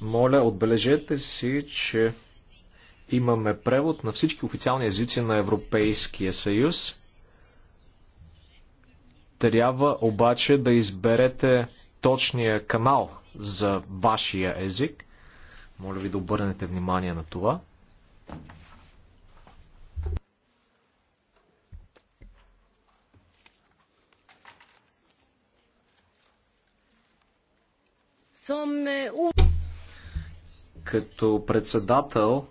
Моля, отбележете си, че имаме превод на всички официални езици на Европейския съюз. Трябва обаче да изберете точния канал за вашия език. Моля ви да обърнете внимание на това. Е, Като председател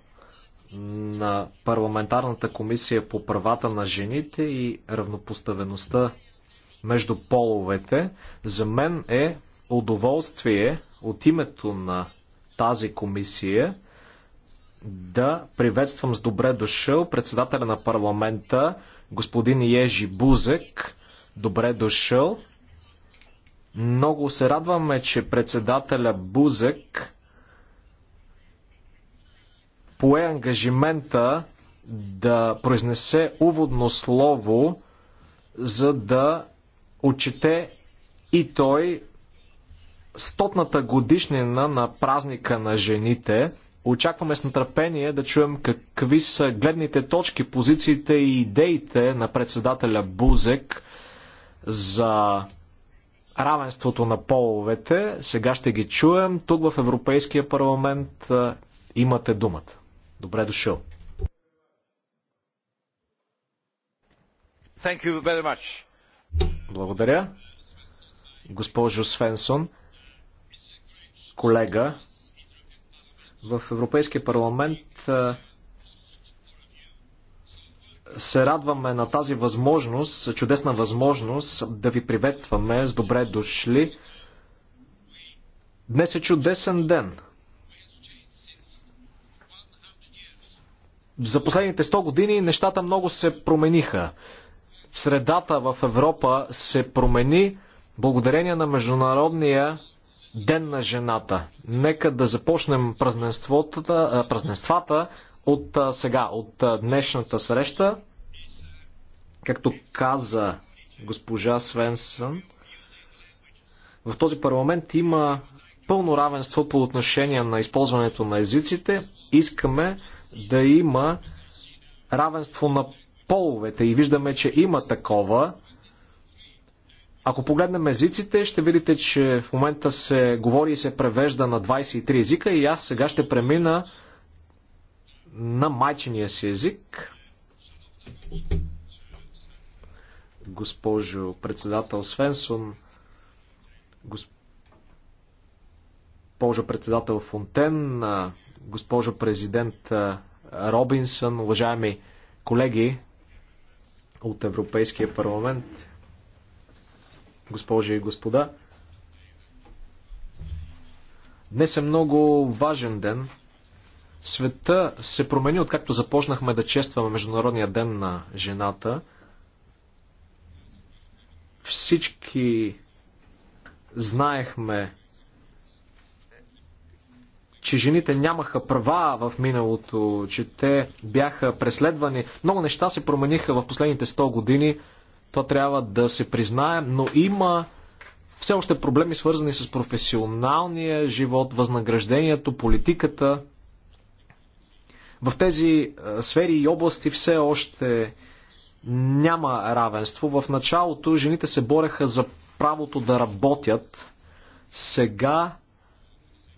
на парламентарната комисия по правата на жените и равнопоставеността между половете, за мен е удоволствие от името на тази комисия да приветствам с добре дошъл председателя на парламента господин Ежи Бузек. Добре дошъл. Много се радваме, че председателя Бузек пое ангажимента да произнесе уводно слово, за да отчете и той стотната годишнина на празника на жените. Очакваме с натърпение да чуем какви са гледните точки, позициите и идеите на председателя Бузек за равенството на половете. Сега ще ги чуем тук в Европейския парламент. Имате думата. Добре дошъл. Thank you very much. Благодаря. Госпожо Свенсон, колега, в Европейския парламент се радваме на тази възможност, чудесна възможност да ви приветстваме с добре дошли. Днес е чудесен ден. За последните 100 години нещата много се промениха. Средата в Европа се промени благодарение на Международния ден на жената. Нека да започнем празненствата, празненствата от сега, от днешната среща. Както каза госпожа Свенсън, в този парламент има пълно равенство по отношение на използването на езиците. Искаме да има равенство на половете и виждаме, че има такова. Ако погледнем езиците, ще видите, че в момента се говори и се превежда на 23 езика и аз сега ще премина на майчиния си език госпожо председател Свенсон, госпожо председател Фонтен, госпожо президент Робинсън, уважаеми колеги от Европейския парламент, госпожи и господа. Днес е много важен ден. Света се промени, откакто започнахме да честваме Международния ден на жената – всички знаехме, че жените нямаха права в миналото, че те бяха преследвани. Много неща се промениха в последните 100 години. Това трябва да се признае, но има все още проблеми свързани с професионалния живот, възнаграждението, политиката. В тези сфери и области все още няма равенство. В началото жените се бореха за правото да работят. Сега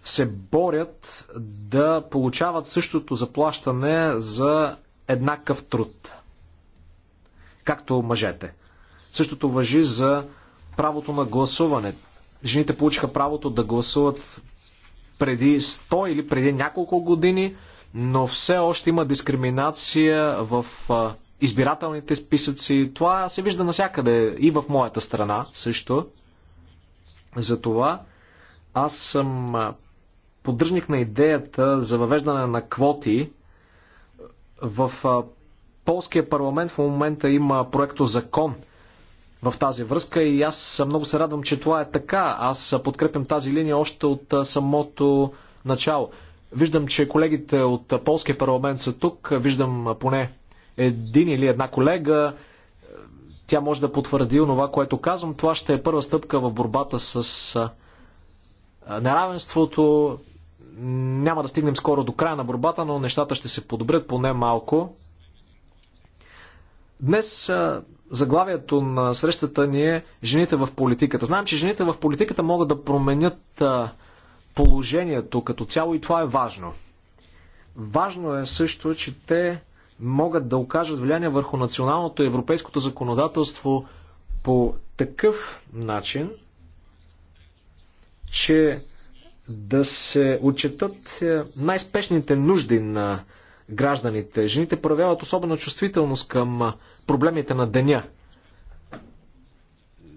се борят да получават същото заплащане за еднакъв труд. Както мъжете. Същото въжи за правото на гласуване. Жените получиха правото да гласуват преди 100 или преди няколко години, но все още има дискриминация в избирателните списъци. Това се вижда навсякъде и в моята страна също. Затова аз съм поддръжник на идеята за въвеждане на квоти. В полския парламент в момента има проекто закон в тази връзка и аз много се радвам, че това е така. Аз подкрепям тази линия още от самото начало. Виждам, че колегите от полския парламент са тук. Виждам поне един или една колега, тя може да потвърди онова, което казвам. Това ще е първа стъпка в борбата с неравенството. Няма да стигнем скоро до края на борбата, но нещата ще се подобрят поне малко. Днес заглавието на срещата ни е Жените в политиката. Знаем, че жените в политиката могат да променят положението като цяло и това е важно. Важно е също, че те могат да окажат влияние върху националното и европейското законодателство по такъв начин, че да се отчетат е, най-спешните нужди на гражданите. Жените проявяват особена чувствителност към проблемите на деня.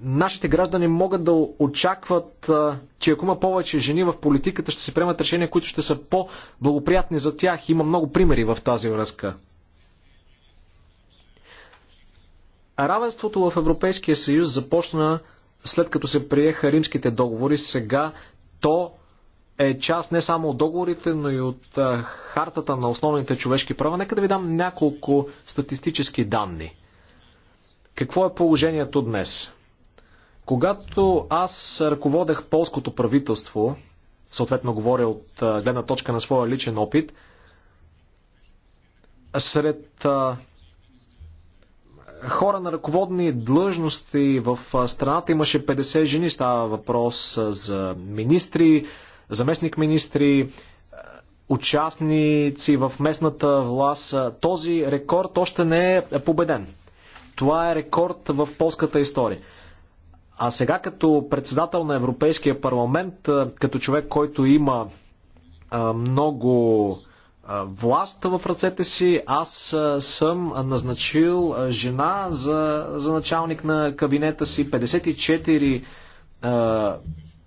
Нашите граждани могат да очакват, че ако има повече жени в политиката, ще се приемат решения, които ще са по-благоприятни за тях. Има много примери в тази връзка. Равенството в Европейския съюз започна след като се приеха римските договори. Сега то е част не само от договорите, но и от а, хартата на основните човешки права. Нека да ви дам няколко статистически данни. Какво е положението днес? Когато аз ръководех полското правителство, съответно говоря от а, гледна точка на своя личен опит, сред а, хора на ръководни длъжности в страната. Имаше 50 жени, става въпрос за министри, заместник-министри, участници в местната власт. Този рекорд още не е победен. Това е рекорд в полската история. А сега като председател на Европейския парламент, като човек, който има много власт в ръцете си. Аз съм назначил жена за, за началник на кабинета си. 54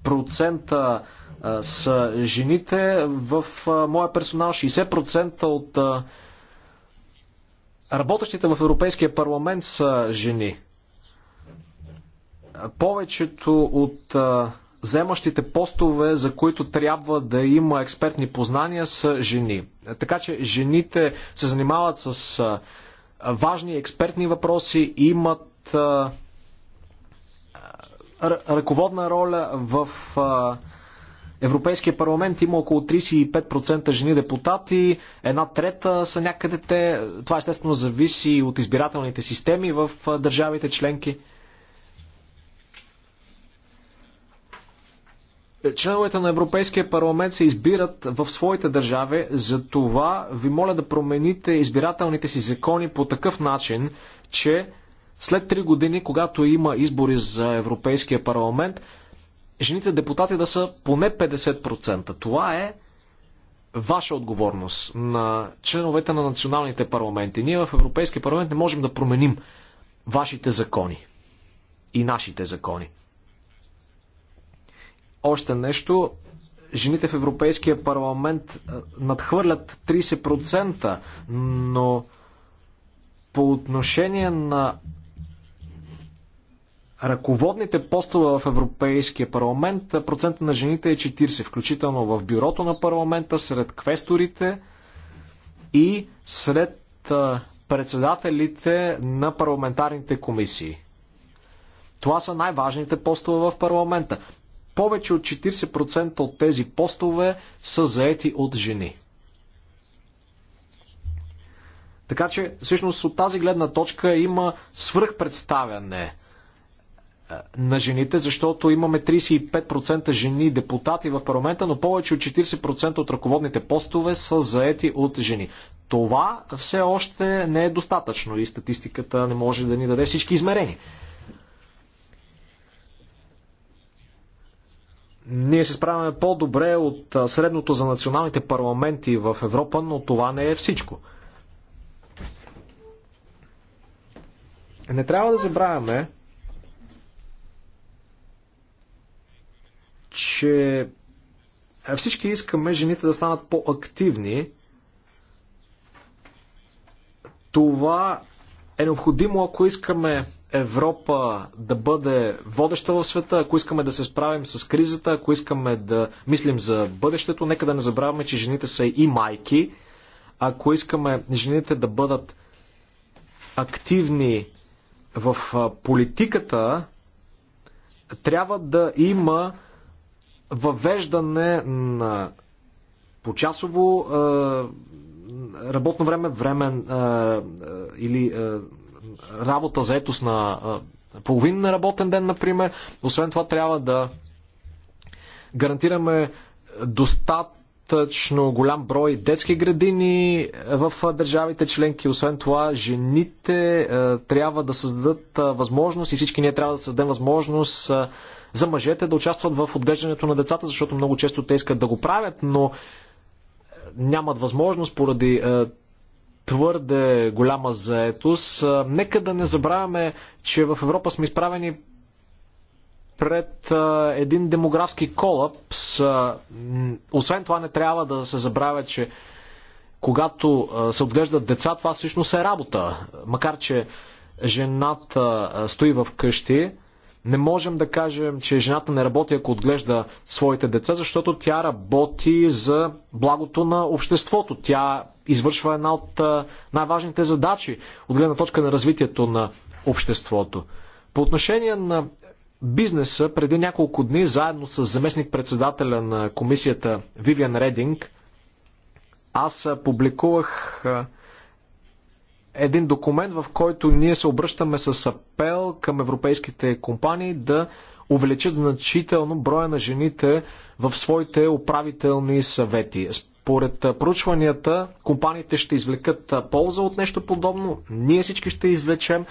процента са жените. В моя персонал 60% от работещите в Европейския парламент са жени. Повечето от заемащите постове, за които трябва да има експертни познания, са жени. Така че жените се занимават с важни експертни въпроси, имат ръководна роля в Европейския парламент има около 35% жени депутати, една трета са някъде те. Това естествено зависи от избирателните системи в държавите членки. членовете на Европейския парламент се избират в своите държави, за това ви моля да промените избирателните си закони по такъв начин, че след три години, когато има избори за Европейския парламент, жените депутати да са поне 50%. Това е ваша отговорност на членовете на националните парламенти. Ние в Европейския парламент не можем да променим вашите закони и нашите закони. Още нещо. Жените в Европейския парламент надхвърлят 30%, но по отношение на ръководните постове в Европейския парламент, процентът на жените е 40, включително в бюрото на парламента, сред квесторите и сред председателите на парламентарните комисии. Това са най-важните постове в парламента. Повече от 40% от тези постове са заети от жени. Така че, всъщност, от тази гледна точка има свръхпредставяне е, на жените, защото имаме 35% жени депутати в парламента, но повече от 40% от ръководните постове са заети от жени. Това все още не е достатъчно и статистиката не може да ни даде всички измерения. Ние се справяме по-добре от средното за националните парламенти в Европа, но това не е всичко. Не трябва да забравяме, че всички искаме жените да станат по-активни. Това е необходимо, ако искаме Европа да бъде водеща в света, ако искаме да се справим с кризата, ако искаме да мислим за бъдещето, нека да не забравяме, че жените са и майки. Ако искаме жените да бъдат активни в политиката, трябва да има въвеждане на почасово работно време, време. или работа заетост на половин работен ден, например. Освен това трябва да гарантираме достатъчно голям брой детски градини в държавите членки. Освен това, жените трябва да създадат възможност и всички ние трябва да създадем възможност за мъжете да участват в отглеждането на децата, защото много често те искат да го правят, но нямат възможност поради твърде голяма заетост. Нека да не забравяме, че в Европа сме изправени пред един демографски колапс. освен това не трябва да се забравя, че когато се отглеждат деца, това всъщност е работа. Макар, че жената стои в къщи, не можем да кажем, че жената не работи, ако отглежда своите деца, защото тя работи за благото на обществото. Тя извършва една от най-важните задачи от гледна точка на развитието на обществото. По отношение на бизнеса, преди няколко дни, заедно с заместник-председателя на комисията Вивиан Рединг, аз публикувах един документ, в който ние се обръщаме с апел към европейските компании да увеличат значително броя на жените в своите управителни съвети. Според проучванията, компаниите ще извлекат полза от нещо подобно. Ние всички ще извлечем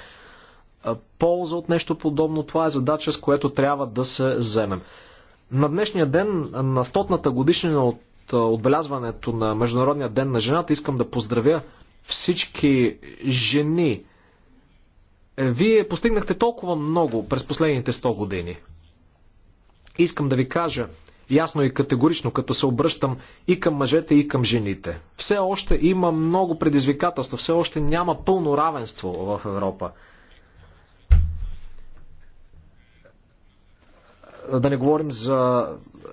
полза от нещо подобно. Това е задача, с която трябва да се вземем. На днешния ден, на стотната годишнина от отбелязването на Международния ден на жената, искам да поздравя всички жени. Вие постигнахте толкова много през последните 100 години. Искам да ви кажа ясно и категорично, като се обръщам и към мъжете, и към жените. Все още има много предизвикателства, все още няма пълно равенство в Европа. Да не говорим за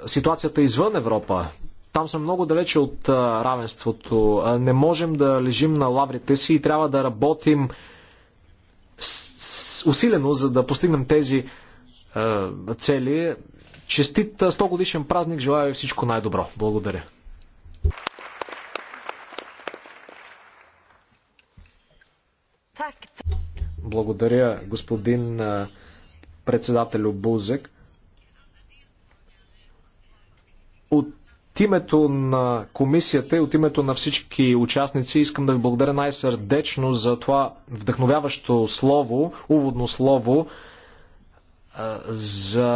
ситуацията извън Европа. Там са много далече от равенството. Не можем да лежим на лаврите си и трябва да работим усилено, за да постигнем тези цели. Честит 100 годишен празник. Желая ви всичко най-добро. Благодаря. Благодаря, господин председателю Бузек. От името на комисията и от името на всички участници искам да ви благодаря най-сърдечно за това вдъхновяващо слово, уводно слово за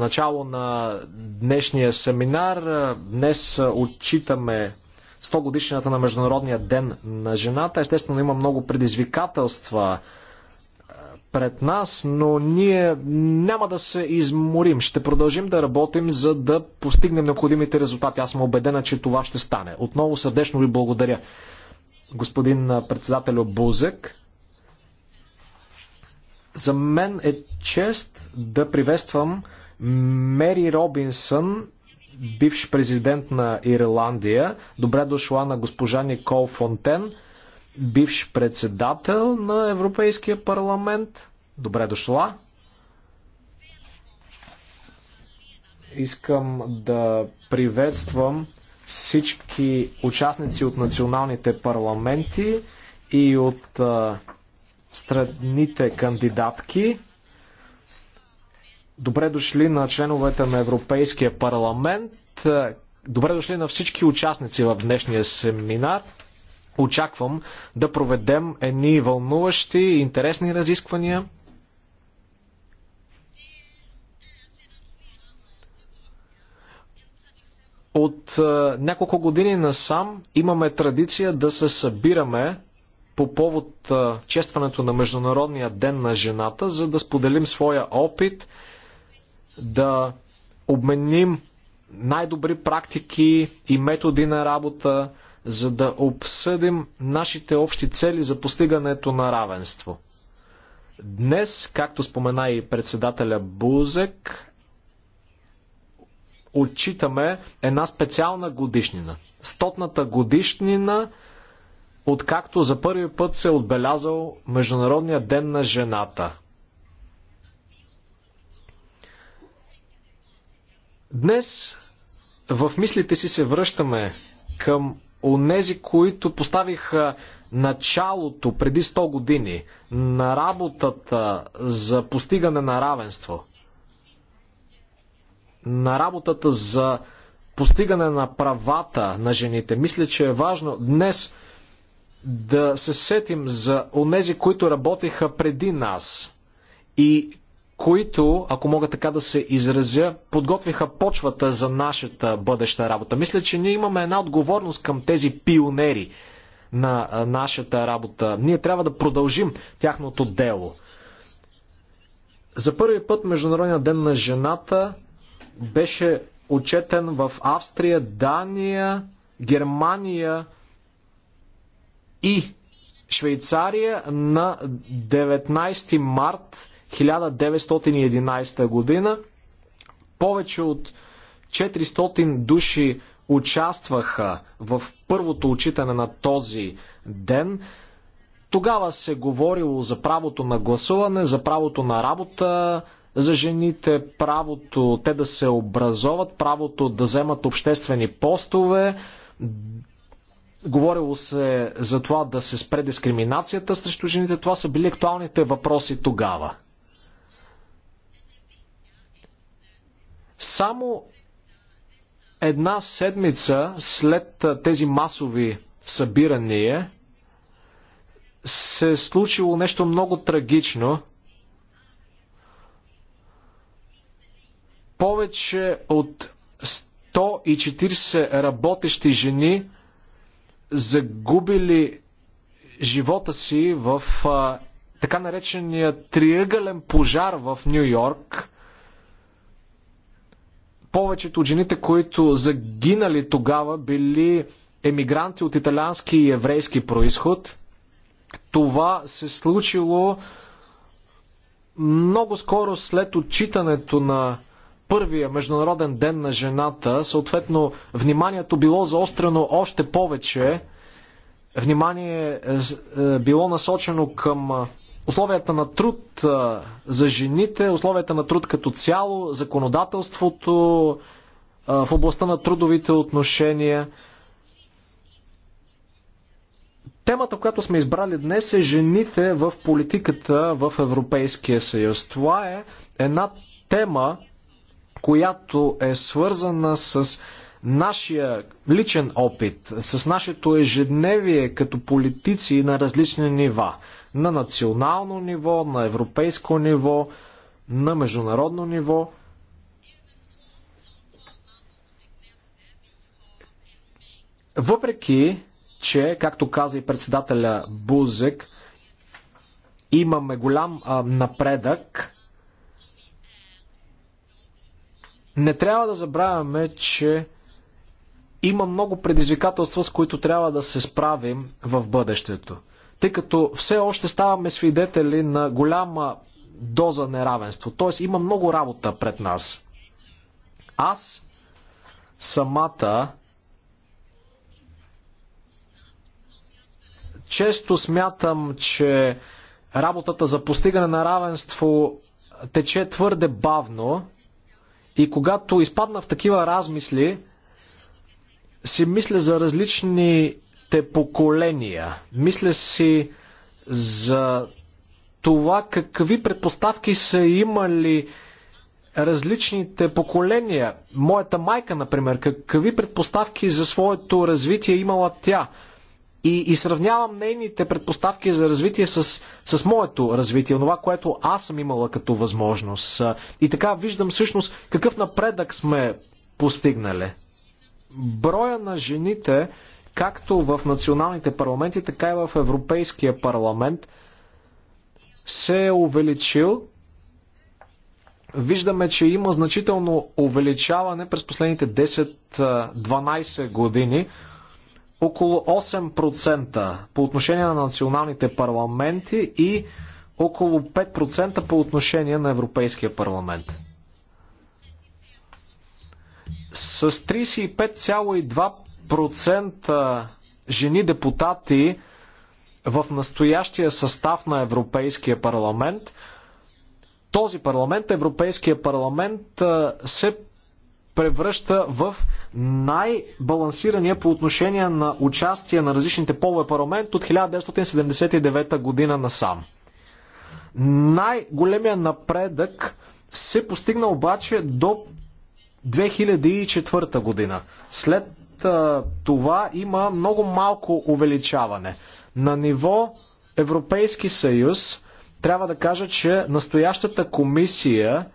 начало на днешния семинар. Днес отчитаме 100 годишната на Международния ден на жената. Естествено има много предизвикателства пред нас, но ние няма да се изморим. Ще продължим да работим, за да постигнем необходимите резултати. Аз съм убедена, че това ще стане. Отново сърдечно ви благодаря, господин председател Бузек. За мен е чест да приветствам Мери Робинсън, бивш президент на Ирландия. Добре дошла на госпожа Никол Фонтен – бивш председател на Европейския парламент. Добре дошла. Искам да приветствам всички участници от националните парламенти и от страните кандидатки. Добре дошли на членовете на Европейския парламент. Добре дошли на всички участници в днешния семинар. Очаквам да проведем едни вълнуващи и интересни разисквания. От а, е, няколко години насам имаме традиция да се събираме по повод а, е, честването на Международния ден на жената, за да споделим своя опит, да обменим най-добри практики и методи на работа, за да обсъдим нашите общи цели за постигането на равенство. Днес, както спомена и председателя Бузек, отчитаме една специална годишнина. Стотната годишнина, откакто за първи път се е отбелязал Международния ден на жената. Днес в мислите си се връщаме към онези, които поставиха началото преди 100 години на работата за постигане на равенство, на работата за постигане на правата на жените. Мисля, че е важно днес да се сетим за онези, които работеха преди нас и които, ако мога така да се изразя, подготвиха почвата за нашата бъдеща работа. Мисля, че ние имаме една отговорност към тези пионери на нашата работа. Ние трябва да продължим тяхното дело. За първи път Международния ден на жената беше отчетен в Австрия, Дания, Германия и Швейцария на 19 март 1911 година. Повече от 400 души участваха в първото отчитане на този ден. Тогава се говорило за правото на гласуване, за правото на работа, за жените, правото те да се образоват, правото да вземат обществени постове. Говорило се за това да се спре дискриминацията срещу жените. Това са били актуалните въпроси тогава. Само една седмица след тези масови събирания се е случило нещо много трагично. Повече от 140 работещи жени загубили живота си в а, така наречения триъгълен пожар в Нью Йорк повечето от жените, които загинали тогава, били емигранти от италиански и еврейски происход. Това се случило много скоро след отчитането на първия Международен ден на жената. Съответно, вниманието било заострено още повече. Внимание е, е било насочено към условията на труд за жените, условията на труд като цяло, законодателството в областта на трудовите отношения. Темата, която сме избрали днес е жените в политиката в Европейския съюз. Това е една тема, която е свързана с нашия личен опит, с нашето ежедневие като политици на различни нива – на национално ниво, на европейско ниво, на международно ниво. Въпреки, че, както каза и председателя Бузек, имаме голям а, напредък, не трябва да забравяме, че има много предизвикателства, с които трябва да се справим в бъдещето тъй като все още ставаме свидетели на голяма доза неравенство. Тоест има много работа пред нас. Аз самата често смятам, че работата за постигане на равенство тече твърде бавно и когато изпадна в такива размисли, си мисля за различни те поколения. Мисля си за това какви предпоставки са имали различните поколения. Моята майка, например, какви предпоставки за своето развитие имала тя. И, и сравнявам нейните предпоставки за развитие с, с моето развитие, това, което аз съм имала като възможност. И така виждам всъщност какъв напредък сме постигнали. Броя на жените както в националните парламенти, така и в Европейския парламент се е увеличил. Виждаме, че има значително увеличаване през последните 10-12 години, около 8% по отношение на националните парламенти и около 5% по отношение на Европейския парламент. С 35,2 процента жени депутати в настоящия състав на Европейския парламент. Този парламент, Европейския парламент, се превръща в най-балансирания по отношение на участие на различните полове парламент от 1979 година насам. Най-големия напредък се постигна обаче до 2004 година. След това има много малко увеличаване. На ниво Европейски съюз трябва да кажа, че настоящата комисия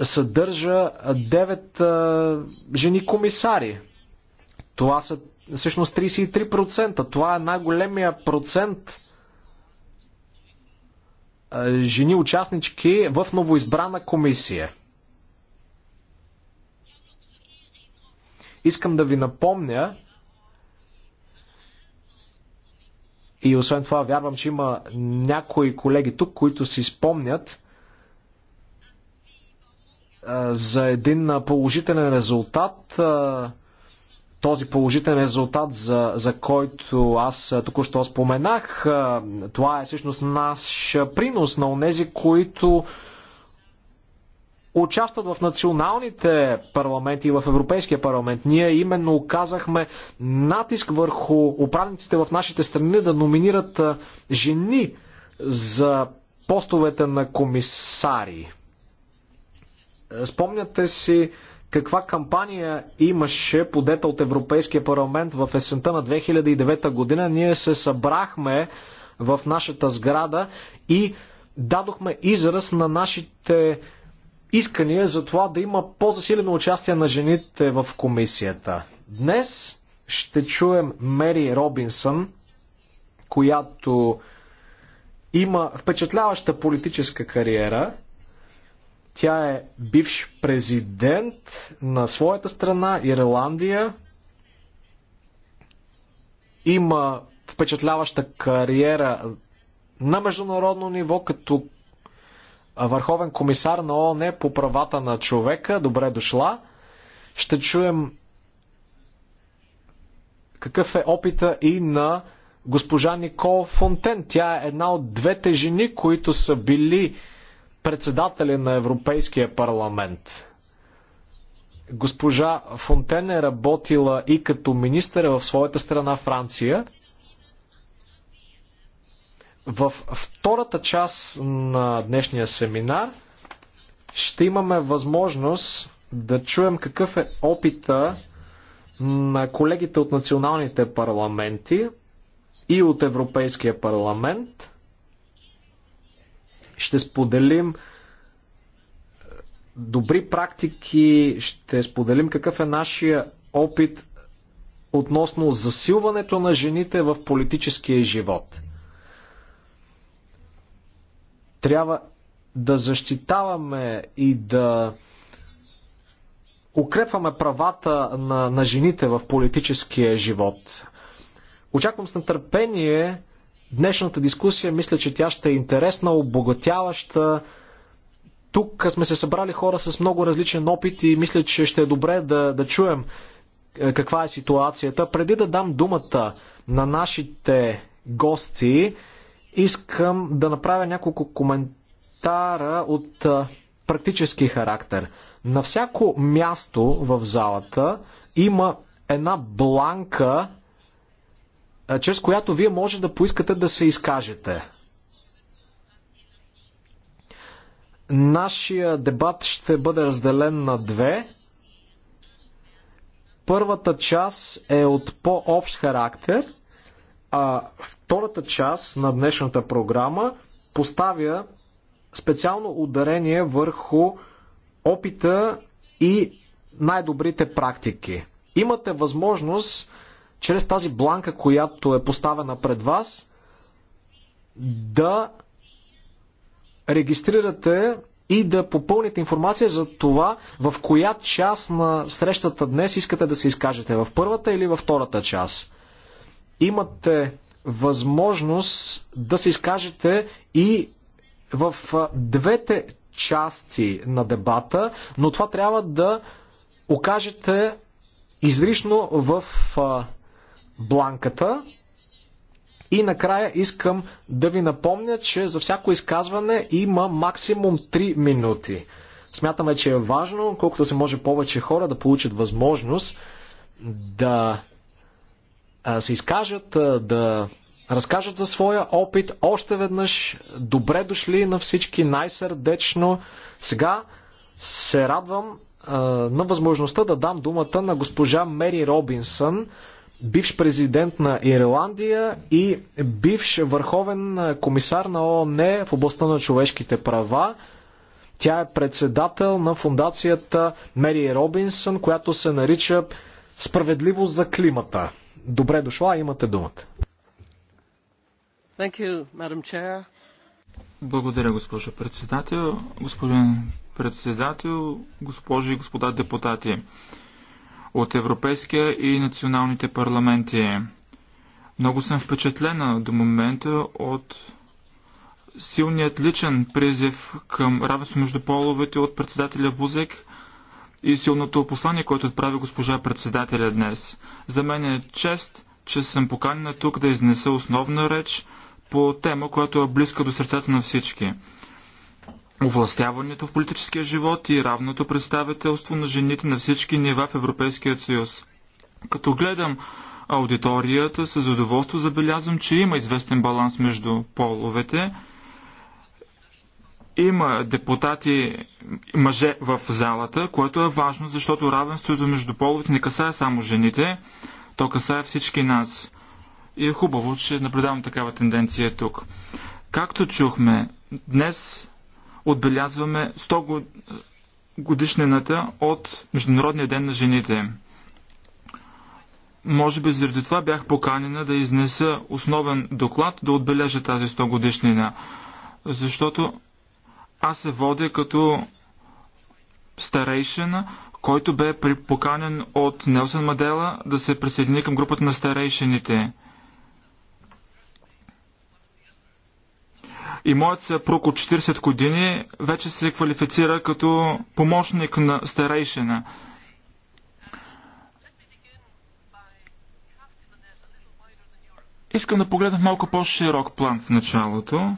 съдържа 9 жени комисари. Това са всъщност 33%. Това е най-големия процент жени участнички в новоизбрана комисия. Искам да ви напомня, и освен това вярвам, че има някои колеги тук, които си спомнят за един положителен резултат този положителен резултат, за, за който аз току-що споменах, това е всъщност наш принос на онези, които участват в националните парламенти и в Европейския парламент. Ние именно оказахме натиск върху управниците в нашите страни да номинират жени за постовете на комисари. Спомняте си каква кампания имаше подета от Европейския парламент в есента на 2009 година. Ние се събрахме в нашата сграда и дадохме израз на нашите искания за това да има по-засилено участие на жените в комисията. Днес ще чуем Мери Робинсън, която има впечатляваща политическа кариера. Тя е бивш президент на своята страна, Ирландия. Има впечатляваща кариера на международно ниво като върховен комисар на ООН е по правата на човека. Добре дошла. Ще чуем какъв е опита и на госпожа Никол Фонтен. Тя е една от двете жени, които са били председатели на Европейския парламент. Госпожа Фонтен е работила и като министър в своята страна Франция – в втората част на днешния семинар ще имаме възможност да чуем какъв е опита на колегите от националните парламенти и от Европейския парламент. Ще споделим е, добри практики, ще споделим какъв е нашия опит относно засилването на жените в политическия живот. Трябва да защитаваме и да укрепваме правата на, на жените в политическия живот. Очаквам с нетърпение днешната дискусия. Мисля, че тя ще е интересна, обогатяваща. Тук сме се събрали хора с много различен опит и мисля, че ще е добре да, да чуем е, каква е ситуацията. Преди да дам думата на нашите гости, искам да направя няколко коментара от практически характер. На всяко място в залата има една бланка, чрез която вие може да поискате да се изкажете. Нашия дебат ще бъде разделен на две. Първата част е от по-общ характер – а втората част на днешната програма поставя специално ударение върху опита и най-добрите практики. Имате възможност чрез тази бланка, която е поставена пред вас, да регистрирате и да попълните информация за това в коя част на срещата днес искате да се изкажете. В първата или във втората част имате възможност да се изкажете и в двете части на дебата, но това трябва да окажете изрично в бланката. И накрая искам да ви напомня, че за всяко изказване има максимум 3 минути. Смятаме, че е важно, колкото се може повече хора да получат възможност да се изкажат, да разкажат за своя опит. Още веднъж добре дошли на всички най-сърдечно. Сега се радвам на възможността да дам думата на госпожа Мери Робинсън, бивш президент на Ирландия и бивш върховен комисар на ООН в областта на човешките права. Тя е председател на фундацията Мери Робинсън, която се нарича Справедливост за климата. Добре дошла, имате думата. You, Благодаря, госпожо председател. Господин председател, госпожи и господа депутати от Европейския и националните парламенти. Много съм впечатлена до момента от силният личен призив към равенство между половете от председателя Бузек и силното послание, което отправи госпожа председателя днес. За мен е чест, че съм поканена тук да изнеса основна реч по тема, която е близка до сърцата на всички. Овластяването в политическия живот и равното представителство на жените на всички нива в Европейския съюз. Като гледам аудиторията, със задоволство забелязвам, че има известен баланс между половете – има депутати мъже в залата, което е важно, защото равенството между половите не касае само жените, то касае всички нас. И е хубаво, че наблюдавам такава тенденция тук. Както чухме, днес отбелязваме 100 годишнината от Международния ден на жените. Може би заради това бях поканена да изнеса основен доклад да отбележа тази 100 годишнина, защото аз се водя като старейшина, който бе поканен от Нелсън Мадела да се присъедини към групата на старейшините. И моят съпруг от 40 години вече се квалифицира като помощник на старейшина. Искам да погледна малко по-широк план в началото.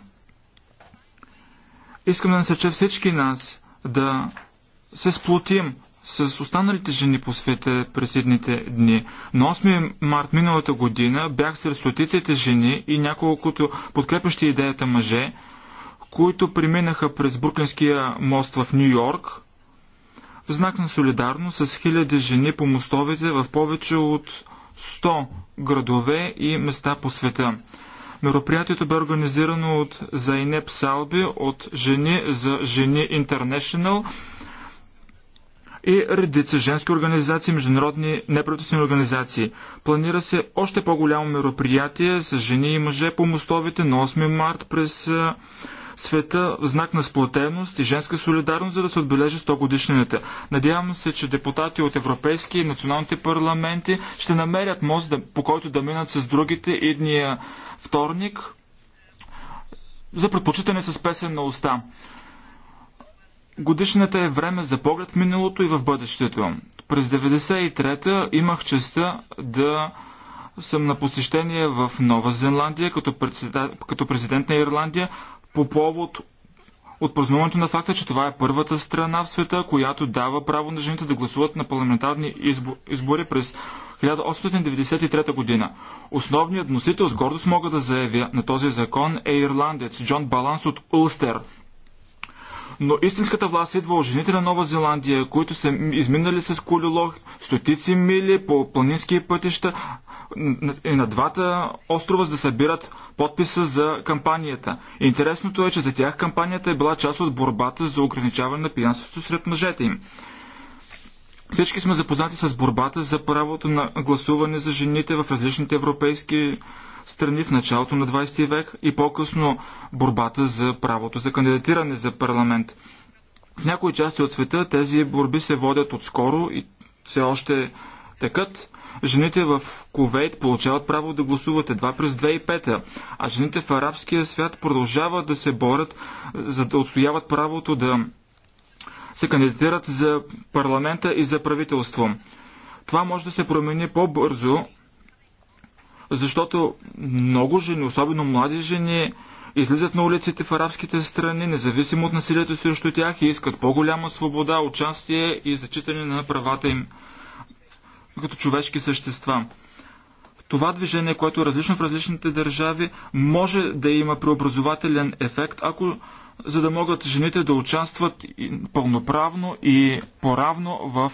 Искам да насърча всички нас да се сплотим с останалите жени по света през едните дни. На 8 март миналата година бях сред стотиците жени и няколкото подкрепящи идеята мъже, които преминаха през Бруклинския мост в Нью Йорк в знак на солидарност с хиляди жени по мостовете в повече от 100 градове и места по света. Мероприятието бе организирано от Зайнеп Салби, от Жени за Жени Интернешнъл и редица женски организации, международни неправителствени организации. Планира се още по-голямо мероприятие с жени и мъже по мостовите на 8 март през света в знак на сплотеност и женска солидарност, за да се отбележи 100 годишнината. Надявам се, че депутати от европейски и националните парламенти ще намерят мост, по който да минат с другите идния вторник за предпочитане с песен на уста. Годишната е време за поглед в миналото и в бъдещето. През 1993-та имах честа да съм на посещение в Нова Зеландия като президент на Ирландия по повод от познаването на факта, че това е първата страна в света, която дава право на жените да гласуват на парламентарни избори през 1893 година. Основният носител с гордост мога да заявя на този закон е ирландец Джон Баланс от Улстер, но истинската власт идва от жените на Нова Зеландия, които са изминали с колело стотици мили по планински пътища и на двата острова, за да събират подписа за кампанията. Интересното е, че за тях кампанията е била част от борбата за ограничаване на пиянството сред мъжете им. Всички сме запознати с борбата за правото на гласуване за жените в различните европейски страни в началото на 20 век и по-късно борбата за правото за кандидатиране за парламент. В някои части от света тези борби се водят отскоро и все още текат. Жените в Кувейт получават право да гласуват едва през 2005, а жените в арабския свят продължават да се борят, за да отстояват правото да се кандидатират за парламента и за правителство. Това може да се промени по-бързо защото много жени, особено млади жени, излизат на улиците в арабските страни, независимо от насилието срещу тях и искат по-голяма свобода, участие и зачитане на правата им като човешки същества. Това движение, което е различно в различните държави, може да има преобразователен ефект, ако за да могат жените да участват пълноправно и по-равно в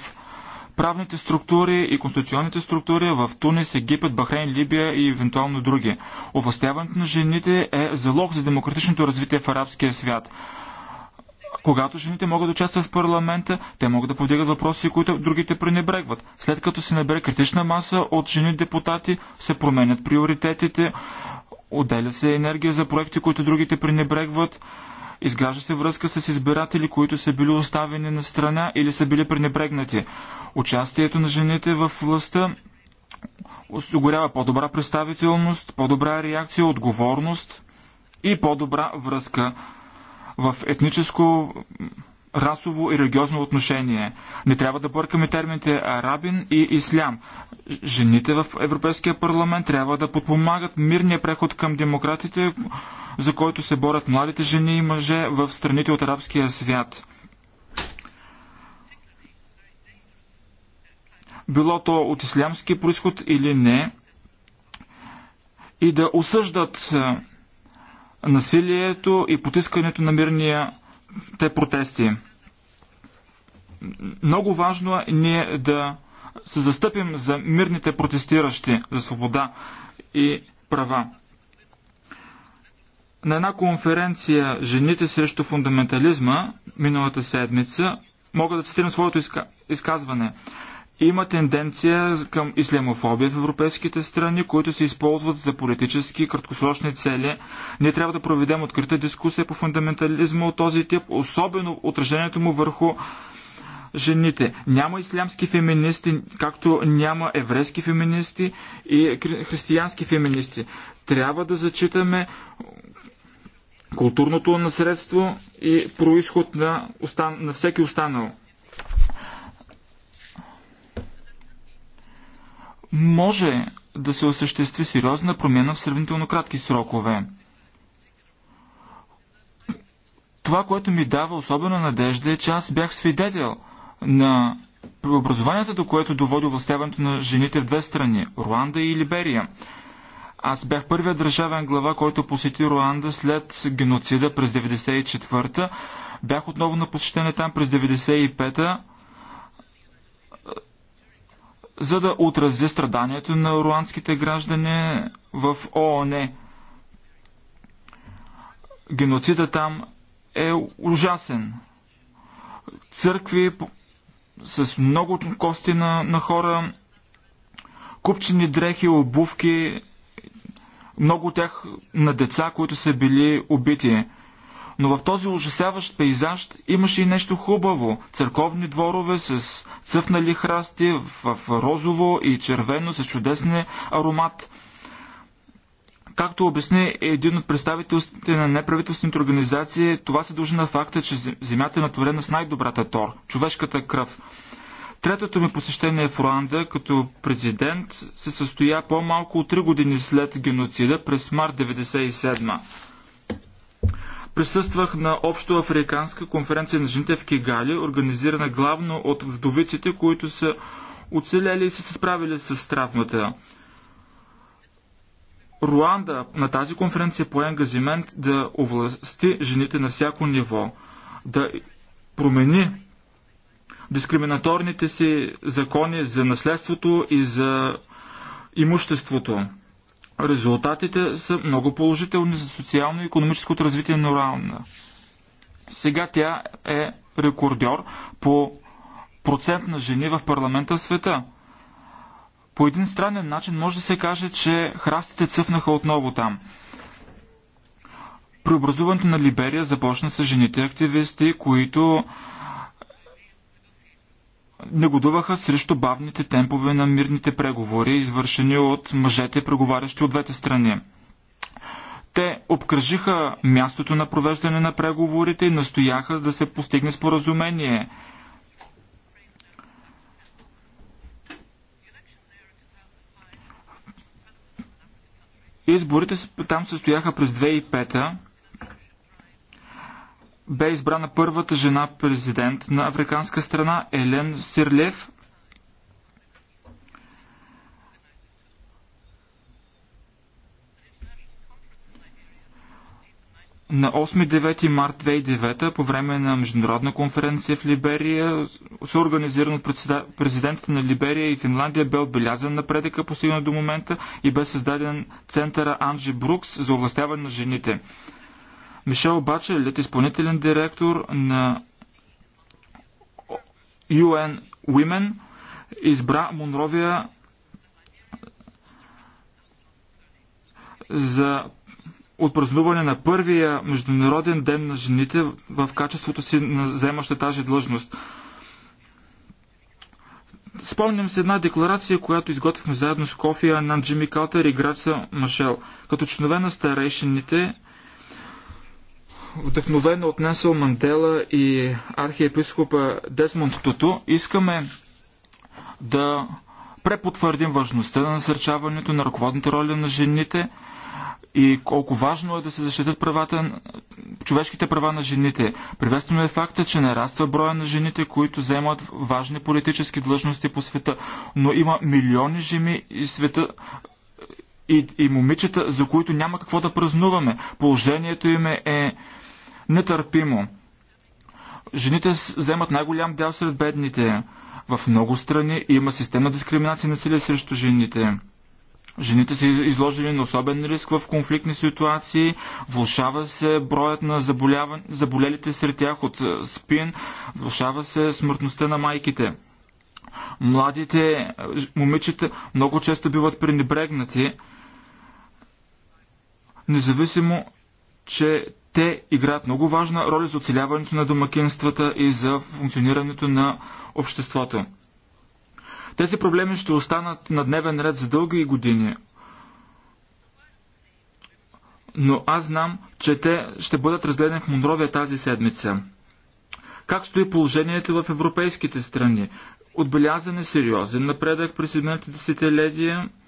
правните структури и конституционните структури в Тунис, Египет, Бахрейн, Либия и евентуално други. Овластяването на жените е залог за демократичното развитие в арабския свят. Когато жените могат да участват в парламента, те могат да повдигат въпроси, които другите пренебрегват. След като се набере критична маса от жени депутати, се променят приоритетите, отделя се енергия за проекти, които другите пренебрегват Изгражда се връзка с избиратели, които са били оставени на страна или са били пренебрегнати. Участието на жените в властта осигурява по-добра представителност, по-добра реакция, отговорност и по-добра връзка в етническо, расово и религиозно отношение. Не трябва да бъркаме термините арабин и ислям. Жените в Европейския парламент трябва да подпомагат мирния преход към демократите, за който се борят младите жени и мъже в страните от арабския свят. Било то от ислямски происход или не, и да осъждат е, насилието и потискането на мирния те протести. Много важно е ние да се застъпим за мирните протестиращи, за свобода и права. На една конференция Жените срещу фундаментализма миналата седмица мога да цитирам своето изка... изказване. Има тенденция към ислямофобия в европейските страни, които се използват за политически и краткосрочни цели. Ние трябва да проведем открита дискусия по фундаментализма от този тип, особено отражението му върху жените. Няма ислямски феминисти, както няма еврейски феминисти и християнски феминисти. Трябва да зачитаме културното наследство и происход на, остан... на всеки останал. Може да се осъществи сериозна промяна в сравнително кратки срокове. Това, което ми дава особена надежда е, че аз бях свидетел на преобразованията, до което доводи властяването на жените в две страни – Руанда и Либерия – аз бях първият държавен глава, който посети Руанда след геноцида през 1994-та. Бях отново на посещение там през 1995-та, за да отразя страданието на руандските граждани в ООН. Геноцида там е ужасен. Църкви с много кости на, на хора, купчени дрехи, обувки, много от тях на деца, които са били убити. Но в този ужасяващ пейзаж имаше и нещо хубаво. Църковни дворове с цъфнали храсти в розово и червено с чудесен аромат. Както обясни един от представителите на неправителствените организации, това се дължи на факта, че земята е натворена с най-добрата тор – човешката кръв. Третото ми посещение е в Руанда като президент се състоя по-малко от 3 години след геноцида през март 1997. Присъствах на Общо африканска конференция на жените в Кигали, организирана главно от вдовиците, които са оцелели и са се справили с травмата. Руанда на тази конференция е пое ангазимент да овласти жените на всяко ниво, да промени дискриминаторните си закони за наследството и за имуществото. Резултатите са много положителни за социално и економическото развитие на Урална. Сега тя е рекордьор по процент на жени в парламента в света. По един странен начин може да се каже, че храстите цъфнаха отново там. Преобразуването на Либерия започна с жените активисти, които негодуваха срещу бавните темпове на мирните преговори, извършени от мъжете, преговарящи от двете страни. Те обкръжиха мястото на провеждане на преговорите и настояха да се постигне споразумение. Изборите там състояха през 2005 бе избрана първата жена президент на африканска страна Елен Сирлев. На 8-9 март 2009 по време на международна конференция в Либерия, съорганизирана от президентите на Либерия и Финландия, бе отбелязан напредъка постигнат до момента и бе създаден центъра Анжи Брукс за овластяване на жените. Мишел Бачелет, е изпълнителен директор на UN Women, избра Монровия за отпразнуване на първия Международен ден на жените в качеството си на заемаща тази длъжност. Спомням се една декларация, която изготвихме заедно с Кофи Анан Джимми Калтер и Граца Машел. Като членове на старейшините, вдъхновено от Несъл Мандела и архиепископа Десмонд Туту, искаме да препотвърдим важността на насърчаването на ръководната роля на жените и колко важно е да се защитят правата, човешките права на жените. Приветстваме е факта, че нараства броя на жените, които вземат важни политически длъжности по света, но има милиони жени и света, и, и момичета, за които няма какво да празнуваме. Положението им е нетърпимо. Жените вземат най-голям дял сред бедните. В много страни има системна дискриминация и насилие срещу жените. Жените са изложени на особен риск в конфликтни ситуации, влушава се броят на заболява... заболелите сред тях от е, спин, влушава се смъртността на майките. Младите е, момичета много често биват пренебрегнати, независимо, че те играят много важна роля за оцеляването на домакинствата и за функционирането на обществото. Тези проблеми ще останат на дневен ред за дълги години. Но аз знам, че те ще бъдат разгледани в Монровия тази седмица. Как стои положението в европейските страни? Отбелязан е сериозен напредък през едната десетилетия –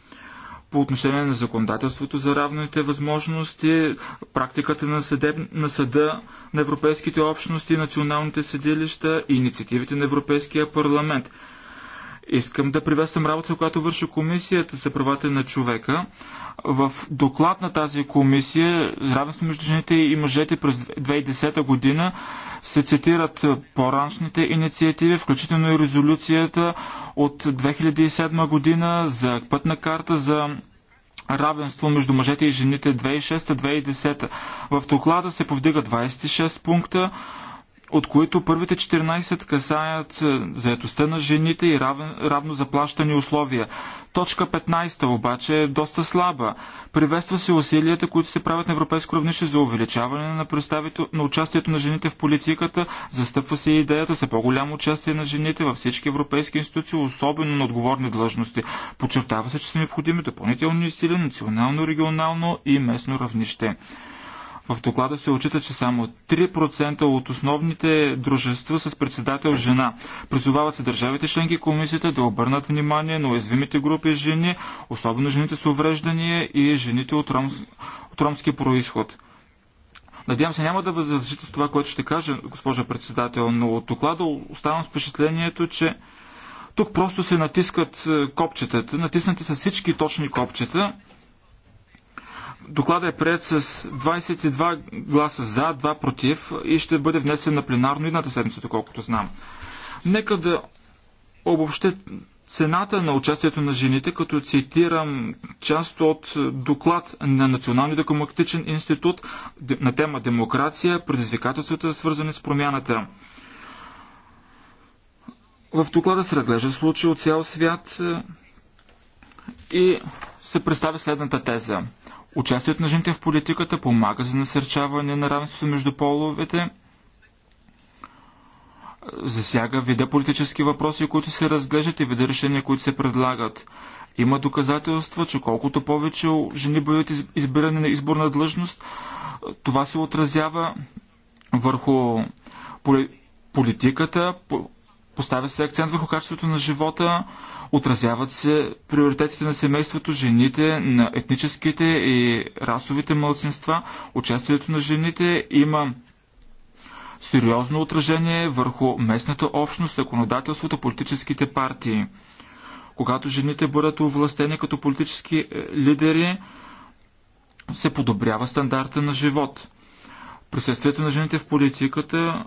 по отношение на законодателството за равните възможности, практиката на, съдеб... на съда на европейските общности, националните съдилища и инициативите на Европейския парламент. Искам да приветствам работа, която върши Комисията за правата на човека. В доклад на тази комисия равенство между жените и мъжете през 2010 година се цитират по-раншните инициативи, включително и резолюцията от 2007 година за пътна карта за равенство между мъжете и жените 2006-2010. В доклада се повдига 26 пункта, от които първите 14 касаят е, заетостта на жените и равен, равно заплащани условия. Точка 15 обаче е доста слаба. Приветства се усилията, които се правят на европейско равнище за увеличаване на, на участието на жените в политиката. Застъпва се и идеята за по-голямо участие на жените във всички европейски институции, особено на отговорни длъжности. Подчертава се, че са необходими допълнителни сили национално, регионално и местно равнище. В доклада се очита, че само 3% от основните дружества с председател жена. Призовават се държавите членки и комисията да обърнат внимание на уязвимите групи жени, особено жените с увреждания и жените от, ромс... от ромски происход. Надявам се няма да възразите с това, което ще кажа, госпожа председател, но от доклада оставам с впечатлението, че тук просто се натискат е, копчетата, натиснати са всички точни копчета Доклада е прият с 22 гласа за, 2 против и ще бъде внесен на пленарно едната седмица, доколкото знам. Нека да обобщя цената на участието на жените, като цитирам част от доклад на Националния демократичен институт на тема демокрация, предизвикателствата свързани с промяната. В доклада се разглежда случаи от цял свят е, и се представя следната теза. Участието на жените в политиката помага за насърчаване на равенството между половете, засяга вида политически въпроси, които се разглеждат и вида решения, които се предлагат. Има доказателства, че колкото повече жени бъдат избирани на изборна длъжност, това се отразява върху политиката, поставя се акцент върху качеството на живота, Отразяват се приоритетите на семейството, жените, на етническите и расовите младсинства. Участието на жените има сериозно отражение върху местната общност, законодателството, политическите партии. Когато жените бъдат овластени като политически е, лидери, се подобрява стандарта на живот. Присъствието на жените в политиката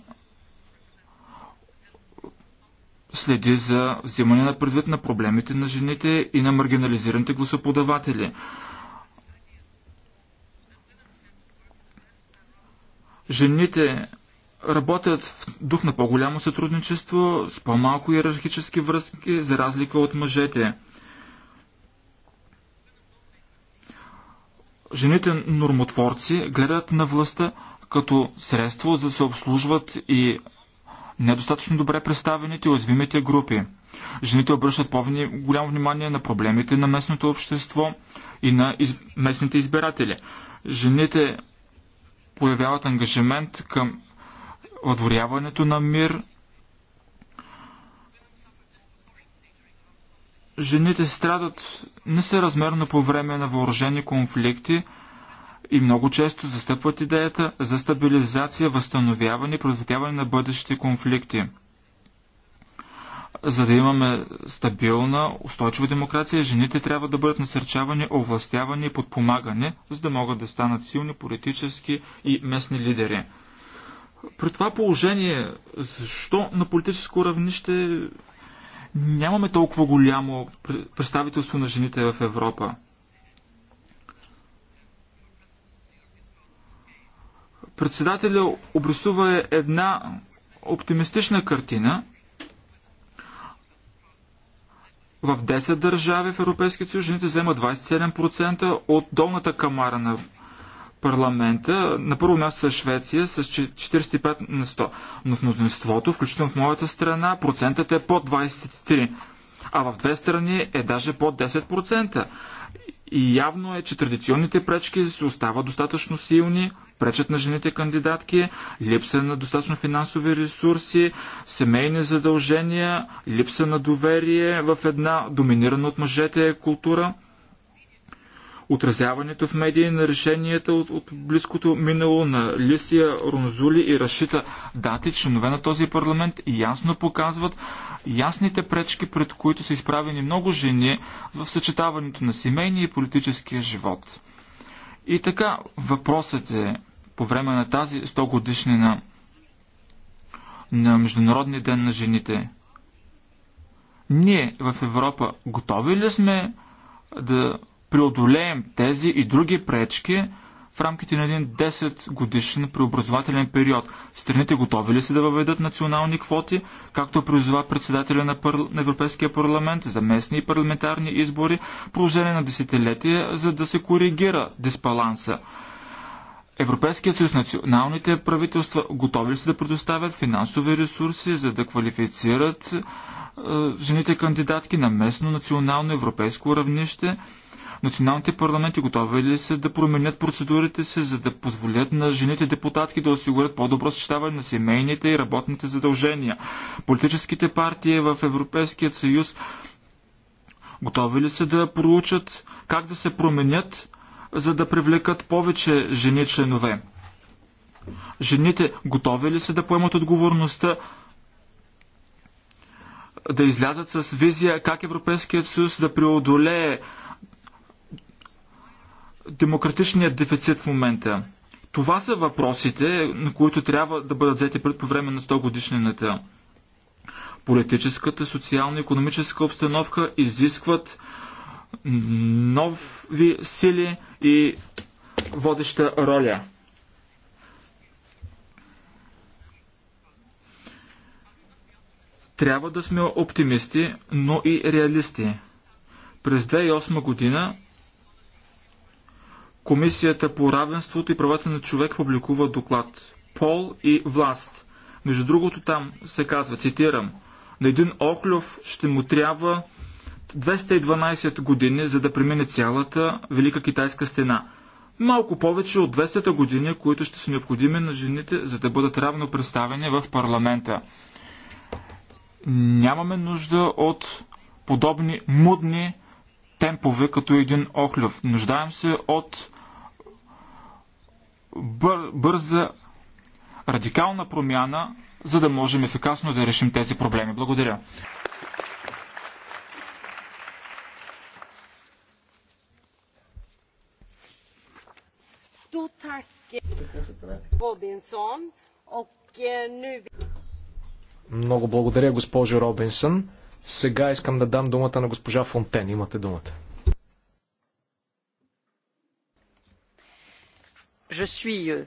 следи за взимане на предвид на проблемите на жените и на маргинализираните гласоподаватели. Жените работят в дух на по-голямо сътрудничество, с по-малко иерархически връзки, за разлика от мъжете. Жените нормотворци гледат на властта като средство за да се обслужват и недостатъчно добре представените и уязвимите групи. Жените обръщат по-голямо внимание на проблемите на местното общество и на из... местните избиратели. Жените появяват ангажимент към отворяването на мир. Жените страдат несъразмерно по време на въоръжени конфликти – и много често застъпват идеята за стабилизация, възстановяване и предотвратяване на бъдещите конфликти. За да имаме стабилна, устойчива демокрация, жените трябва да бъдат насърчавани, овластявани и подпомагани, за да могат да станат силни политически и местни лидери. При това положение, защо на политическо равнище нямаме толкова голямо представителство на жените в Европа? председателя обрисува една оптимистична картина. В 10 държави в Европейския съюз жените вземат 27% от долната камара на парламента. На първо място са Швеция с 45 на 100. Но в мнозинството, включително в моята страна, процентът е под 23. А в две страни е даже под 10%. И явно е, че традиционните пречки се остават достатъчно силни, пречат на жените кандидатки, липса на достатъчно финансови ресурси, семейни задължения, липса на доверие в една доминирана от мъжете култура отразяването в медии на решенията от, от близкото минало на Лисия, Рунзули и Рашита Дати, членове на този парламент, ясно показват ясните пречки, пред които са изправени много жени в съчетаването на семейния и политическия живот. И така, въпросът е по време на тази 100 годишнина на Международния ден на жените. Ние в Европа готови ли сме да преодолеем тези и други пречки в рамките на един 10 годишен преобразователен период. Страните готови ли са да въведат национални квоти, както призова председателя на, пар... на Европейския парламент за местни и парламентарни избори, положение на десетилетия, за да се коригира дисбаланса? Европейският съюз, националните правителства готови ли са да предоставят финансови ресурси, за да квалифицират е, жените кандидатки на местно, национално, европейско равнище? Националните парламенти готови ли са да променят процедурите си, за да позволят на жените депутатки да осигурят по-добро съчетаване на семейните и работните задължения? Политическите партии в Европейският съюз готови ли са да проучат как да се променят, за да привлекат повече жени членове? Жените готови ли са да поемат отговорността да излязат с визия как Европейският съюз да преодолее Демократичния дефицит в момента. Това са въпросите, на които трябва да бъдат взети пред по време на 100 годишнината. Политическата, социална и економическа обстановка изискват нови сили и водеща роля. Трябва да сме оптимисти, но и реалисти. През 2008 година Комисията по равенството и правата на човек публикува доклад Пол и власт. Между другото там се казва, цитирам, на един Охлюв ще му трябва 212 години, за да премине цялата Велика китайска стена. Малко повече от 200 години, които ще са необходими на жените, за да бъдат равно представени в парламента. Нямаме нужда от подобни мудни темпове като един охлюв. Нуждаем се от бър, бърза радикална промяна, за да можем ефикасно да решим тези проблеми. Благодаря. Eh, Много благодаря, госпожо Робинсън. Сега искам да дам думата на госпожа Фонтен. Имате думата. Euh,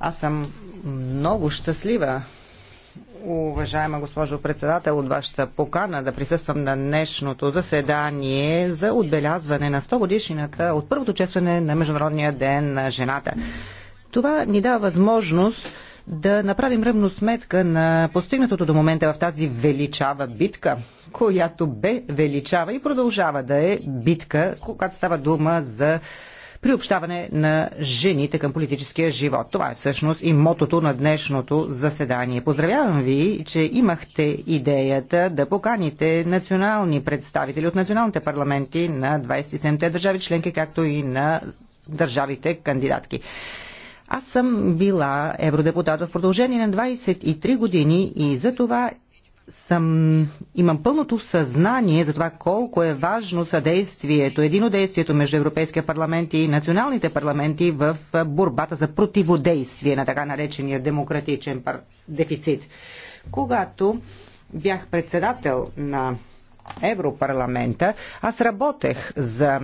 Аз съм много щастлива, уважаема госпожо председател, от вашата покана да присъствам на днешното заседание за отбелязване на 100 годишнината от първото честване на Международния ден на жената. Това ни дава възможност да направим сметка на постигнатото до момента в тази величава битка, която бе величава и продължава да е битка, когато става дума за приобщаване на жените към политическия живот. Това е всъщност и мотото на днешното заседание. Поздравявам ви, че имахте идеята да поканите национални представители от националните парламенти на 27-те държави членки, както и на държавите кандидатки. Аз съм била евродепутат в продължение на 23 години и за това съм, имам пълното съзнание за това колко е важно съдействието, единодействието между Европейския парламент и националните парламенти в борбата за противодействие на така наречения демократичен пар... дефицит. Когато бях председател на Европарламента, аз работех за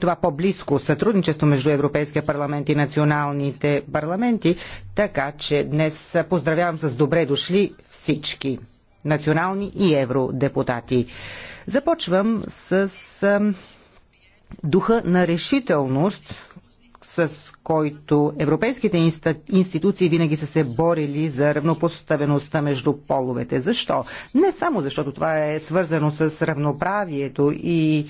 това по-близко сътрудничество между Европейския парламент и националните парламенти, така че днес поздравявам с добре дошли всички национални и евродепутати. Започвам с духа на решителност, с който европейските институции винаги са се борили за равнопоставеността между половете. Защо? Не само защото това е свързано с равноправието и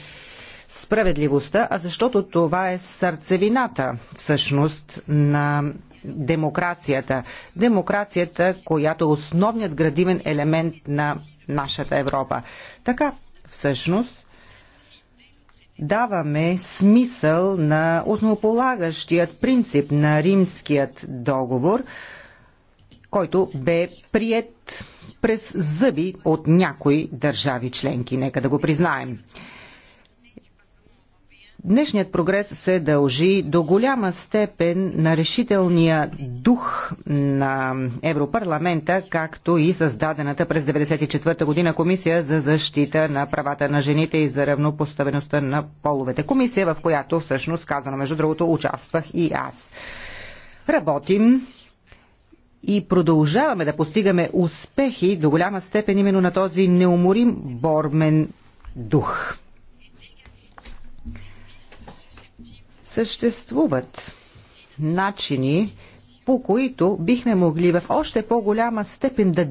справедливостта, а защото това е сърцевината всъщност на демокрацията. Демокрацията, която е основният градивен елемент на нашата Европа. Така, всъщност, даваме смисъл на основополагащият принцип на римският договор, който бе прият през зъби от някои държави членки. Нека да го признаем. Днешният прогрес се дължи до голяма степен на решителния дух на Европарламента, както и създадената през 1994 година Комисия за защита на правата на жените и за равнопоставеността на половете. Комисия, в която всъщност, казано между другото, участвах и аз. Работим и продължаваме да постигаме успехи до голяма степен именно на този неуморим бормен дух. Съществуват начини, по които бихме могли в още по-голяма степен да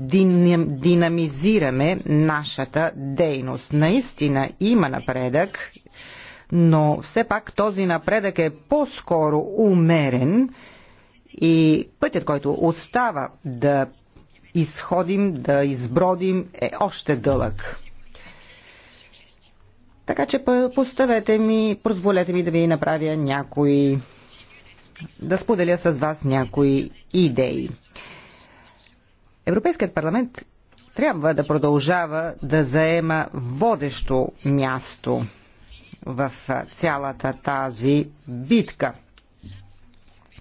динамизираме нашата дейност. Наистина има напредък, но все пак този напредък е по-скоро умерен и пътят, който остава да изходим, да избродим, е още дълъг. Така че поставете ми, позволете ми да ви направя някои, да споделя с вас някои идеи. Европейският парламент трябва да продължава да заема водещо място в цялата тази битка.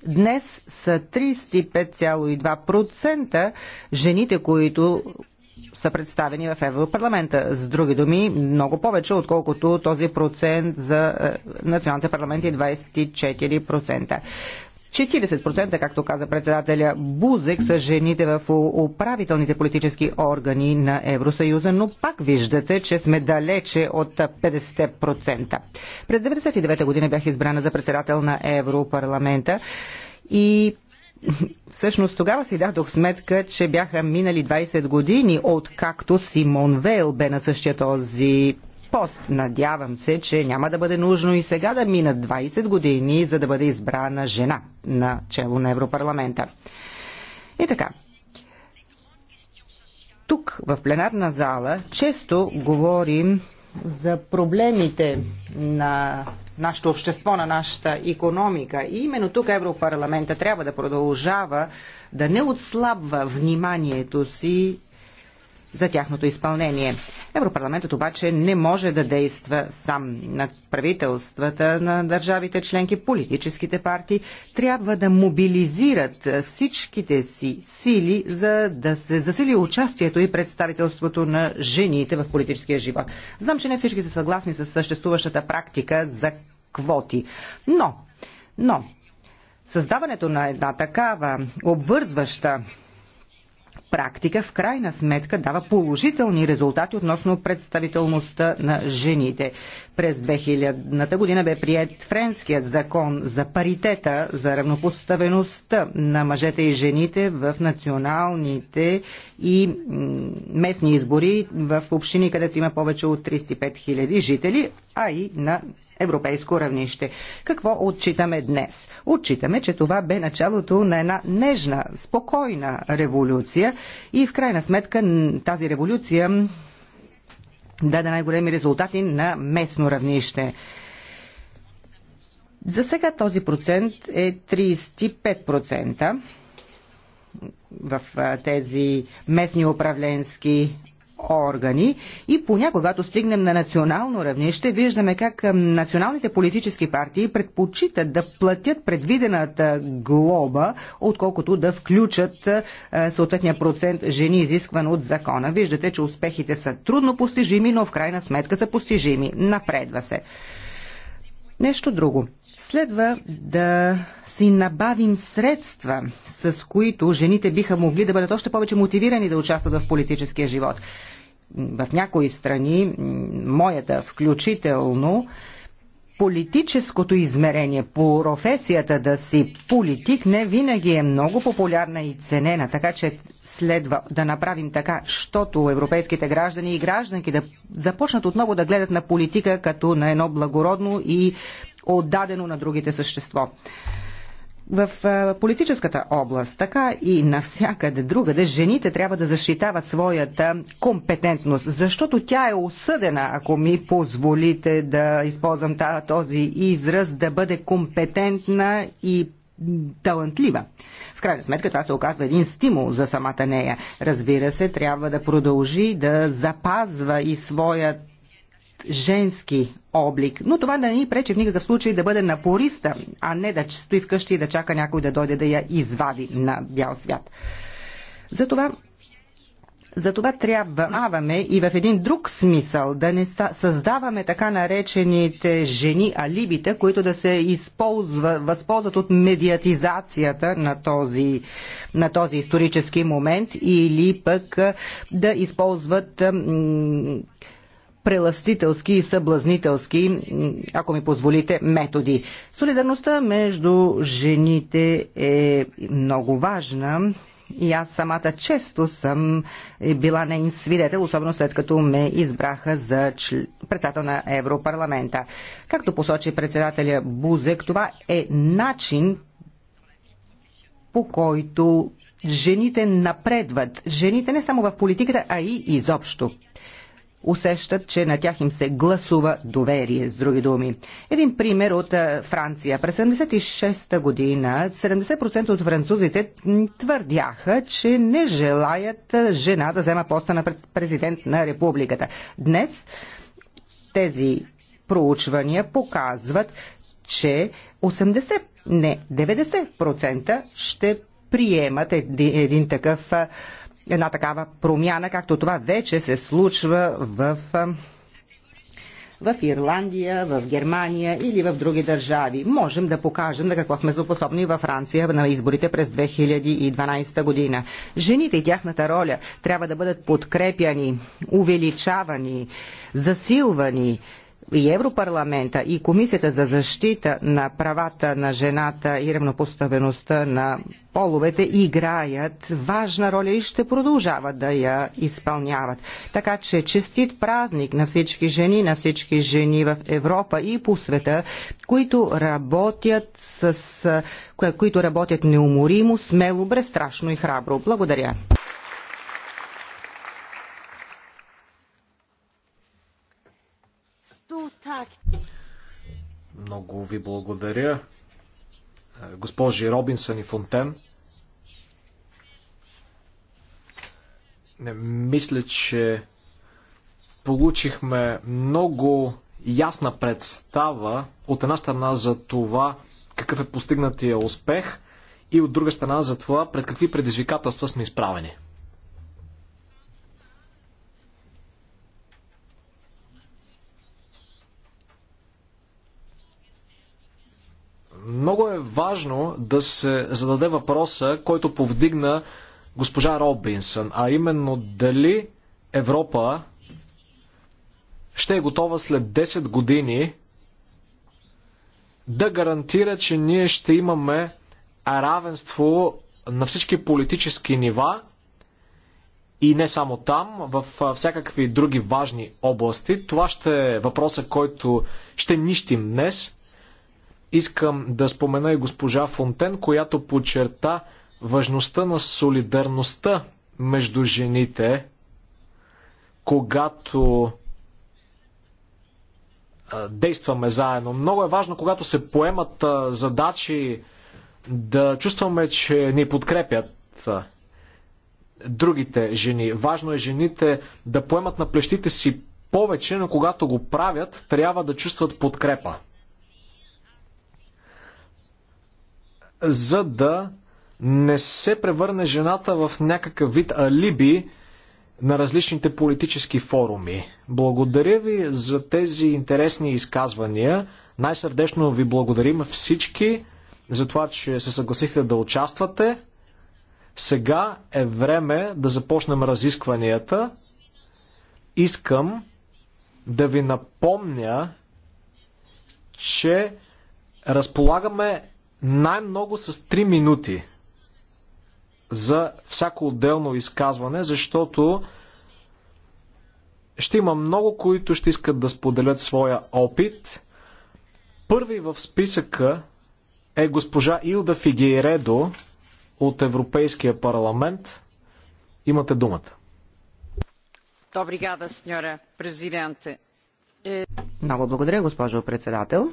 Днес са 35,2% жените, които са представени в Европарламента. С други думи, много повече, отколкото този процент за е, националните парламенти 24%. 40%, както каза председателя Бузек, са жените в управителните политически органи на Евросъюза, но пак виждате, че сме далече от 50%. През 1999 година бях избрана за председател на Европарламента и Всъщност тогава си дадох сметка, че бяха минали 20 години откакто Симон Вейл бе на същия този пост. Надявам се, че няма да бъде нужно и сега да минат 20 години, за да бъде избрана жена на чело на Европарламента. И така. Тук, в пленарна зала, често говорим за проблемите на нашето общество, на нашата економика. И именно тук Европарламента трябва да продължава да не отслабва вниманието си за тяхното изпълнение. Европарламентът обаче не може да действа сам над правителствата на държавите членки, политическите партии трябва да мобилизират всичките си сили, за да се засили участието и представителството на жените в политическия живот. Знам, че не всички са съгласни с съществуващата практика за квоти. Но, но, създаването на една такава обвързваща практика в крайна сметка дава положителни резултати относно представителността на жените. През 2000-та година бе прият френският закон за паритета, за равнопоставеността на мъжете и жените в националните и местни избори в общини, където има повече от 35 000 жители, а и на европейско равнище. Какво отчитаме днес? Отчитаме, че това бе началото на една нежна, спокойна революция и в крайна сметка тази революция даде най-големи резултати на местно равнище. За сега този процент е 35% в тези местни управленски органи и поня, когато стигнем на национално равнище, виждаме как националните политически партии предпочитат да платят предвидената глоба, отколкото да включат съответния процент жени, изискван от закона. Виждате, че успехите са трудно постижими, но в крайна сметка са постижими. Напредва се. Нещо друго. Следва да си набавим средства, с които жените биха могли да бъдат още повече мотивирани да участват в политическия живот. В някои страни, моята включително, политическото измерение, по професията да си политик не винаги е много популярна и ценена, така че следва да направим така, щото европейските граждани и гражданки да започнат отново да гледат на политика като на едно благородно и отдадено на другите същество в политическата област, така и навсякъде другаде, жените трябва да защитават своята компетентност, защото тя е осъдена, ако ми позволите да използвам този израз, да бъде компетентна и талантлива. В крайна сметка това се оказва един стимул за самата нея. Разбира се, трябва да продължи да запазва и своят женски облик. Но това не ни пречи в никакъв случай да бъде напориста, а не да стои вкъщи и да чака някой да дойде да я извади на бял свят. Затова затова трябва аваме и в един друг смисъл да не създаваме така наречените жени алибите, които да се използва, възползват от медиатизацията на този, на този исторически момент или пък да използват преластителски и съблазнителски, ако ми позволите, методи. Солидарността между жените е много важна и аз самата често съм била нейн свидетел, особено след като ме избраха за чл... председател на Европарламента. Както посочи председателя Бузек, това е начин по който жените напредват. Жените не само в политиката, а и изобщо усещат, че на тях им се гласува доверие, с други думи. Един пример от Франция. През 76-та година 70% от французите твърдяха, че не желаят жена да взема поста на президент на републиката. Днес тези проучвания показват, че 80, не, 90% ще приемат един, един такъв една такава промяна, както това вече се случва в в Ирландия, в Германия или в други държави. Можем да покажем на какво сме способни във Франция на изборите през 2012 година. Жените и тяхната роля трябва да бъдат подкрепяни, увеличавани, засилвани, и Европарламента и Комисията за защита на правата на жената и равнопоставеността на половете играят важна роля и ще продължават да я изпълняват. Така че честит празник на всички жени, на всички жени в Европа и по света, които работят, с, които работят неуморимо, смело, безстрашно и храбро. Благодаря. Много ви благодаря. Е, госпожи Робинсън и Фонтен. Мисля, че получихме много ясна представа от една страна за това какъв е постигнатия успех и от друга страна за това пред какви предизвикателства сме изправени. Много е важно да се зададе въпроса, който повдигна госпожа Робинсън, а именно дали Европа ще е готова след 10 години да гарантира, че ние ще имаме равенство на всички политически нива и не само там, в всякакви други важни области. Това ще е въпроса, който ще нищим днес. Искам да спомена и госпожа Фонтен, която подчерта важността на солидарността между жените, когато действаме заедно. Много е важно, когато се поемат задачи, да чувстваме, че ни подкрепят другите жени. Важно е жените да поемат на плещите си повече, но когато го правят, трябва да чувстват подкрепа. за да не се превърне жената в някакъв вид алиби на различните политически форуми. Благодаря ви за тези интересни изказвания. Най-сърдечно ви благодарим всички за това, че се съгласихте да участвате. Сега е време да започнем разискванията. Искам да ви напомня, че разполагаме най-много с 3 минути за всяко отделно изказване, защото ще има много, които ще искат да споделят своя опит. Първи в списъка е госпожа Илда Фигейредо от Европейския парламент. Имате думата. Е, много благодаря, госпожо председател.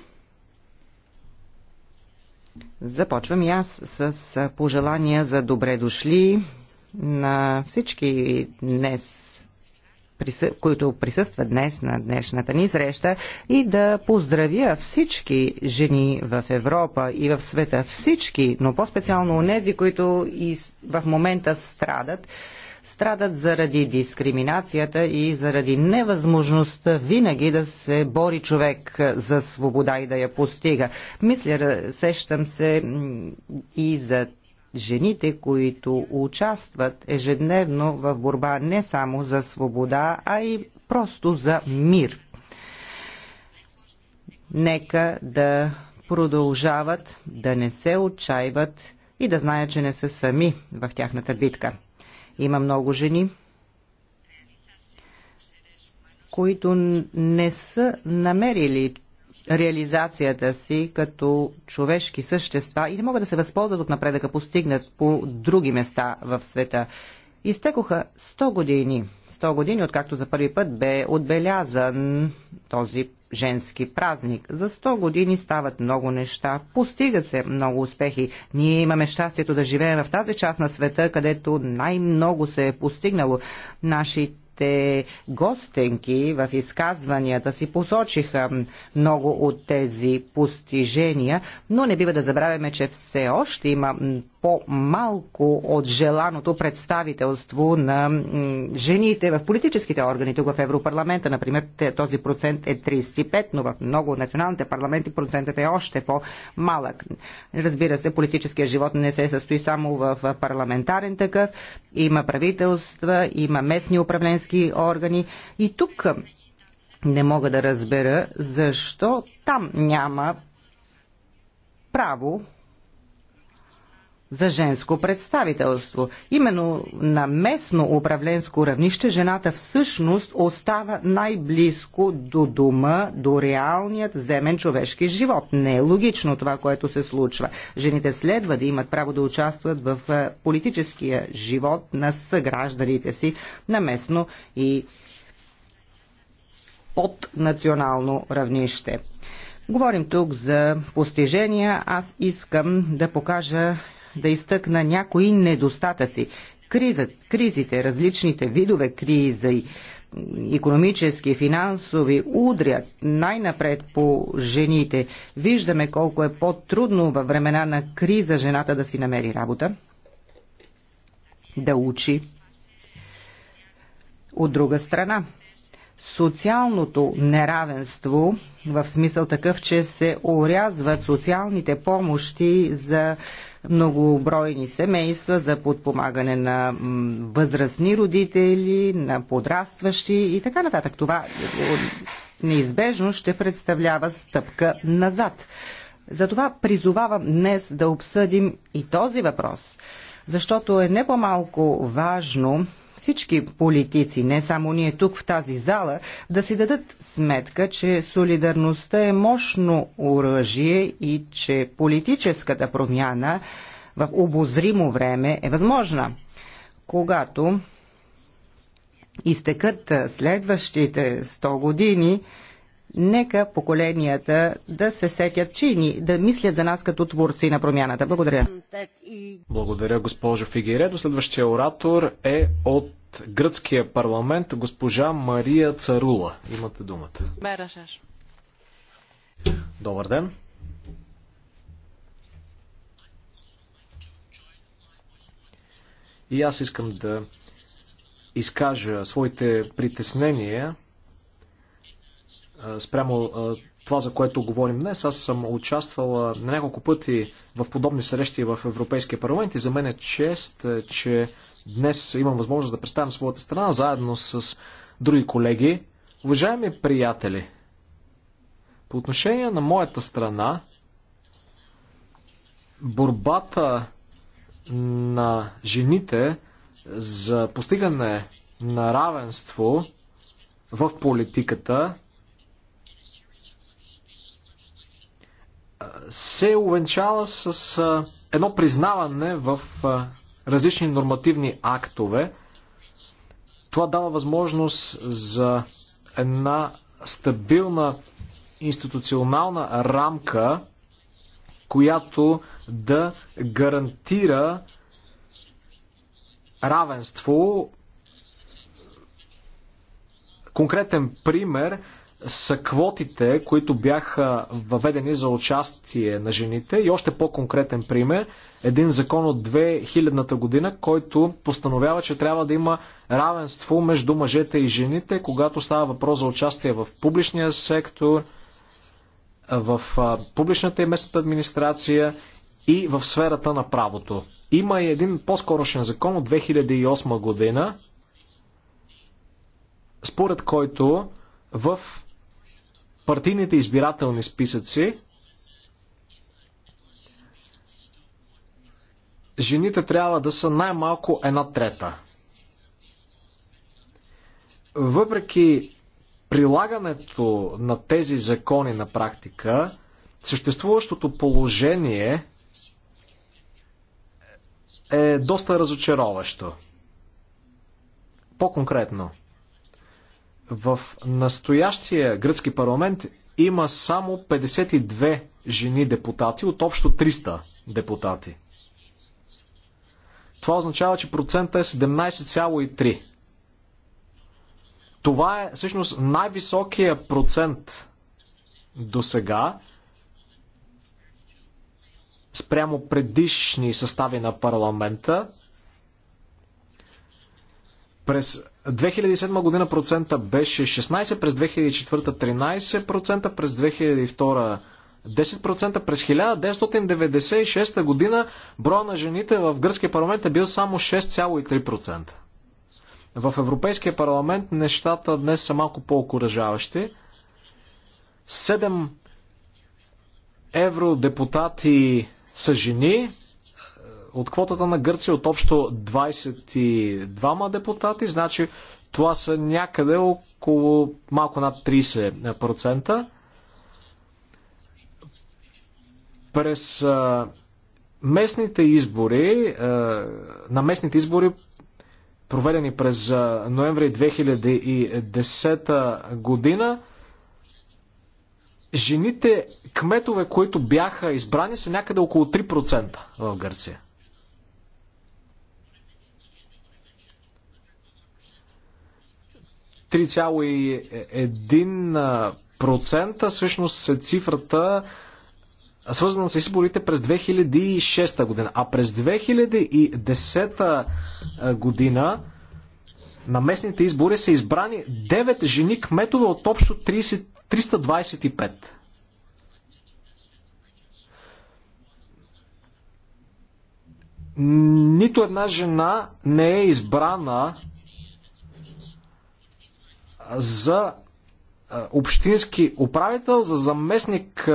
Започвам и аз с пожелания за добре дошли на всички днес които присъстват днес на днешната ни среща и да поздравя всички жени в Европа и в света, всички, но по-специално у нези, които и в момента страдат страдат заради дискриминацията и заради невъзможността винаги да се бори човек за свобода и да я постига. Мисля, сещам се и за жените, които участват ежедневно в борба не само за свобода, а и просто за мир. Нека да продължават да не се отчаиват и да знаят, че не са сами в тяхната битка. Има много жени, които не са намерили реализацията си като човешки същества и не могат да се възползват от напредъка, постигнат по други места в света. Изтекоха 100 години. 100 години, откакто за първи път бе отбелязан този женски празник. За 100 години стават много неща, постигат се много успехи. Ние имаме щастието да живеем в тази част на света, където най-много се е постигнало. Нашите гостенки в изказванията си посочиха много от тези постижения, но не бива да забравяме, че все още има по-малко от желаното представителство на жените в политическите органи. Тук в Европарламента, например, този процент е 35, но в много от националните парламенти процентът е още по-малък. Разбира се, политическия живот не се състои само в парламентарен такъв. Има правителства, има местни управленски органи. И тук не мога да разбера защо там няма право за женско представителство. Именно на местно управленско равнище жената всъщност остава най-близко до дома, до реалният земен човешки живот. Не е логично това, което се случва. Жените следва да имат право да участват в е, политическия живот на съгражданите си на местно и под национално равнище. Говорим тук за постижения. Аз искам да покажа да изтъкна някои недостатъци. Кризът, кризите, различните видове кризи, економически, финансови, удрят най-напред по жените. Виждаме колко е по-трудно във времена на криза жената да си намери работа, да учи. От друга страна, социалното неравенство, в смисъл такъв, че се орязват социалните помощи за многобройни семейства, за подпомагане на възрастни родители, на подрастващи и така нататък. Това неизбежно ще представлява стъпка назад. Затова призовавам днес да обсъдим и този въпрос, защото е не по-малко важно всички политици, не само ние тук в тази зала, да си дадат сметка, че солидарността е мощно оръжие и че политическата промяна в обозримо време е възможна. Когато изтекат следващите 100 години, Нека поколенията да се сетят чини, да мислят за нас като творци на промяната. Благодаря. Благодаря, госпожо Фигиредо. Следващия оратор е от гръцкия парламент госпожа Мария Царула. Имате думата. Добър ден. И аз искам да изкажа своите притеснения спрямо това, за което говорим днес. Аз съм участвала на няколко пъти в подобни срещи в Европейския парламент и за мен е чест, е, че днес имам възможност да представям своята страна заедно с други колеги. Уважаеми приятели, по отношение на моята страна, борбата на жените за постигане на равенство в политиката се увенчава с едно признаване в различни нормативни актове. Това дава възможност за една стабилна институционална рамка, която да гарантира равенство. Конкретен пример са квотите, които бяха въведени за участие на жените и още по-конкретен пример, един закон от 2000-та година, който постановява, че трябва да има равенство между мъжете и жените, когато става въпрос за участие в публичния сектор, в публичната и местната администрация и в сферата на правото. Има и един по-скорошен закон от 2008 година, според който в партийните избирателни списъци, жените трябва да са най-малко една трета. Въпреки прилагането на тези закони на практика, съществуващото положение е доста разочароващо. По-конкретно – в настоящия гръцки парламент има само 52 жени депутати от общо 300 депутати. Това означава, че процента е 17,3. Това е всъщност най-високия процент до сега спрямо предишни състави на парламента. През 2007 година процента беше 16, през 2004 13%, през 2002 10%, през 1996 година броя на жените в гръцкия парламент е бил само 6,3%. В Европейския парламент нещата днес са малко по-окоръжаващи. 7 евродепутати са жени, от квотата на Гърция от общо 22 депутати, значи това са някъде около малко над 30%. През местните избори, на местните избори, проведени през ноември 2010 година, жените кметове, които бяха избрани, са някъде около 3% в Гърция. 3,1% е, всъщност е цифрата свързана с изборите през 2006 година. А през 2010 година на местните избори са избрани 9 жени кметове от общо 30, 325. Нито една жена не е избрана за общински управител, за заместник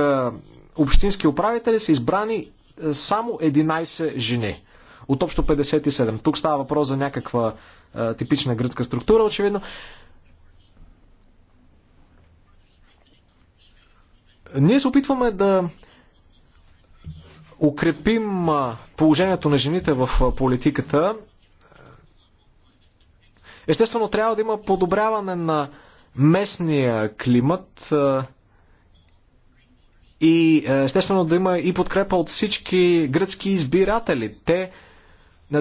общински управители са избрани само 11 жени от общо 57. Тук става въпрос за някаква а, типична гръцка структура, очевидно. Ние се опитваме да укрепим положението на жените в политиката Естествено, трябва да има подобряване на местния климат и естествено да има и подкрепа от всички гръцки избиратели. Те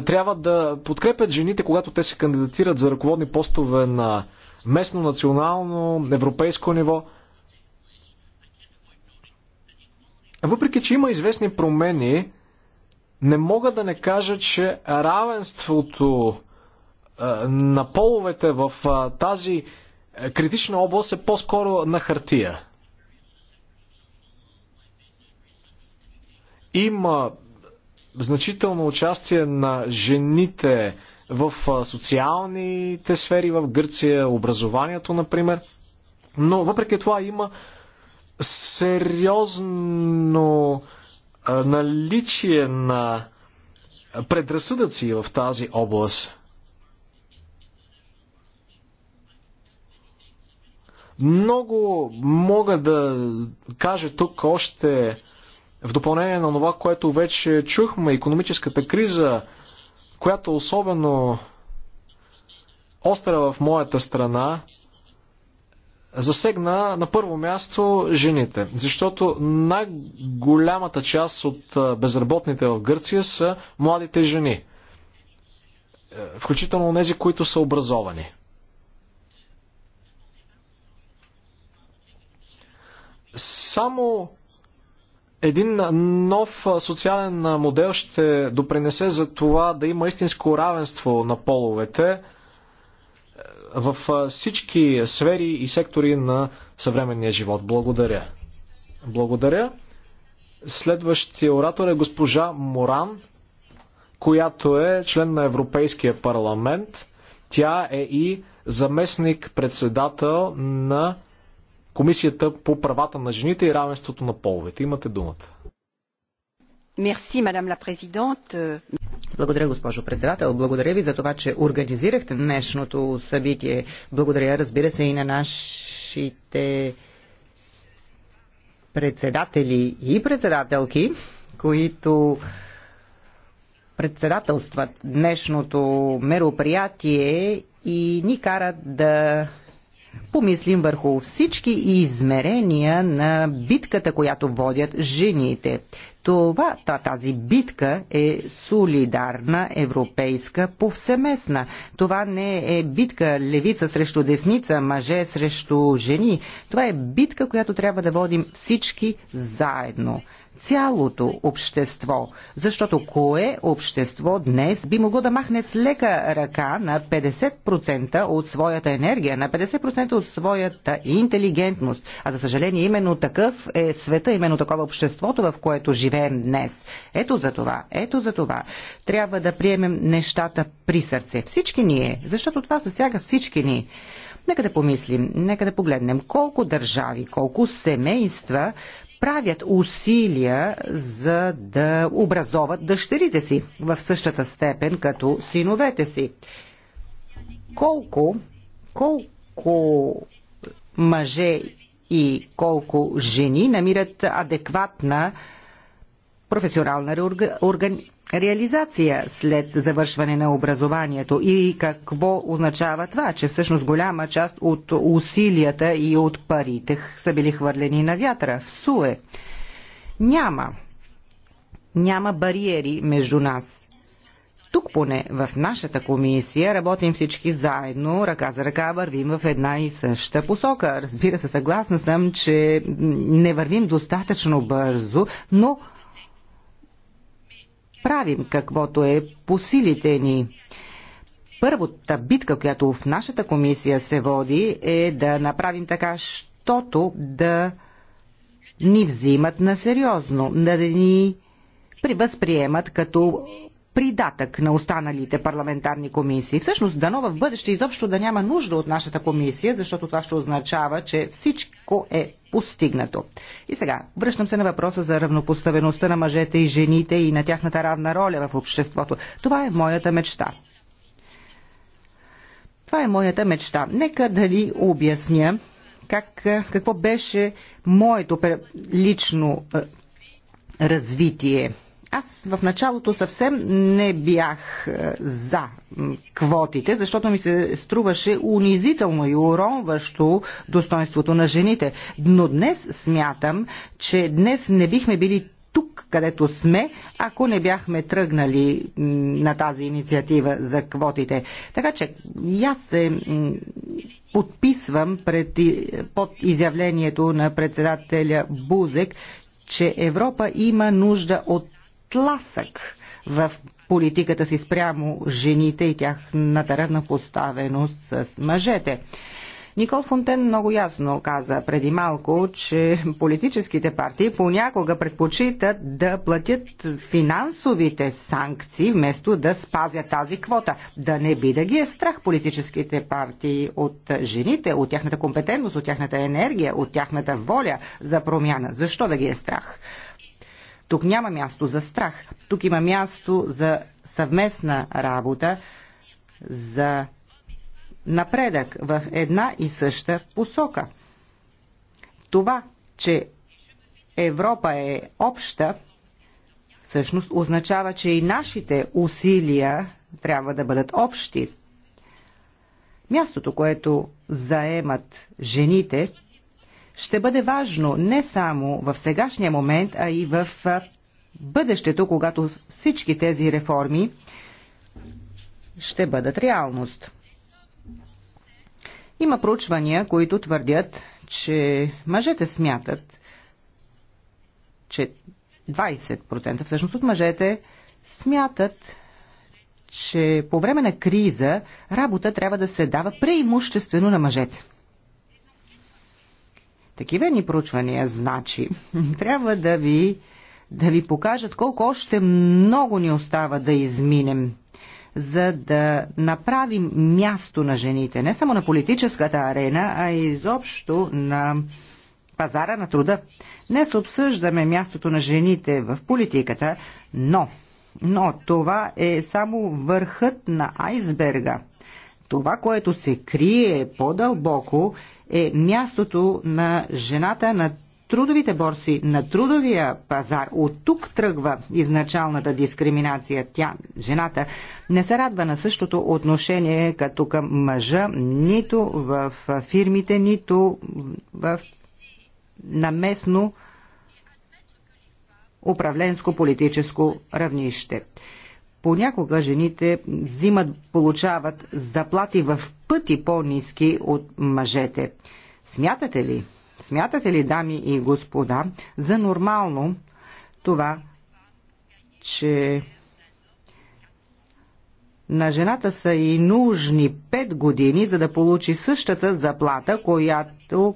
трябва да подкрепят жените, когато те се кандидатират за ръководни постове на местно, национално, европейско ниво. Въпреки, че има известни промени, не мога да не кажа, че равенството на половете в тази е, критична област е по-скоро на хартия. Има значително участие на жените в социалните сфери в Гърция, образованието, например. Но въпреки това има сериозно наличие на предразсъдъци в тази област. Много мога да кажа тук още в допълнение на това, което вече чухме, економическата криза, която е особено остра в моята страна, засегна на първо място жените, защото най-голямата част от безработните в Гърция са младите жени, е, включително тези, които са образовани. Само един нов социален модел ще допринесе за това да има истинско равенство на половете е, в всички сфери и сектори на съвременния живот. Благодаря. Благодаря. Следващия оратор е госпожа Моран, която е член на Европейския парламент. Тя е и заместник председател на Комисията по правата на жените и равенството на половете. Имате думата. Мерси, мадам ла президент. Благодаря, госпожо председател. Благодаря ви за това, че организирахте днешното събитие. Благодаря, разбира се, и на нашите председатели и председателки, които председателстват днешното мероприятие и ни карат да помислим върху всички измерения на битката, която водят жените. Това, тази битка е солидарна, европейска, повсеместна. Това не е битка левица срещу десница, мъже срещу жени. Това е битка, която трябва да водим всички заедно цялото общество. Защото кое общество днес би могло да махне с лека ръка на 50% от своята енергия, на 50% от своята интелигентност? А за съжаление, именно такъв е света, именно такова обществото, в което живеем днес. Ето за това, ето за това. Трябва да приемем нещата при сърце. Всички ние, защото това засяга всички ни. Нека да помислим, нека да погледнем колко държави, колко семейства правят усилия за да образоват дъщерите си в същата степен като синовете си. Колко, колко мъже и колко жени намират адекватна професионална реорга, реализация след завършване на образованието и какво означава това, че всъщност голяма част от усилията и от парите са били хвърлени на вятъра в суе. Няма. Няма бариери между нас. Тук поне в нашата комисия работим всички заедно, ръка за ръка вървим в една и съща посока. Разбира се, съгласна съм, че не вървим достатъчно бързо, но правим каквото е по силите ни. Първата битка, която в нашата комисия се води, е да направим така, щото да ни взимат на сериозно, да ни възприемат като придатък на останалите парламентарни комисии. Всъщност, дано в бъдеще изобщо да няма нужда от нашата комисия, защото това ще означава, че всичко е постигнато. И сега, връщам се на въпроса за равнопоставеността на мъжете и жените и на тяхната равна роля в обществото. Това е моята мечта. Това е моята мечта. Нека да ви обясня как, какво беше моето лично е, развитие аз в началото съвсем не бях е, за квотите, защото ми се струваше унизително и уронващо достоинството на жените. Но днес смятам, че днес не бихме били тук, където сме, ако не бяхме тръгнали на тази инициатива за квотите. Така че, аз се подписвам пред, под изявлението на председателя Бузек, че Европа има нужда от тласък в политиката си спрямо жените и тяхната равнопоставеност с мъжете. Никол Фонтен много ясно каза преди малко, че политическите партии понякога предпочитат да платят финансовите санкции, вместо да спазят тази квота. Да не би да ги е страх политическите партии от жените, от тяхната компетентност, от тяхната енергия, от тяхната воля за промяна. Защо да ги е страх? Тук няма място за страх. Тук има място за съвместна работа, за напредък в една и съща посока. Това, че Европа е обща, всъщност означава, че и нашите усилия трябва да бъдат общи. Мястото, което заемат жените, ще бъде важно не само в сегашния момент, а и в бъдещето, когато всички тези реформи ще бъдат реалност. Има проучвания, които твърдят, че мъжете смятат, че 20% всъщност от мъжете смятат, че по време на криза работа трябва да се дава преимуществено на мъжете такива ни проучвания, значи, трябва да ви, да ви покажат колко още много ни остава да изминем за да направим място на жените, не само на политическата арена, а и изобщо на пазара на труда. Днес обсъждаме мястото на жените в политиката, но, но това е само върхът на айсберга. Това, което се крие по-дълбоко, е мястото на жената на трудовите борси, на трудовия пазар. От тук тръгва изначалната дискриминация. Тя, жената, не се радва на същото отношение като към мъжа, нито в фирмите, нито в, на местно управленско-политическо равнище. Понякога жените взимат, получават заплати в пъти по-низки от мъжете. Смятате ли, смятате ли, дами и господа, за нормално това, че на жената са и нужни 5 години, за да получи същата заплата, която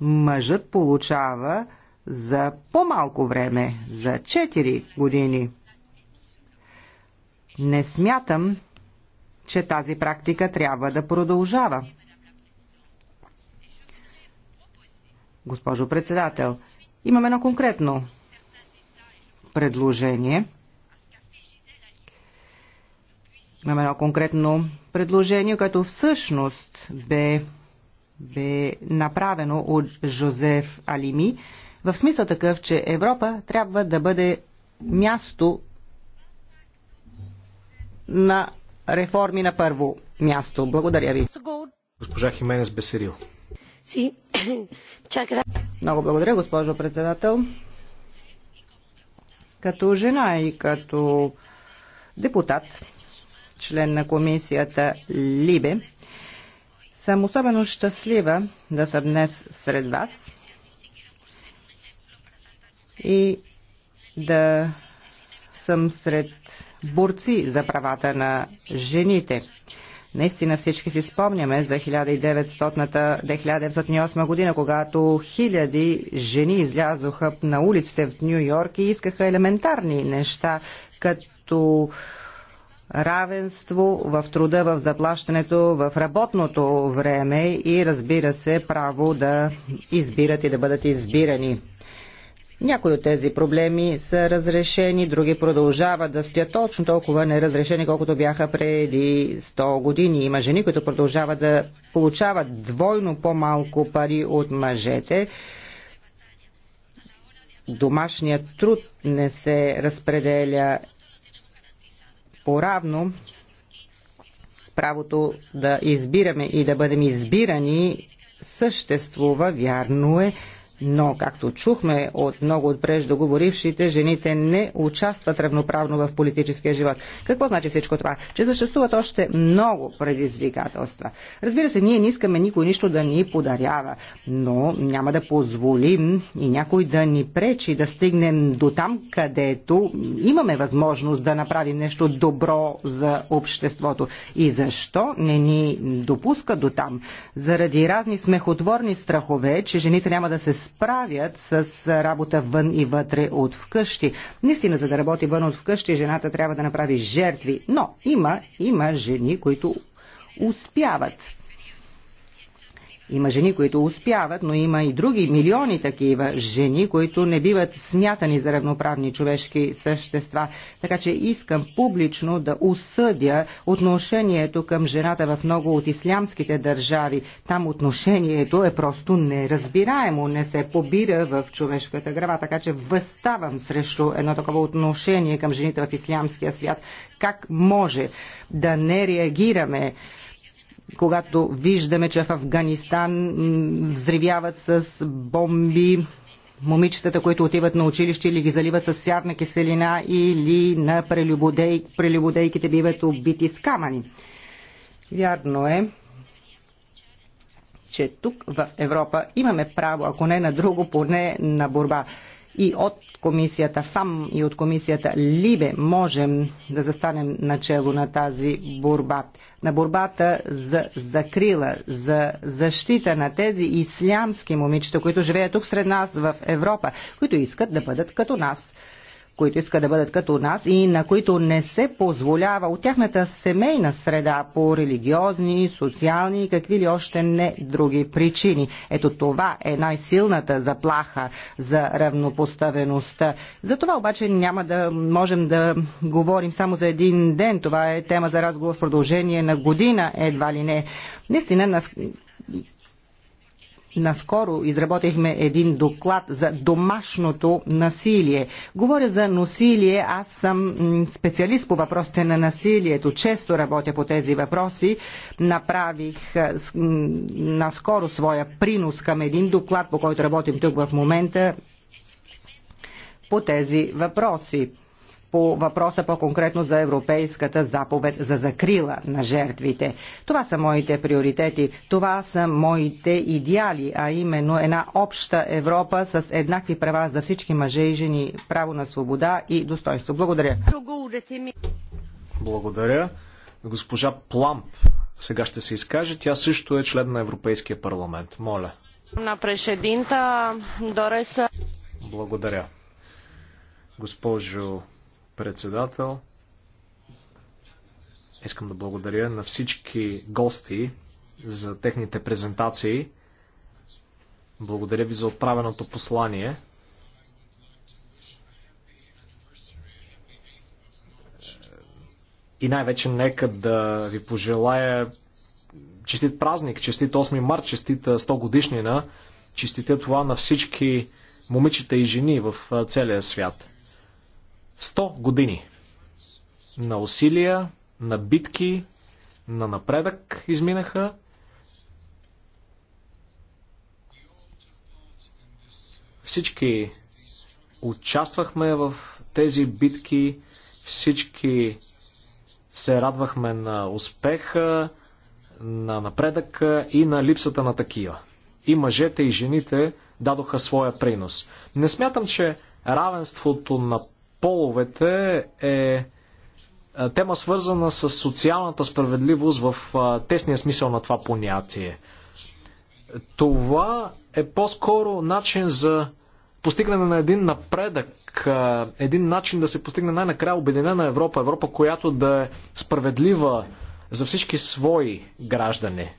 мъжът получава за по-малко време, за 4 години. Не смятам, че тази практика трябва да продължава. Госпожо председател, имам едно конкретно предложение. Имам едно конкретно предложение, което всъщност бе, бе направено от Жозеф Алими, в смисъл такъв, че Европа трябва да бъде място на реформи на първо място. Благодаря ви. Госпожа Хименес Бесерил. Много благодаря, госпожо председател. Като жена и като депутат, член на комисията Либе, съм особено щастлива да съм днес сред вас и да съм сред борци за правата на жените. Наистина всички си спомняме за 1908 година, когато хиляди жени излязоха на улиците в Нью Йорк и искаха елементарни неща, като равенство в труда, в заплащането, в работното време и разбира се право да избират и да бъдат избирани. Някои от тези проблеми са разрешени, други продължават да стоят точно толкова неразрешени, колкото бяха преди 100 години. Има жени, които продължават да получават двойно по-малко пари от мъжете домашният труд не се разпределя поравно, правото да избираме и да бъдем избирани съществува, вярно е, но, както чухме от много от преждоговорившите, жените не участват равноправно в политическия живот. Какво значи всичко това? Че съществуват още много предизвикателства. Разбира се, ние не искаме никой нищо да ни подарява, но няма да позволим и някой да ни пречи да стигнем до там, където имаме възможност да направим нещо добро за обществото. И защо не ни допуска до там? Заради разни смехотворни страхове, че жените няма да се справят с работа вън и вътре от вкъщи. Наистина, за да работи вън от вкъщи, жената трябва да направи жертви. Но има, има жени, които успяват. Има жени, които успяват, но има и други милиони такива жени, които не биват смятани за равноправни човешки същества. Така че искам публично да осъдя отношението към жената в много от ислямските държави. Там отношението е просто неразбираемо, не се побира в човешката грава. Така че възставам срещу едно такова отношение към жените в ислямския свят. Как може да не реагираме? когато виждаме, че в Афганистан взривяват с бомби момичетата, които отиват на училище или ги заливат с сярна киселина или на прелюбодей, прелюбодейките биват убити с камъни. Вярно е, че тук в Европа имаме право, ако не на друго, поне на борба и от комисията ФАМ и от комисията ЛИБЕ можем да застанем начало на тази борба. На борбата за закрила, за защита на тези ислямски момичета, които живеят тук сред нас в Европа, които искат да бъдат като нас които искат да бъдат като нас и на които не се позволява от тяхната семейна среда по религиозни, социални и какви ли още не други причини. Ето това е най-силната заплаха за равнопоставеността. За това обаче няма да можем да говорим само за един ден. Това е тема за разговор в продължение на година, едва ли не. Наистина, Наскоро изработихме един доклад за домашното насилие. Говоря за насилие, аз съм специалист по въпросите на насилието. Често работя по тези въпроси. Направих наскоро своя принос към един доклад, по който работим тук в момента по тези въпроси по въпроса по-конкретно за Европейската заповед за закрила на жертвите. Това са моите приоритети, това са моите идеали, а именно една обща Европа с еднакви права за всички мъже и жени, право на свобода и достоинство. Благодаря. Благодаря. Госпожа Пламп сега ще се изкаже. Тя също е член на Европейския парламент. Моля. На прешединта Дореса. Благодаря. Госпожо председател. Искам да благодаря на всички гости за техните презентации. Благодаря ви за отправеното послание. И най-вече нека да ви пожелая честит празник, честит 8 март, честита 100 годишнина, честите това на всички момичета и жени в целия свят. 100 години на усилия, на битки, на напредък изминаха. Всички участвахме в тези битки, всички се радвахме на успеха, на напредъка и на липсата на такива. И мъжете и жените дадоха своя принос. Не смятам, че равенството на половете е, е тема свързана с социалната справедливост в е, тесния смисъл на това понятие. Това е по-скоро начин за постигане на един напредък, е, един начин да се постигне най-накрая обединена Европа, Европа, която да е справедлива за всички свои граждани.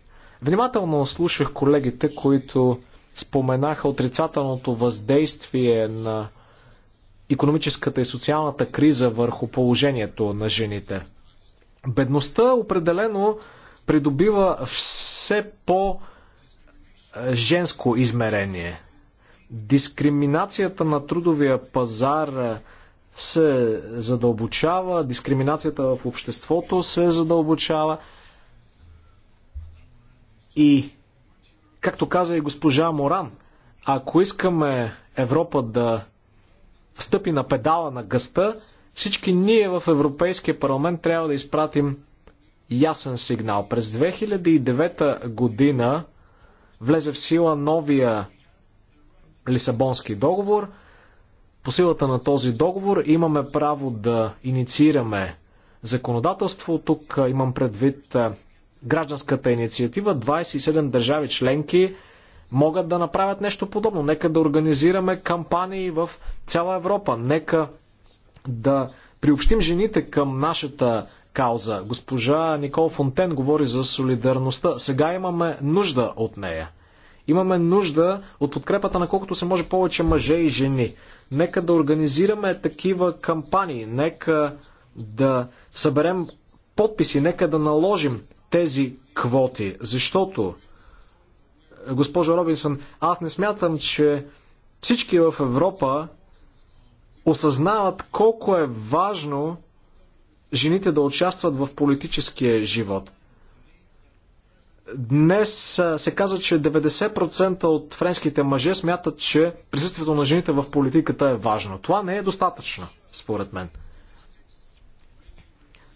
Внимателно слушах колегите, които споменаха отрицателното въздействие на економическата и социалната криза върху положението на жените. Бедността определено придобива все по- женско измерение. Дискриминацията на трудовия пазар се задълбочава, дискриминацията в обществото се задълбочава. И, както каза и госпожа Моран, ако искаме Европа да встъпи на педала на гъста, всички ние в Европейския парламент трябва да изпратим ясен сигнал. През 2009 година влезе в сила новия Лисабонски договор. По силата на този договор имаме право да инициираме законодателство. Тук имам предвид гражданската инициатива. 27 държави членки могат да направят нещо подобно. Нека да организираме кампании в цяла Европа. Нека да приобщим жените към нашата кауза. Госпожа Никол Фонтен говори за солидарността. Сега имаме нужда от нея. Имаме нужда от подкрепата на колкото се може повече мъже и жени. Нека да организираме такива кампании, нека да съберем подписи, нека да наложим тези квоти, защото Госпожо Робинсън, аз не смятам, че всички в Европа осъзнават колко е важно жените да участват в политическия живот. Днес се казва, че 90% от френските мъже смятат, че присъствието на жените в политиката е важно. Това не е достатъчно, според мен.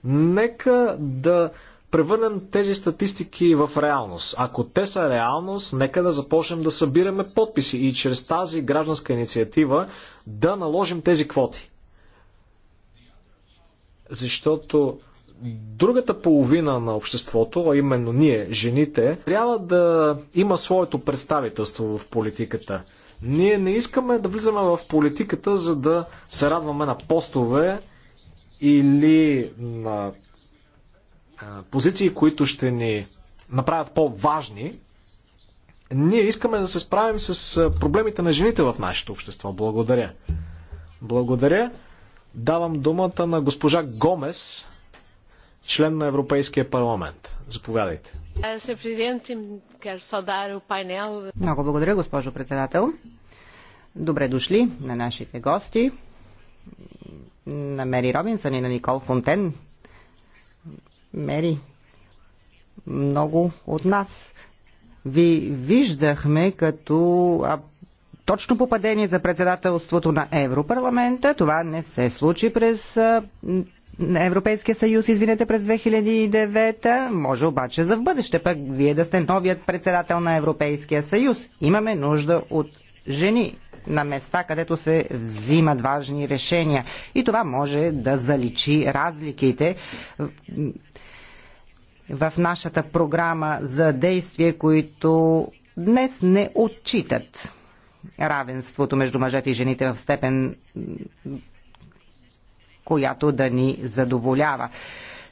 Нека да превърнем тези статистики в реалност. Ако те са реалност, нека да започнем да събираме подписи и чрез тази гражданска инициатива да наложим тези квоти. Защото другата половина на обществото, а именно ние, жените, трябва да има своето представителство в политиката. Ние не искаме да влизаме в политиката, за да се радваме на постове или на позиции, които ще ни направят по-важни, ние искаме да се справим с проблемите на жените в нашето общество. Благодаря. Благодаря. Давам думата на госпожа Гомес, член на Европейския парламент. Заповядайте. Много благодаря, госпожо председател. Добре дошли на нашите гости, на Мери Робинсън и на Никол Фонтен, мери. Много от нас ви виждахме като а, точно попадение за председателството на Европарламента. Това не се случи през а, Европейския съюз, извинете, през 2009. Може обаче за в бъдеще пък вие да сте новият председател на Европейския съюз. Имаме нужда от жени на места, където се взимат важни решения. И това може да заличи разликите в нашата програма за действие, които днес не отчитат равенството между мъжете и жените в степен, която да ни задоволява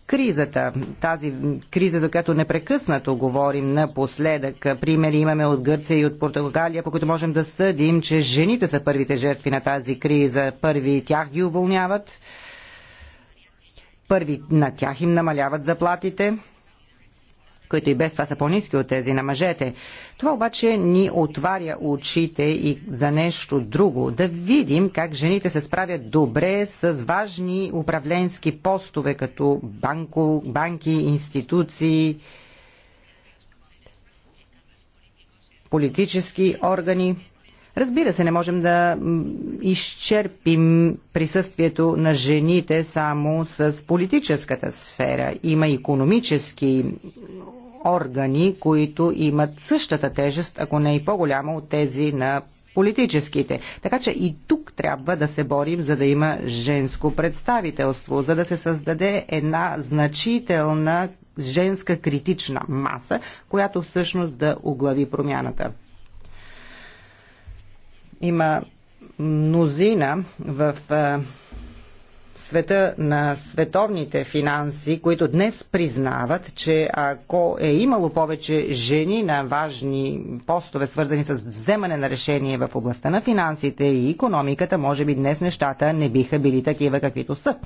кризата. Тази криза, за която непрекъснато говорим напоследък. Примери имаме от Гърция и от Португалия, по които можем да съдим, че жените са първите жертви на тази криза. Първи тях ги уволняват, първи на тях им намаляват заплатите които и без това са по-низки от тези на мъжете. Това обаче ни отваря очите и за нещо друго. Да видим как жените се справят добре с важни управленски постове, като банко, банки, институции, политически органи. Разбира се, не можем да изчерпим присъствието на жените само с политическата сфера. Има економически органи, които имат същата тежест, ако не и по-голяма от тези на политическите. Така че и тук трябва да се борим, за да има женско представителство, за да се създаде една значителна женска критична маса, която всъщност да оглави промяната. Има мнозина в света на световните финанси, които днес признават, че ако е имало повече жени на важни постове, свързани с вземане на решение в областта на финансите и економиката, може би днес нещата не биха били такива, каквито са.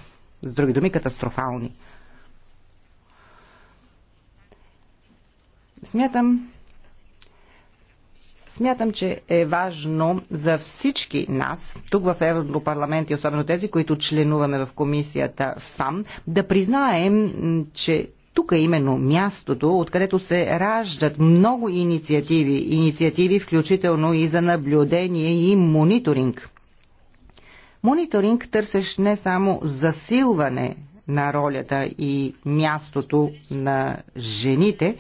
С други думи, катастрофални. Смятам, Смятам, че е важно за всички нас, тук в Европарламент и особено тези, които членуваме в комисията ФАМ, да признаем, че тук е именно мястото, откъдето се раждат много инициативи, инициативи включително и за наблюдение и мониторинг. Мониторинг търсеш не само засилване на ролята и мястото на жените,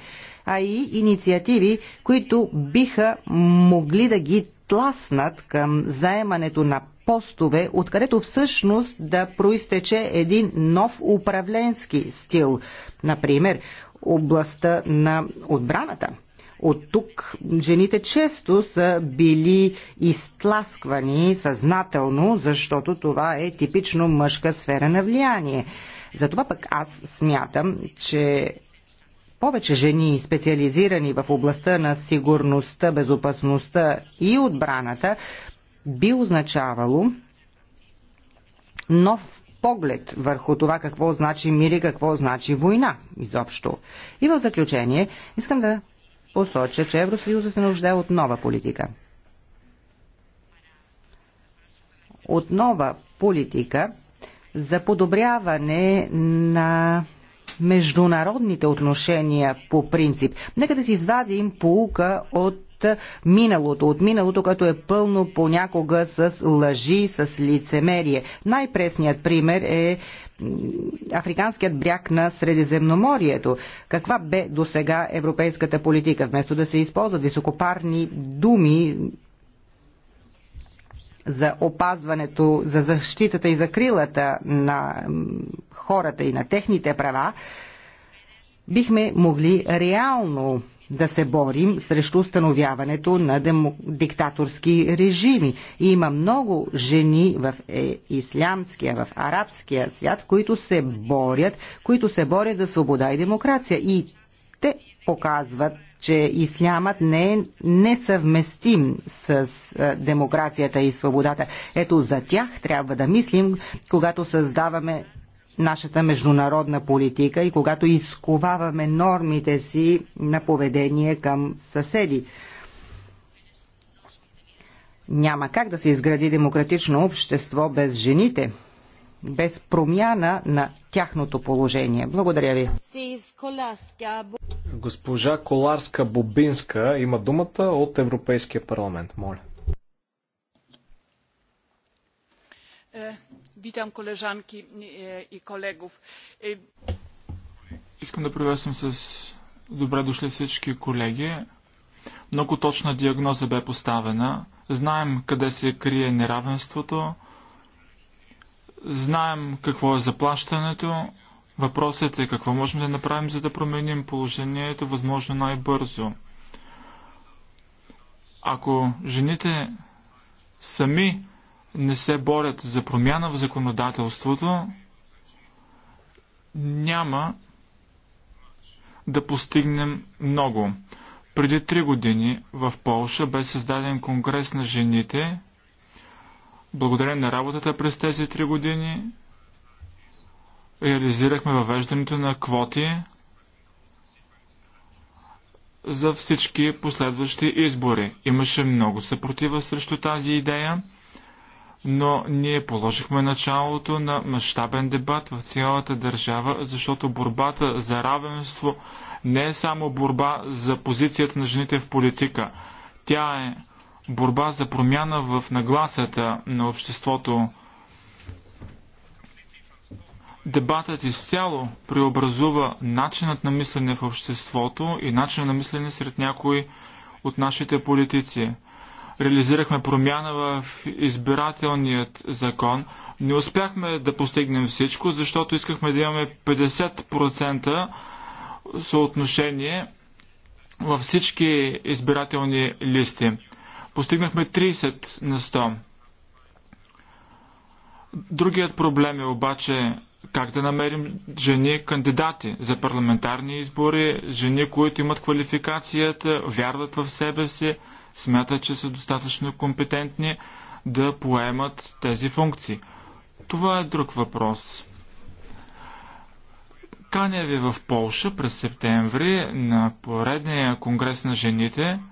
а и инициативи, които биха могли да ги тласнат към заемането на постове, откъдето всъщност да проистече един нов управленски стил. Например, областта на отбраната. От тук жените често са били изтласквани съзнателно, защото това е типично мъжка сфера на влияние. Затова пък аз смятам, че повече жени, специализирани в областта на сигурността, безопасността и отбраната, би означавало нов поглед върху това какво значи мир и какво значи война изобщо. И в заключение искам да посоча, че Евросъюзът се нуждае от нова политика. От нова политика за подобряване на международните отношения по принцип. Нека да си извадим поука от миналото, от миналото, като е пълно понякога с лъжи, с лицемерие. Най-пресният пример е африканският бряг на Средиземноморието. Каква бе до сега европейската политика? Вместо да се използват високопарни думи, за опазването, за защитата и закрилата на хората и на техните права, бихме могли реално да се борим срещу установяването на демо... диктаторски режими. И има много жени в е, ислямския, в арабския свят, които се борят, които се борят за свобода и демокрация. И те показват че ислямът не е несъвместим с демокрацията и свободата. Ето за тях трябва да мислим, когато създаваме нашата международна политика и когато изковаваме нормите си на поведение към съседи. Няма как да се изгради демократично общество без жените без промяна на тяхното положение. Благодаря ви. Госпожа коларска Бубинска има думата от Европейския парламент. Моля. Е, витам колежанки е, и колегов. Е, Искам да приветствам с добре дошли всички колеги. Много точна диагноза бе поставена. Знаем къде се крие неравенството Знаем какво е заплащането. Въпросът е какво можем да направим, за да променим положението възможно най-бързо. Ако жените сами не се борят за промяна в законодателството, няма да постигнем много. Преди три години в Полша бе създаден конгрес на жените, Благодарение на работата през тези три години реализирахме въвеждането на квоти за всички последващи избори. Имаше много съпротива срещу тази идея, но ние положихме началото на мащабен дебат в цялата държава, защото борбата за равенство не е само борба за позицията на жените в политика. Тя е борба за промяна в нагласата на обществото. Дебатът изцяло преобразува начинът на мислене в обществото и начинът на мислене сред някои от нашите политици. Реализирахме промяна в избирателният закон. Не успяхме да постигнем всичко, защото искахме да имаме 50% съотношение във всички избирателни листи. Постигнахме 30 на 100. Другият проблем е обаче как да намерим жени кандидати за парламентарни избори, жени, които имат квалификацията, вярват в себе си, смятат, че са достатъчно компетентни да поемат тези функции. Това е друг въпрос. Каня ви в Полша през септември на поредния конгрес на жените –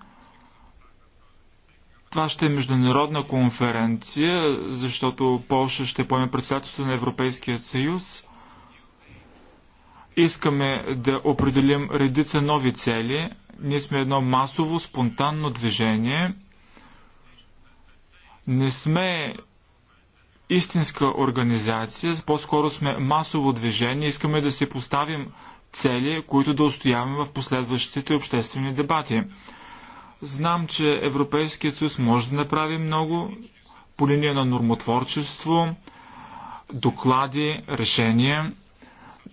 това ще е международна конференция, защото Польша ще поеме председателството на Европейския съюз. Искаме да определим редица нови цели. Ние сме едно масово, спонтанно движение. Не сме истинска организация, по-скоро сме масово движение. Искаме да си поставим цели, които да устояваме в последващите обществени дебати. Знам, че Европейският съюз може да направи много по линия на нормотворчество, доклади, решения,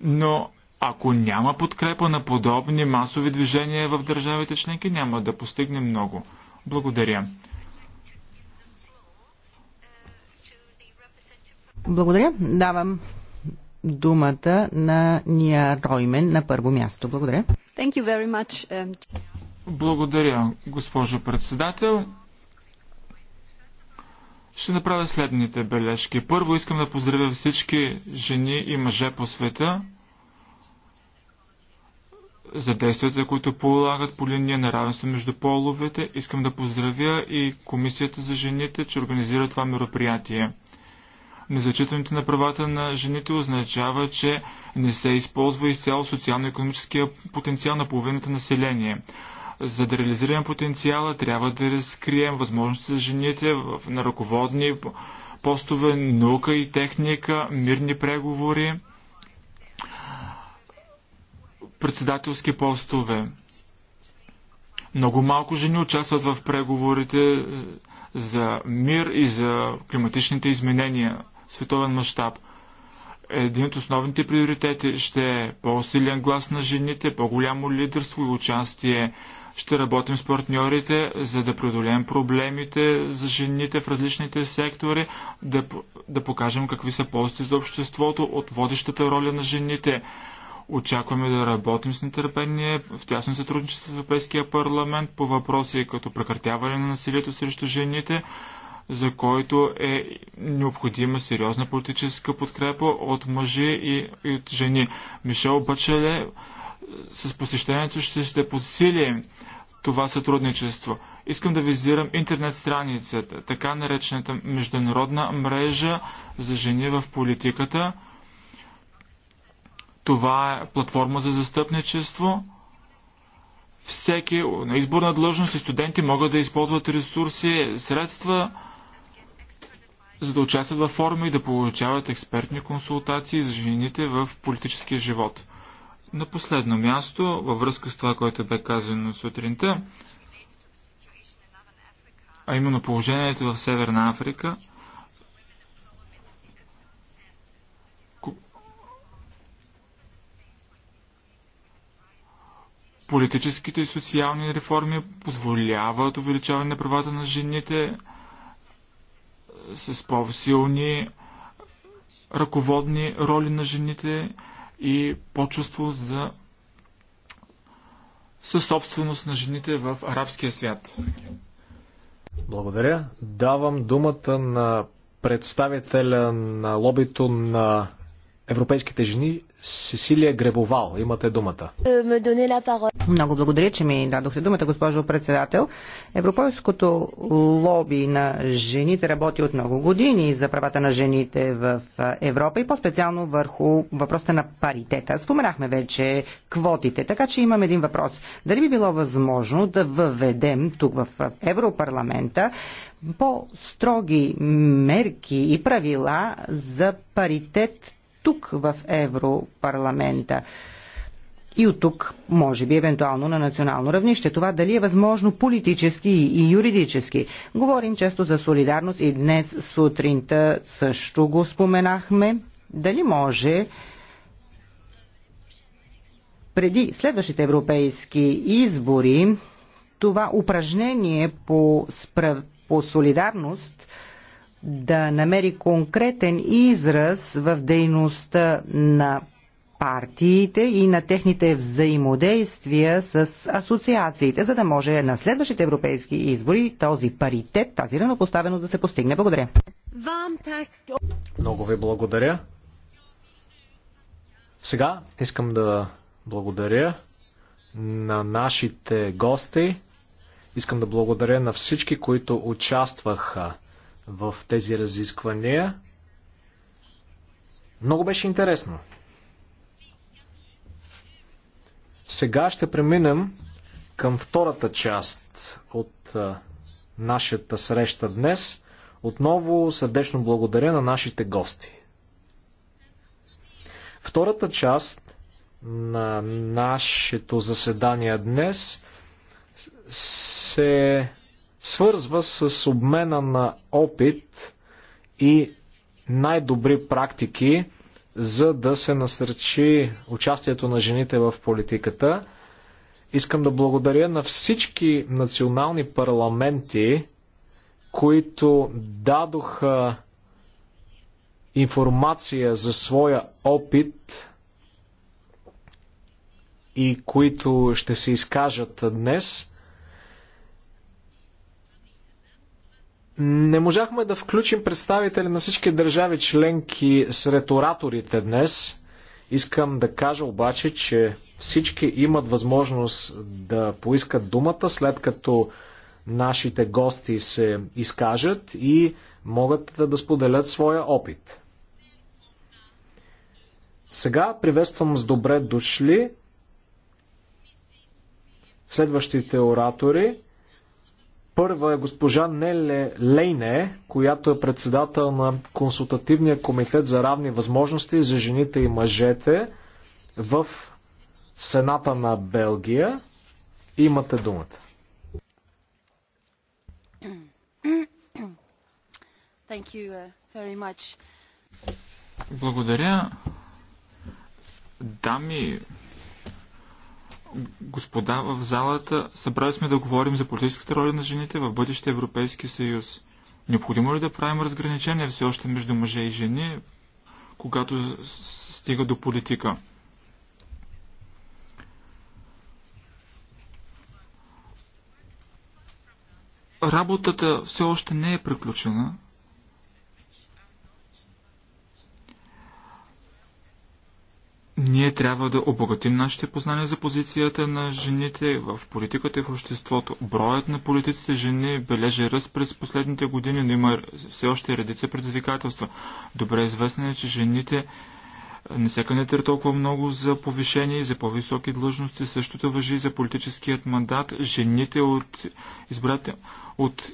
но ако няма подкрепа на подобни масови движения в държавите членки, няма да постигне много. Благодаря. Благодаря. Давам думата на Ния Роймен на първо място. Благодаря. Thank you very much. Um, благодаря, госпожо председател. Ще направя следните бележки. Първо искам да поздравя всички жени и мъже по света за действията, които полагат по линия на равенство между половете. Искам да поздравя и Комисията за жените, че организира това мероприятие. Незачитането на правата на жените означава, че не се използва изцяло социално-економическия потенциал на половината население. За да реализираме потенциала, трябва да разкрием възможности за жените на ръководни постове, наука и техника, мирни преговори, председателски постове. Много малко жени участват в преговорите за мир и за климатичните изменения световен мащаб. Един от основните приоритети ще е по-силен глас на жените, по-голямо лидерство и участие ще работим с партньорите, за да преодолеем проблемите за жените в различните сектори, да, да покажем какви са ползите за обществото от водещата роля на жените. Очакваме да работим с нетърпение в тясно сътрудничество с Европейския парламент по въпроси като прекратяване на насилието срещу жените, за който е необходима сериозна политическа подкрепа от мъжи и, и от жени. Мишел Бачеле с посещението ще, ще подсилим това сътрудничество. Искам да визирам интернет страницата, така наречената международна мрежа за жени в политиката. Това е платформа за застъпничество. Всеки на изборна длъжност и студенти могат да използват ресурси, средства, за да участват във форуми и да получават експертни консултации за жените в политическия живот. На последно място, във връзка с това, което бе казано сутринта, а именно положението в Северна Африка, политическите и социални реформи позволяват увеличаване на правата на жените с по-силни ръководни роли на жените, и почувство за със собственост на жените в арабския свят. Благодаря. Давам думата на представителя на лобито на европейските жени Сесилия Гребовал. Имате думата. Е, много благодаря, че ми дадохте думата, госпожо председател. Европейското лоби на жените работи от много години за правата на жените в Европа и по-специално върху въпроса на паритета. Споменахме вече квотите, така че имам един въпрос. Дали би било възможно да въведем тук в Европарламента по-строги мерки и правила за паритет тук в Европарламента. И от тук, може би, евентуално на национално равнище. Това дали е възможно политически и юридически. Говорим често за солидарност и днес сутринта също го споменахме. Дали може преди следващите европейски избори това упражнение по, спра... по солидарност да намери конкретен израз в дейността на партиите и на техните взаимодействия с асоциациите, за да може на следващите европейски избори този паритет, тази равнопоставеност да се постигне. Благодаря. Много ви благодаря. Сега искам да благодаря на нашите гости. Искам да благодаря на всички, които участваха в тези разисквания. Много беше интересно. Сега ще преминем към втората част от нашата среща днес. Отново сърдечно благодаря на нашите гости. Втората част на нашето заседание днес се свързва с обмена на опит и най-добри практики, за да се насърчи участието на жените в политиката. Искам да благодаря на всички национални парламенти, които дадоха информация за своя опит и които ще се изкажат днес. Не можахме да включим представители на всички държави членки сред ораторите днес. Искам да кажа обаче, че всички имат възможност да поискат думата, след като нашите гости се изкажат и могат да споделят своя опит. Сега приветствам с добре дошли следващите оратори. Първа е госпожа Неле Лейне, която е председател на Консултативния комитет за равни възможности за жените и мъжете в Сената на Белгия. Имате думата. Uh, Благодаря. Дами, господа в залата, събрали сме да говорим за политическата роля на жените в бъдещия Европейски съюз. Необходимо ли да правим разграничение все още между мъже и жени, когато стига до политика? Работата все още не е приключена. Ние трябва да обогатим нашите познания за позицията на жените в политиката и в обществото. Броят на политиците жени бележи ръст през последните години, но има все още редица предизвикателства. Добре известно е, че жените не се кандидатира толкова много за повишение и за по-високи длъжности. Същото въжи и за политическият мандат. Жените от, избрате, от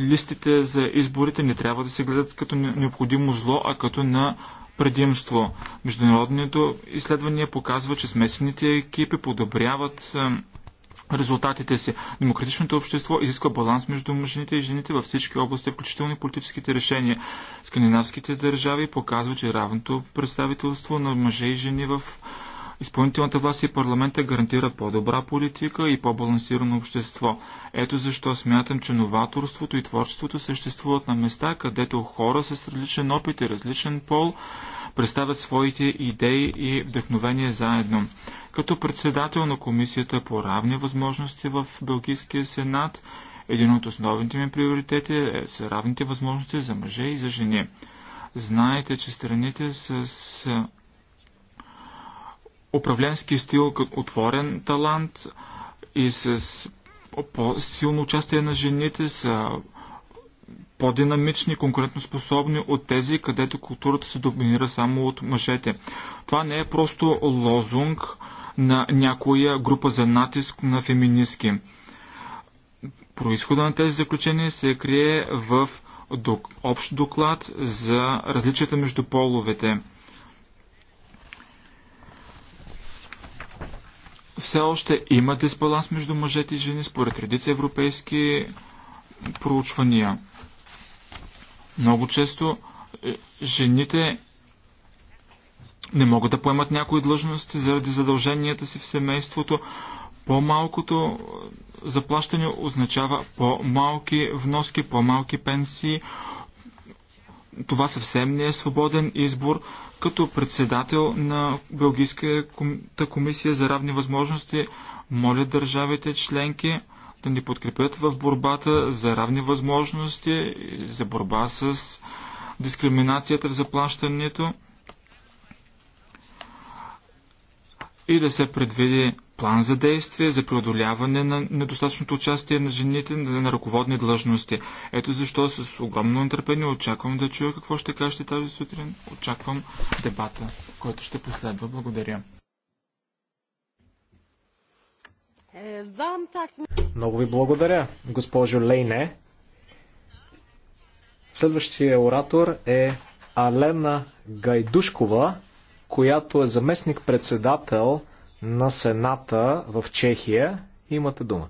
листите за изборите не трябва да се гледат като необходимо зло, а като на предимство. Международното изследване показва, че смесените екипи подобряват е, резултатите си. Демократичното общество изисква баланс между мъжените и жените във всички области, включително и политическите решения. Скандинавските държави показват, че равното представителство на мъже и жени в Изпълнителната власт и парламента гарантира по-добра политика и по-балансирано общество. Ето защо смятам, че новаторството и творчеството съществуват на места, където хора с различен опит и различен пол представят своите идеи и вдъхновения заедно. Като председател на Комисията по равни възможности в Белгийския сенат, един от основните ми приоритети е са равните възможности за мъже и за жени. Знаете, че страните с управленски стил, отворен талант и с по-силно участие на жените са по-динамични, конкурентоспособни от тези, където културата се доминира само от мъжете. Това не е просто лозунг на някоя група за натиск на феминистки. Происхода на тези заключения се крие в общ доклад за различията между половете – все още има дисбаланс между мъжете и жени според редица европейски проучвания. Много често е, жените не могат да поемат някои длъжности заради задълженията си в семейството. По-малкото е, заплащане означава по-малки вноски, по-малки пенсии. Това съвсем не е свободен избор. Като председател на Белгийската комисия за равни възможности, моля държавите членки да ни подкрепят в борбата за равни възможности, за борба с дискриминацията в заплащането и да се предвиди план за действие за преодоляване на недостатъчното участие на жените на ръководни длъжности. Ето защо с огромно нетърпение очаквам да чуя какво ще кажете тази сутрин. Очаквам дебата, който ще последва. Благодаря. Много ви благодаря, госпожо Лейне. Следващия оратор е Алена Гайдушкова която е заместник-председател на Сената в Чехия. Имате думата.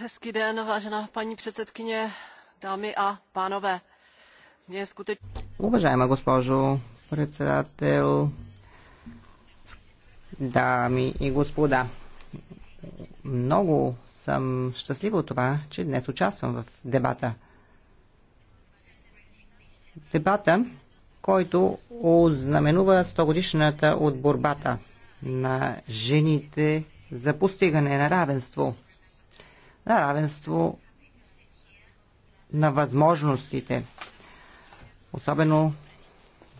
Hezký den, vážená paní předsedkyně, dámy a pánové. Уважаема госпожо председател, дами и господа, много съм щастлива от това, че днес участвам в дебата дебата, който ознаменува 100 годишната от борбата на жените за постигане на равенство. На равенство на възможностите. Особено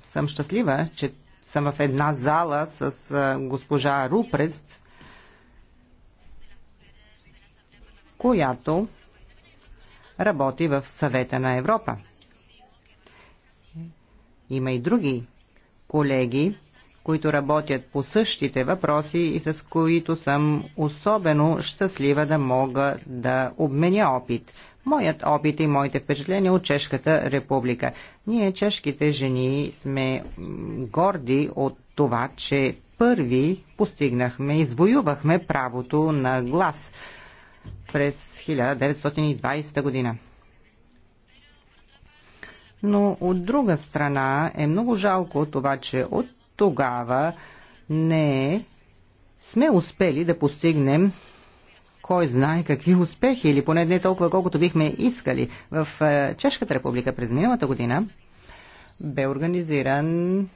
съм щастлива, че съм в една зала с госпожа Рупрест, която работи в съвета на Европа. Има и други колеги, които работят по същите въпроси и с които съм особено щастлива да мога да обменя опит. Моят опит и моите впечатления от Чешката република. Ние, чешките жени, сме горди от това, че първи постигнахме, извоювахме правото на глас през 1920 година но от друга страна е много жалко това, че от тогава не сме успели да постигнем кой знае какви успехи, или поне не толкова колкото бихме искали. В е, Чешката република през миналата година бе организиран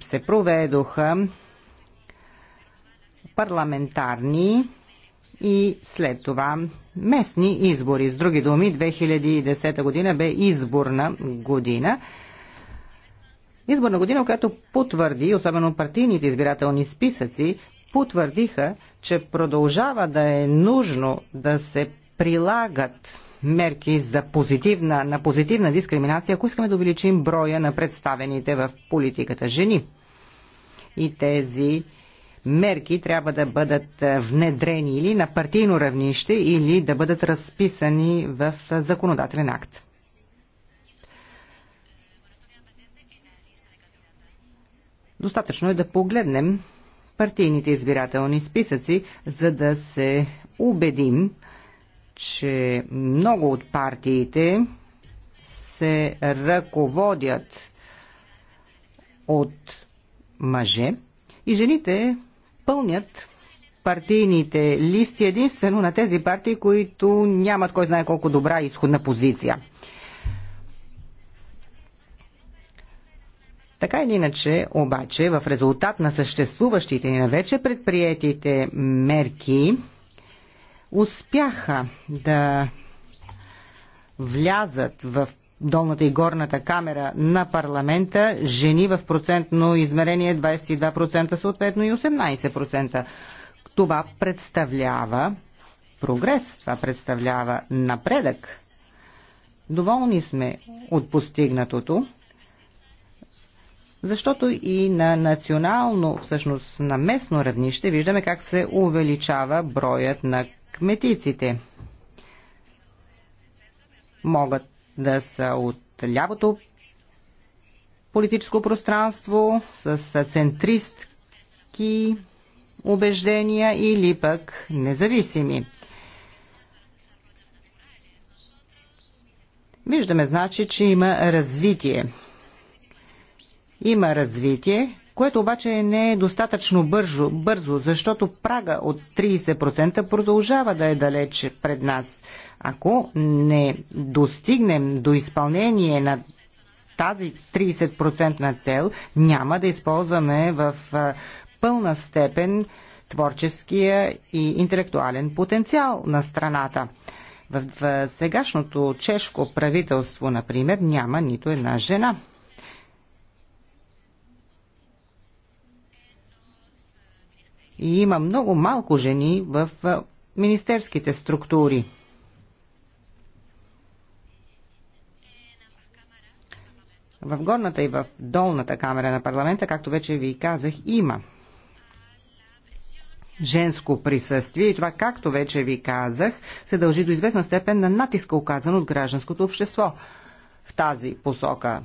се проведоха парламентарни и след това местни избори. С други думи, 2010 година бе изборна година. Изборна година, която потвърди, особено партийните избирателни списъци, потвърдиха, че продължава да е нужно да се прилагат мерки за позитивна, на позитивна дискриминация, ако искаме да увеличим броя на представените в политиката жени. И тези мерки трябва да бъдат е, внедрени или на партийно равнище, или да бъдат разписани в е, законодателен акт. Достатъчно е да погледнем партийните избирателни списъци, за да се убедим, че много от партиите се ръководят от мъже и жените пълнят партийните листи единствено на тези партии, които нямат кой знае колко добра изходна позиция. Така или иначе, обаче, в резултат на съществуващите и на вече предприятите мерки, успяха да влязат в долната и горната камера на парламента, жени в процентно измерение 22%, съответно и 18%. Това представлява прогрес, това представлява напредък. Доволни сме от постигнатото, защото и на национално, всъщност на местно равнище, виждаме как се увеличава броят на кметиците. Могат да са от лявото политическо пространство с центристки убеждения или пък независими. Виждаме, значи, че има развитие. Има развитие, което обаче не е достатъчно бързо, бързо защото прага от 30% продължава да е далеч пред нас. Ако не достигнем до изпълнение на тази 30% цел, няма да използваме в пълна степен творческия и интелектуален потенциал на страната. В сегашното чешко правителство, например, няма нито една жена. И има много малко жени в министерските структури. В горната и в долната камера на парламента, както вече ви казах, има женско присъствие и това, както вече ви казах, се дължи до известна степен на натиска, оказан от гражданското общество в тази посока.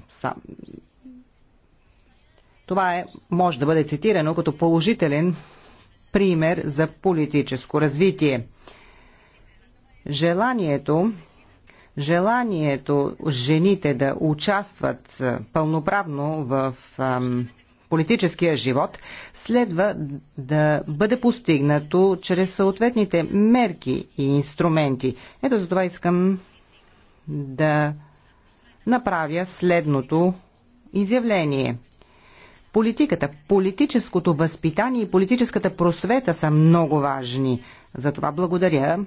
Това е, може да бъде цитирано като положителен пример за политическо развитие. Желанието желанието жените да участват пълноправно в политическия живот следва да бъде постигнато чрез съответните мерки и инструменти. Ето за това искам да направя следното изявление политиката, политическото възпитание и политическата просвета са много важни. За това благодаря.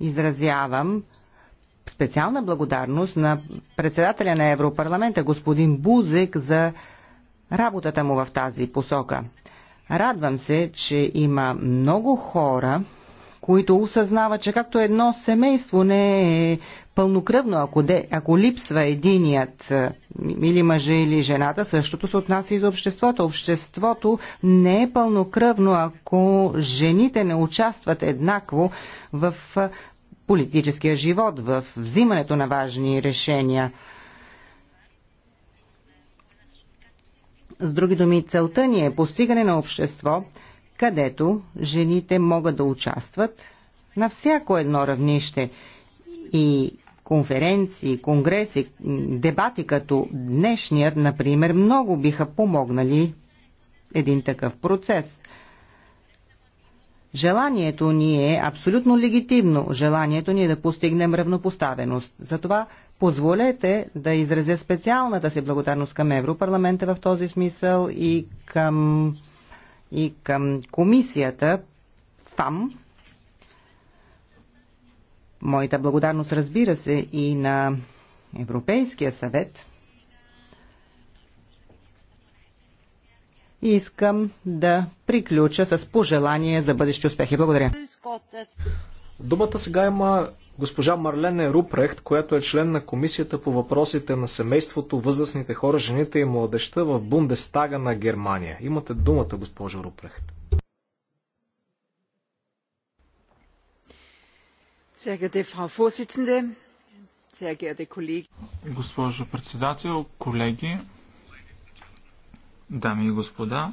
Изразявам специална благодарност на председателя на Европарламента, господин Бузек, за работата му в тази посока. Радвам се, че има много хора, които осъзнават, че както едно семейство не е пълнокръвно, ако, де, ако липсва единият е, или мъжа или жената, същото се отнася и за обществото. Обществото не е пълнокръвно, ако жените не участват еднакво в е, политическия живот, в взимането на важни решения. С други думи, целта ни е постигане на общество – където жените могат да участват на всяко едно равнище и конференции, конгреси, дебати като днешният, например, много биха помогнали един такъв процес. Желанието ни е абсолютно легитимно. Желанието ни е да постигнем равнопоставеност. Затова позволете да изразя специалната си благодарност към Европарламента в този смисъл и към и към комисията ФАМ. Моята благодарност разбира се и на Европейския съвет. И искам да приключа с пожелание за бъдещи успехи. Благодаря. Думата сега има Госпожа Марлене Рупрехт, която е член на Комисията по въпросите на семейството, възрастните хора, жените и младеща в Бундестага на Германия. Имате думата, госпожо Рупрехт. Госпожо председател, колеги, дами и господа,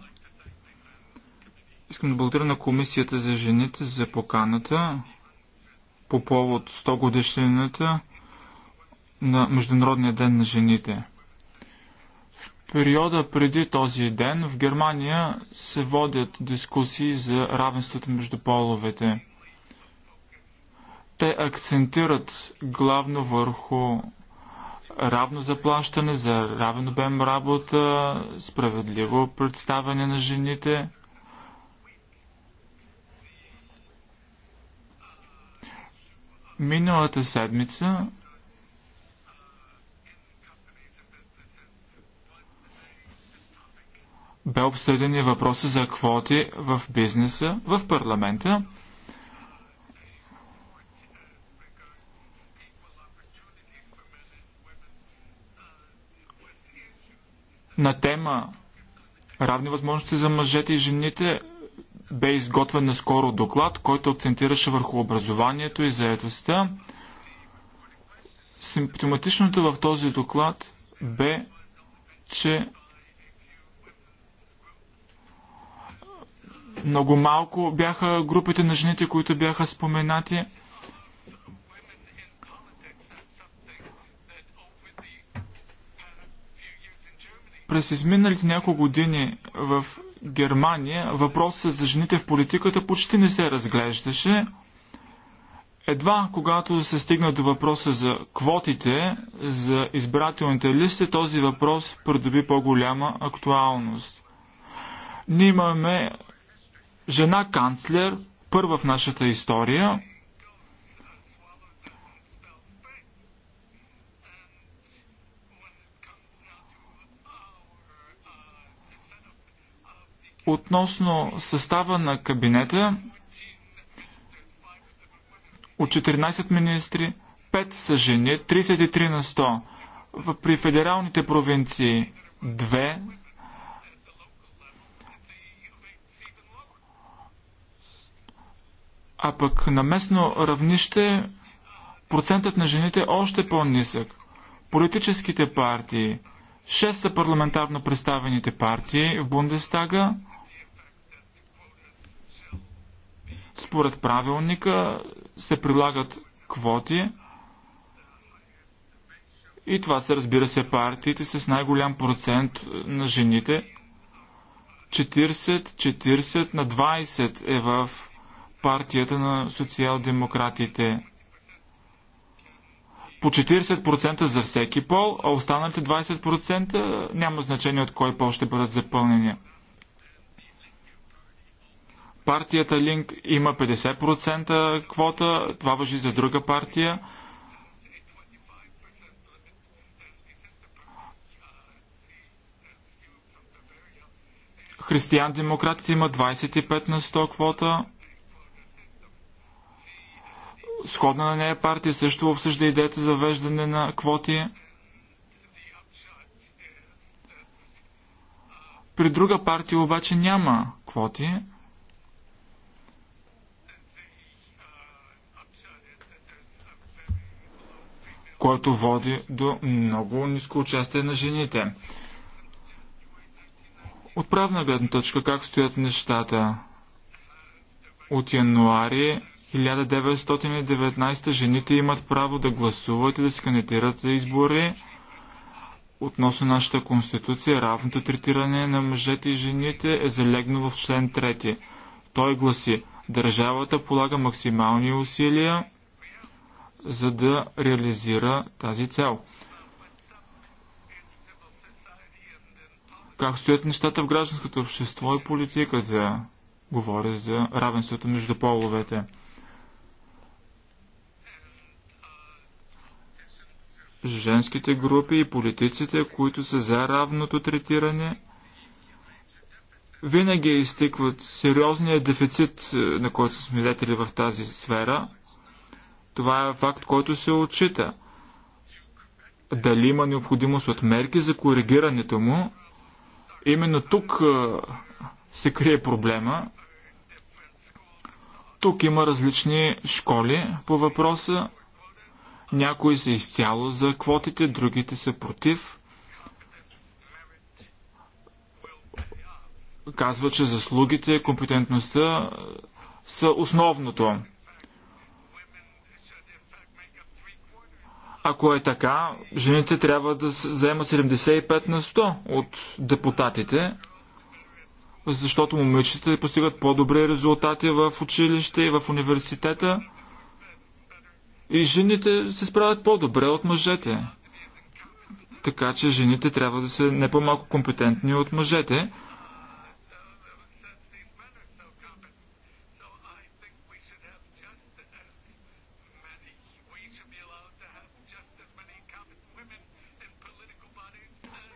искам да благодаря на Комисията за жените за поканата по повод 100 годишнината на Международния ден на жените. В периода преди този ден в Германия се водят дискусии за равенството между половете. Те акцентират главно върху равно заплащане за равен обем работа, справедливо представяне на жените – Миналата седмица бе обсъдени въпроса за квоти в бизнеса, в парламента. На тема равни възможности за мъжете и жените бе изготвен наскоро доклад, който акцентираше върху образованието и заедостта. Симптоматичното в този доклад бе, че много малко бяха групите на жените, които бяха споменати. През изминалите няколко години в Германия въпросът е за жените в политиката почти не се разглеждаше. Едва когато се стигна до въпроса за квотите, за избирателните листи, този въпрос придоби по-голяма актуалност. Ние имаме жена канцлер, първа в нашата история, Относно състава на кабинета, от 14 министри, 5 са жени, 33 на 100. При федералните провинции 2, а пък на местно равнище процентът на жените е още по-нисък. Политическите партии, 6 са парламентарно представените партии в Бундестага, Според правилника се прилагат квоти и това се разбира се партиите с най-голям процент на жените. 40-40 на 20 е в партията на социал-демократите. По 40% за всеки пол, а останалите 20% няма значение от кой пол ще бъдат запълнени партията Линк има 50% квота, това въжи за друга партия. Християн-демократите има 25 на 100 квота. Сходна на нея партия също обсъжда идеята за веждане на квоти. При друга партия обаче няма квоти. което води до много ниско участие на жените. От правна гледна точка как стоят нещата? От януари 1919 жените имат право да гласуват и да се кандидират за избори относно нашата конституция, равното третиране на мъжете и жените е залегнало в член 3. Той гласи, държавата полага максимални усилия за да реализира тази цел. Как стоят нещата в гражданското общество и политиката? Говоря за равенството между половете. женските групи и политиците, които са за равното третиране, винаги изтикват сериозния дефицит, е, на който сме свидетели в тази сфера – това е факт, който се отчита. Дали има необходимост от мерки за коригирането му, именно тук се крие проблема. Тук има различни школи по въпроса. Някои са изцяло за квотите, другите са против. Казва, че заслугите, компетентността са основното. Ако е така, жените трябва да заемат 75 на 100 от депутатите, защото момичетата постигат по-добри резултати в училище и в университета. И жените се справят по-добре от мъжете. Така че жените трябва да са не по-малко компетентни от мъжете.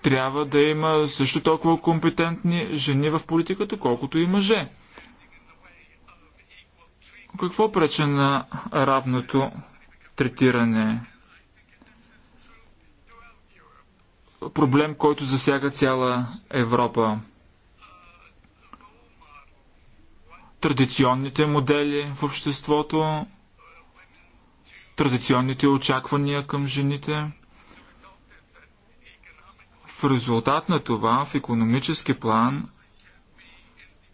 трябва да има също толкова компетентни жени в политиката, колкото и мъже. Какво прече на равното третиране? Проблем, който засяга цяла Европа. Традиционните модели в обществото, традиционните очаквания към жените – в резултат на това, в економически план,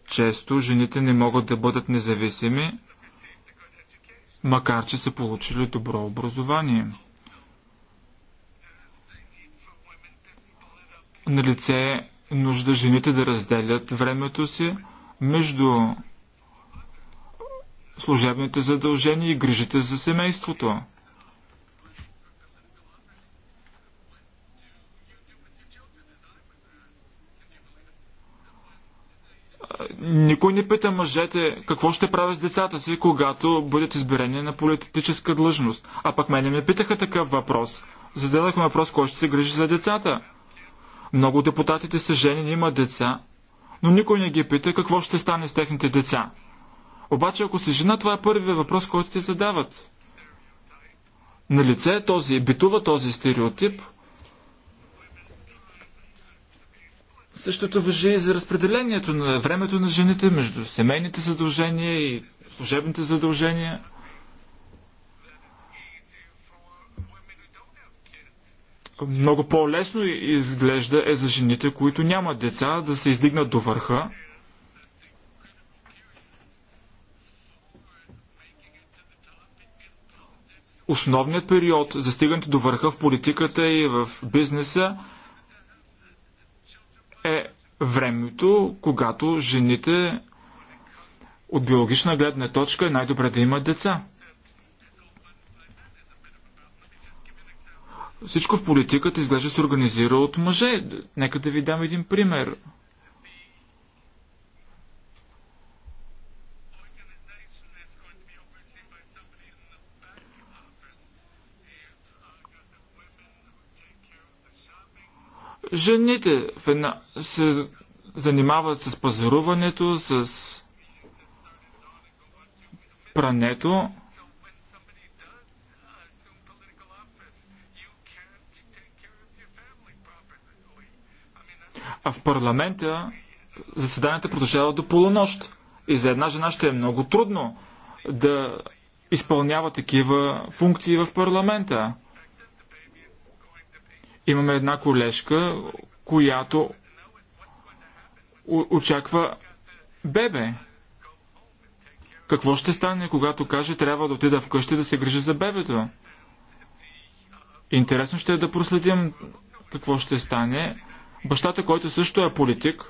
често жените не могат да бъдат независими, макар че са получили добро образование. На лице е нужда жените да разделят времето си между служебните задължения и грижите за семейството. Никой не пита мъжете какво ще правят с децата си, когато бъдат изберени на политическа длъжност. А пък мене ме питаха такъв въпрос. Зададахме въпрос, кой ще се грижи за децата. Много депутатите са женени, имат деца, но никой не ги пита какво ще стане с техните деца. Обаче, ако си жена, това е първият въпрос, който ти задават. На лице е този, битува този стереотип – Същото въжи и за разпределението на времето на жените между семейните задължения и служебните задължения. Много по-лесно изглежда е за жените, които нямат деца, да се издигнат до върха. Основният период за стигането до върха в политиката и в бизнеса е времето, когато жените от биологична гледна точка е най-добре да имат деца. Всичко в политиката изглежда се организира от мъже. Нека да ви дам един пример. Жените в една... се занимават с пазаруването, с прането. А в парламента заседанията продължават до полунощ. И за една жена ще е много трудно да изпълнява такива функции в парламента. Имаме една колежка, която очаква бебе. Какво ще стане, когато каже, трябва да отида вкъщи да се грижи за бебето? Интересно ще е да проследим какво ще стане. Бащата, който също е политик,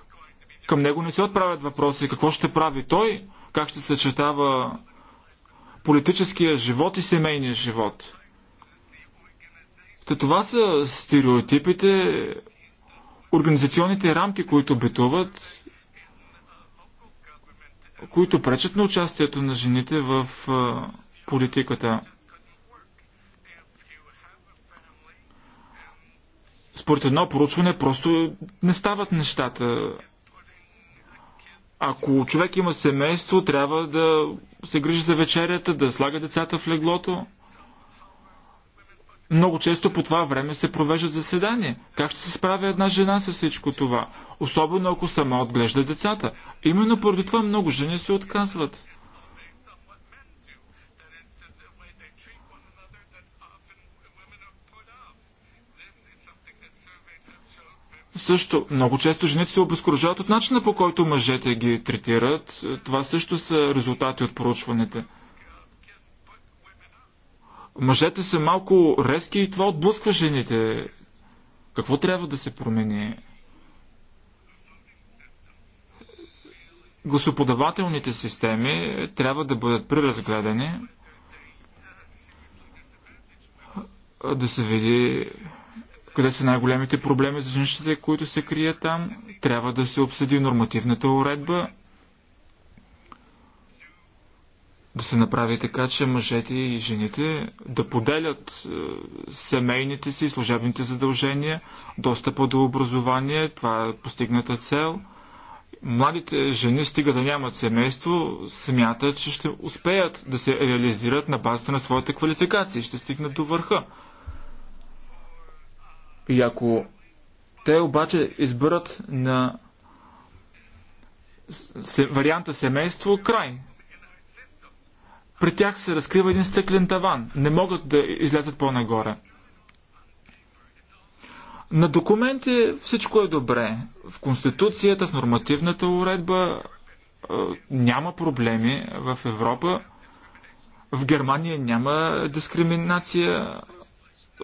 към него не се отправят въпроси какво ще прави той, как ще съчетава политическия живот и семейния живот. Та това са стереотипите, организационните рамки, които битуват, които пречат на участието на жените в политиката. Според едно поручване просто не стават нещата. Ако човек има семейство, трябва да се грижи за вечерята, да слага децата в леглото. Много често по това време се провеждат заседания. Как ще се справя една жена с всичко това? Особено ако сама отглежда децата. Именно поради това много жени се отказват. Също, много често жените се обезкуражават от начина по който мъжете ги третират. Това също са резултати от проучването мъжете са малко резки и това отблъсква жените. Какво трябва да се промени? Гласоподавателните системи трябва да бъдат преразгледани, да се види къде са най-големите проблеми за женщите, които се крият там. Трябва да се обсъди нормативната уредба да се направи така, че мъжете и жените да поделят е, семейните си служебните задължения, достъпа до образование, това е постигната цел. Младите жени стига да нямат семейство, смятат, че ще успеят да се реализират на базата на своите квалификации, ще стигнат до върха. И ако те обаче изберат на варианта семейство край, при тях се разкрива един стъклен таван. Не могат да излязат по-нагоре. На документи всичко е добре. В Конституцията, в нормативната уредба е, няма проблеми в Европа. В Германия няма дискриминация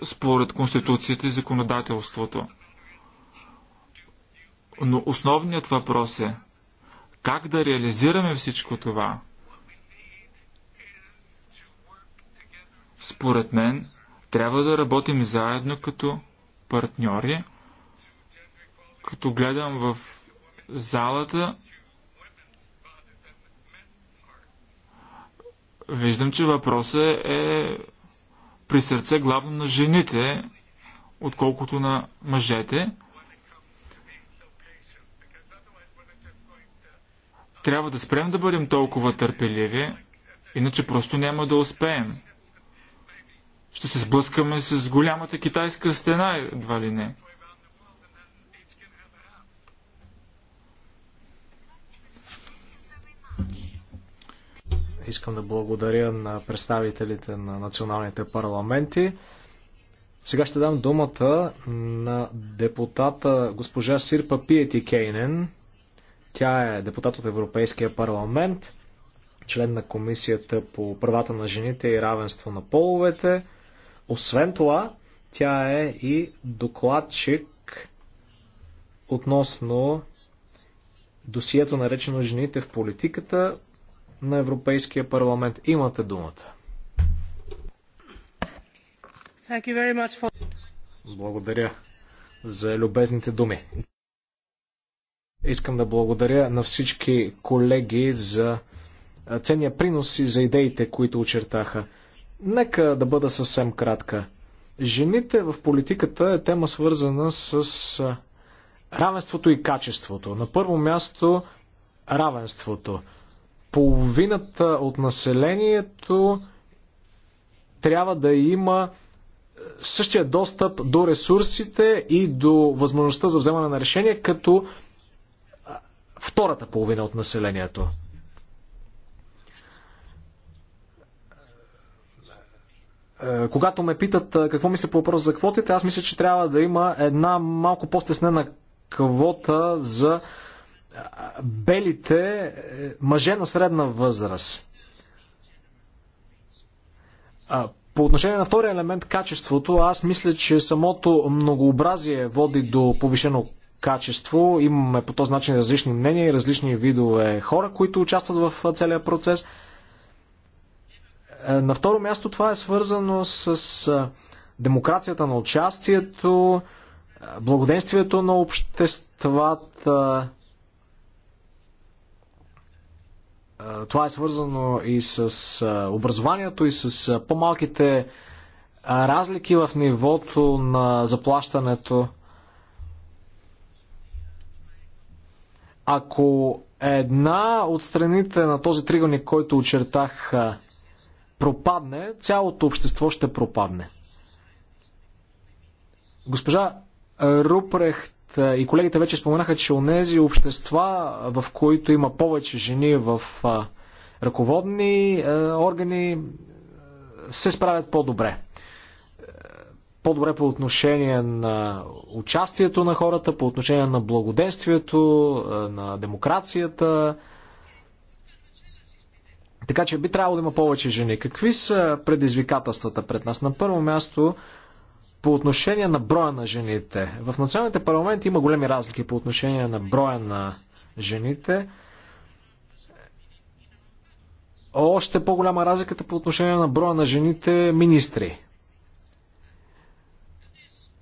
според Конституцията и законодателството. Но основният въпрос е как да реализираме всичко това – Според мен, трябва да работим заедно като партньори. Като гледам в залата, виждам, че въпросът е при сърце главно на жените, отколкото на мъжете. Трябва да спрем да бъдем толкова търпеливи, иначе просто няма да успеем ще се сблъскаме с голямата китайска стена, едва ли не. Искам да благодаря на представителите на националните парламенти. Сега ще дам думата на депутата госпожа Сирпа Пиети Кейнен. Тя е депутат от Европейския парламент, член на Комисията по правата на жените и равенство на половете. Освен това, тя е и докладчик относно досието наречено Жените в политиката на Европейския парламент. Имате думата. Благодаря за любезните думи. Искам да благодаря на всички колеги за ценния принос и за идеите, които очертаха. Нека да бъда съвсем кратка. Жените в политиката е тема свързана с равенството и качеството. На първо място равенството. Половината от населението трябва да има същия достъп до ресурсите и до възможността за вземане на решение, като втората половина от населението. Е, когато ме питат е, какво мисля по въпрос за квотите, аз мисля, че трябва да има една малко по-стеснена квота за е, белите мъже на средна възраст. По отношение на втория елемент, качеството, аз мисля, че самото многообразие води до повишено качество. Имаме по този начин различни мнения и различни видове хора, които участват в целия процес – е, на второ място това е свързано с е, демокрацията на участието, е, благоденствието на обществата. Това е свързано и с образованието, и с по-малките разлики в нивото на заплащането. Ако една от страните на този тригълник, който очертах, пропадне, цялото общество ще пропадне. Госпожа Рупрехт и колегите вече споменаха, че онези общества, в които има повече жени в ръководни органи, се справят по-добре. По-добре по отношение на участието на хората, по отношение на благоденствието, на демокрацията, така че би трябвало да има повече жени. Какви са предизвикателствата пред нас? На първо място, по отношение на броя на жените. В националните парламенти има големи разлики по отношение на броя на жените. Още по-голяма разликата по отношение на броя на жените министри.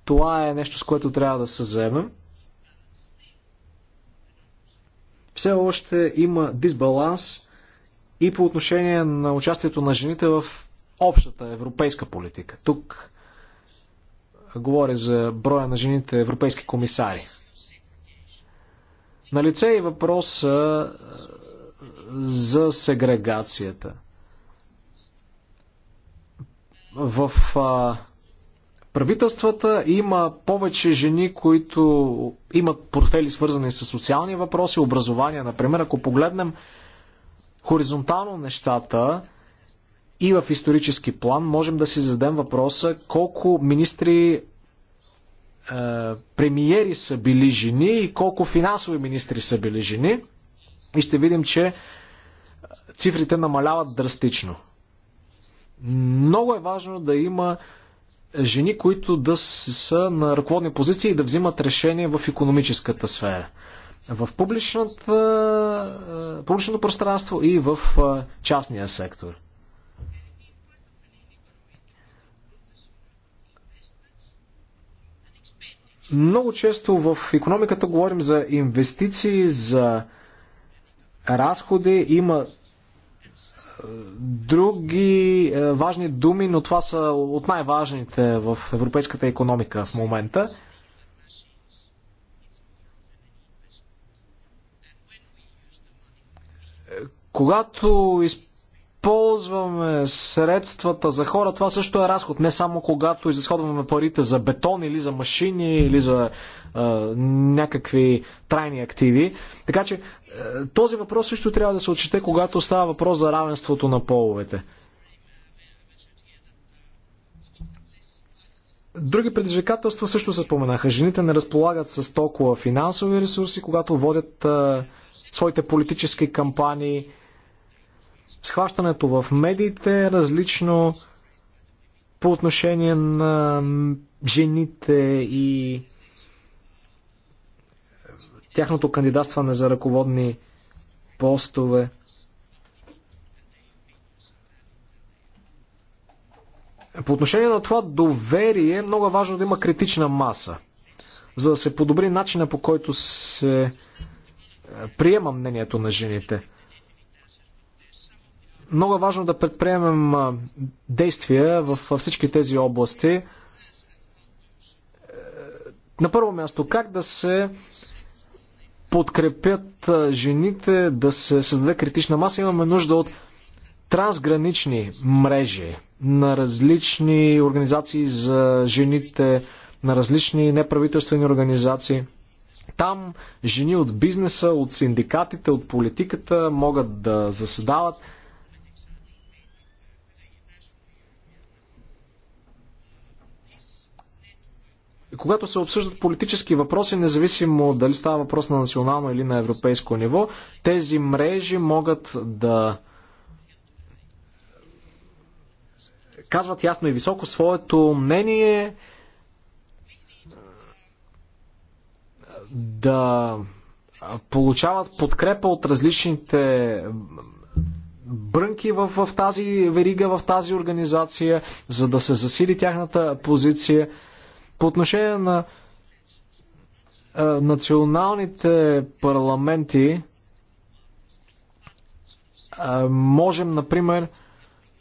Това е нещо, с което трябва да се заемем. Все още има дисбаланс и по отношение на участието на жените в общата европейска политика. Тук говоря за броя на жените европейски комисари. На лице е и въпроса е, за сегрегацията. В а, правителствата има повече жени, които имат портфели свързани с социални въпроси, образование, например. Ако погледнем хоризонтално нещата и в исторически план, можем да си зададем въпроса колко министри е, премиери са били жени и колко финансови министри са били жени. И ще видим, че цифрите намаляват драстично. Много е важно да има жени, които да са на ръководни позиции и да взимат решения в економическата сфера в публичното пространство и в частния сектор. Много често в економиката говорим за инвестиции, за разходи, има други важни думи, но това са от най-важните в европейската економика в момента. Когато използваме средствата за хора, това също е разход. Не само когато изразходваме парите за бетон или за машини или за а, някакви трайни активи. Така че този въпрос също трябва да се отчете, когато става въпрос за равенството на половете. Други предизвикателства също се споменаха. Жените не разполагат с толкова финансови ресурси, когато водят а, своите политически кампании схващането в медиите е различно по отношение на жените и тяхното кандидатстване за ръководни постове. По отношение на това доверие, е много важно да има критична маса, за да се подобри начина по който се е, приема мнението на жените. Много е важно да предприемем действия във всички тези области. Е, на първо място, как да се подкрепят жените, да се създаде критична маса. Имаме нужда от трансгранични мрежи на различни организации за жените, на различни неправителствени организации. Там жени от бизнеса, от синдикатите, от политиката могат да заседават – когато се обсъждат политически въпроси, независимо дали става въпрос на национално или на европейско ниво, тези мрежи могат да казват ясно и високо своето мнение, да получават подкрепа от различните брънки в, в тази верига, в тази организация, за да се засили тяхната позиция. По отношение на а, е, националните парламенти, а, е, можем, например,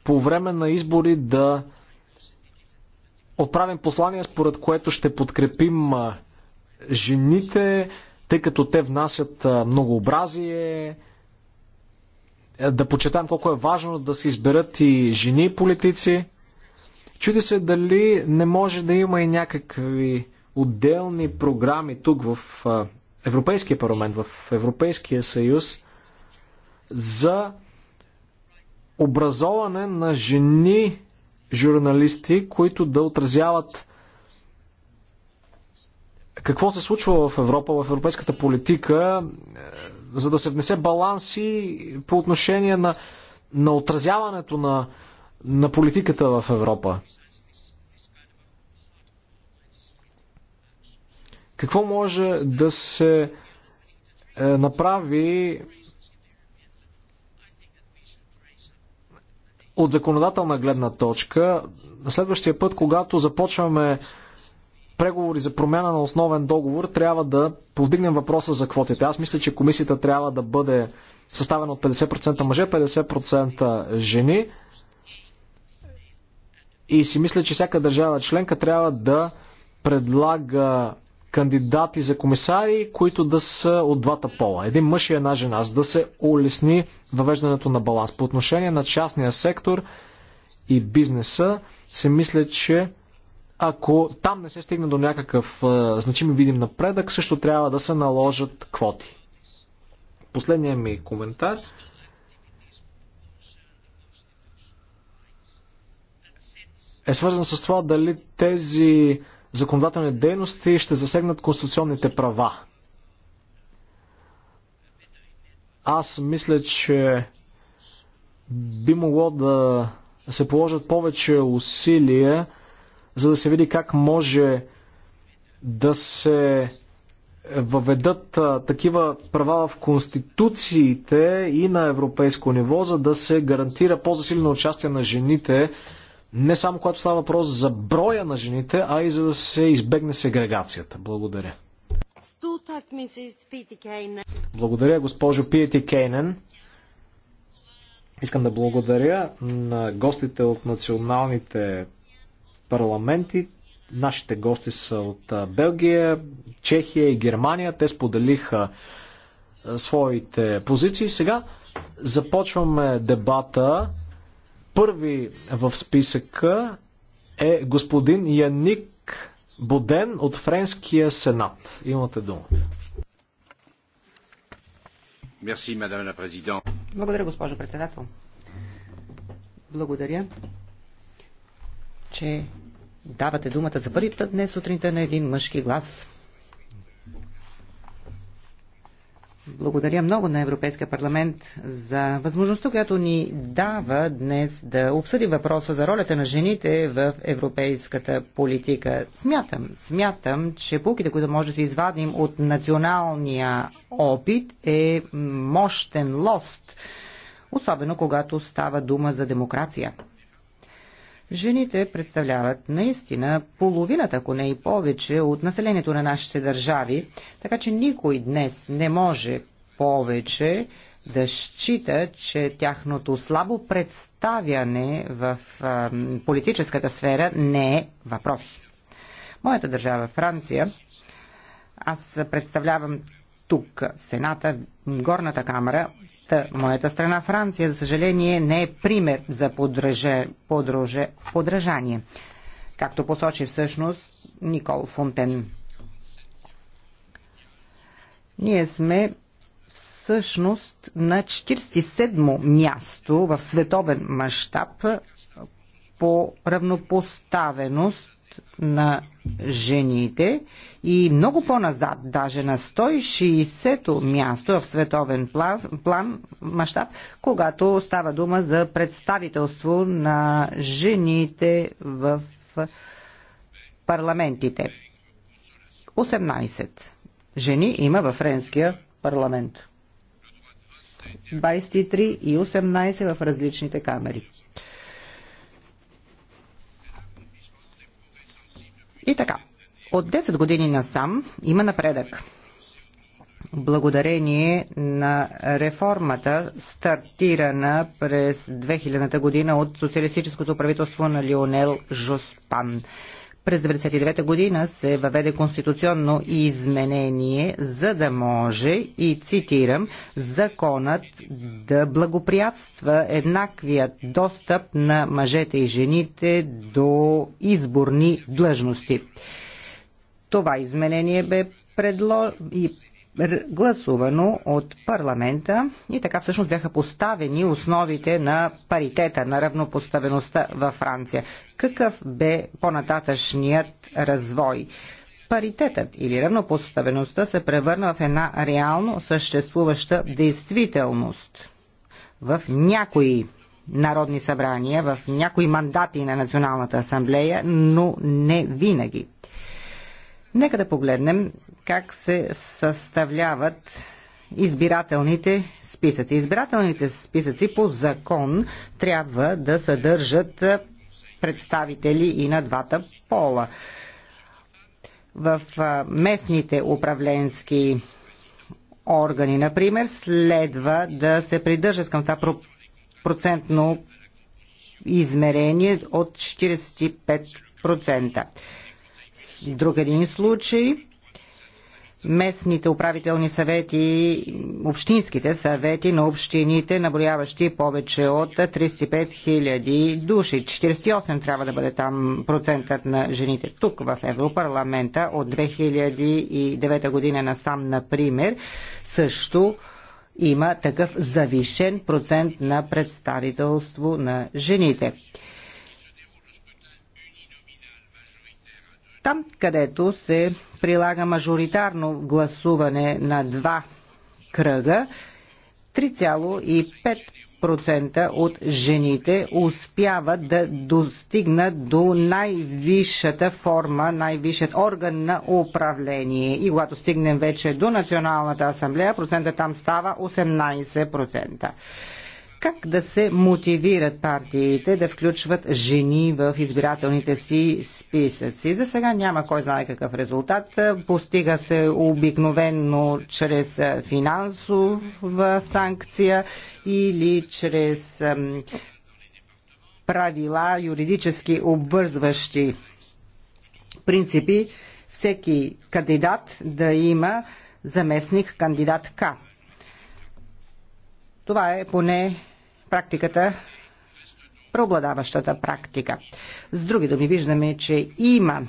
по време на избори да отправим послание, според което ще подкрепим е, жените, тъй като те внасят многообразие, да почетам колко е важно да се изберат и жени политици. Чуди се дали не може да има и някакви отделни програми тук в Европейския парламент, в Европейския съюз за образоване на жени журналисти, които да отразяват какво се случва в Европа, в европейската политика, е, за да се внесе баланси по отношение на, на отразяването на на политиката в Европа. Какво може да се е, направи от законодателна гледна точка, на следващия път, когато започваме преговори за промяна на основен договор, трябва да повдигнем въпроса за квотите. Аз мисля, че комисията трябва да бъде съставена от 50% мъже, 50% жени. И си мисля, че всяка държава членка трябва да предлага кандидати за комисари, които да са от двата пола. Един мъж и една жена, за да се улесни въвеждането на баланс. По отношение на частния сектор и бизнеса, се мисля, че ако там не се стигне до някакъв е, значим и видим напредък, също трябва да се наложат квоти. Последният ми коментар – е свързан с това дали тези законодателни дейности ще засегнат конституционните права. Аз мисля, че би могло да се положат повече усилия, за да се види как може да се въведат а, такива права в конституциите и на европейско ниво, за да се гарантира по-засилено участие на жените не само когато става въпрос за броя на жените, а и за да се избегне сегрегацията. Благодаря. Благодаря, госпожо Пиети Кейнен. Искам да благодаря на гостите от националните парламенти. Нашите гости са от Белгия, Чехия и Германия. Те споделиха своите позиции. Сега започваме дебата. Първи в списъка е господин Яник Боден от Френския сенат. Имате думата. Благодаря, госпожо председател. Благодаря, че давате думата за първи път днес сутринта на един мъжки глас. Благодаря много на Европейския парламент за възможността, която ни дава днес да обсъдим въпроса за ролята на жените в европейската политика. Смятам, смятам, че пулките, които може да се извадим от националния опит е мощен лост, особено когато става дума за демокрация. Жените представляват наистина половината, ако не и повече, от населението на нашите държави, така че никой днес не може повече да счита, че тяхното слабо представяне в а, политическата сфера не е въпрос. Моята държава, Франция, аз представлявам тук, Сената, горната камера, та, моята страна Франция, за съжаление, не е пример за подръже, подръже, подражание, както посочи всъщност Никол Фонтен. Ние сме всъщност на 47-мо място в световен мащаб по равнопоставеност на жените и много по-назад, даже на 160-то място в световен план, план мащаб, когато става дума за представителство на жените в парламентите. 18 жени има във френския парламент. 23 и 18 в различните камери. И така, от 10 години насам има напредък. Благодарение на реформата, стартирана през 2000 година от социалистическото правителство на Лионел Жоспан. През 1999 година се въведе конституционно изменение, за да може, и цитирам, законът да благоприятства еднаквият достъп на мъжете и жените до изборни длъжности. Това изменение бе предло... и гласувано от парламента и така всъщност бяха поставени основите на паритета, на равнопоставеността във Франция. Какъв бе по-нататъчният развой? Паритетът или равнопоставеността се превърна в една реално съществуваща действителност. В някои народни събрания, в някои мандати на Националната асамблея, но не винаги. Нека да погледнем как се съставляват избирателните списъци. Избирателните списъци по закон трябва да съдържат представители и на двата пола. В местните управленски органи, например, следва да се придържат към това процентно измерение от 45%. Друг един случай местните управителни съвети, общинските съвети на общините, наброяващи повече от 35 000 души. 48 трябва да бъде там процентът на жените. Тук в Европарламента от 2009 година насам, например, също има такъв завишен процент на представителство на жените. Там, където се прилага мажоритарно гласуване на два кръга, 3,5% от жените успяват да достигнат до най-висшата форма, най-висшият орган на управление. И когато стигнем вече до Националната асамблея, процента там става 18%. Как да се мотивират партиите да включват жени в избирателните си списъци? За сега няма кой знае какъв резултат. Постига се обикновенно чрез финансова санкция или чрез правила, юридически обвързващи принципи, всеки кандидат да има заместник кандидат К. Това е поне практиката, преобладаващата практика. С други думи, виждаме, че има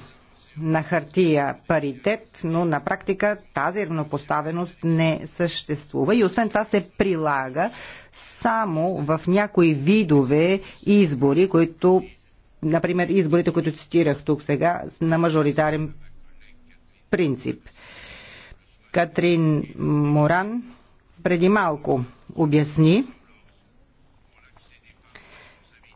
на хартия паритет, но на практика тази равнопоставеност не съществува и освен това се прилага само в някои видове избори, които, например, изборите, които цитирах тук сега, на мажоритарен принцип. Катрин Моран преди малко обясни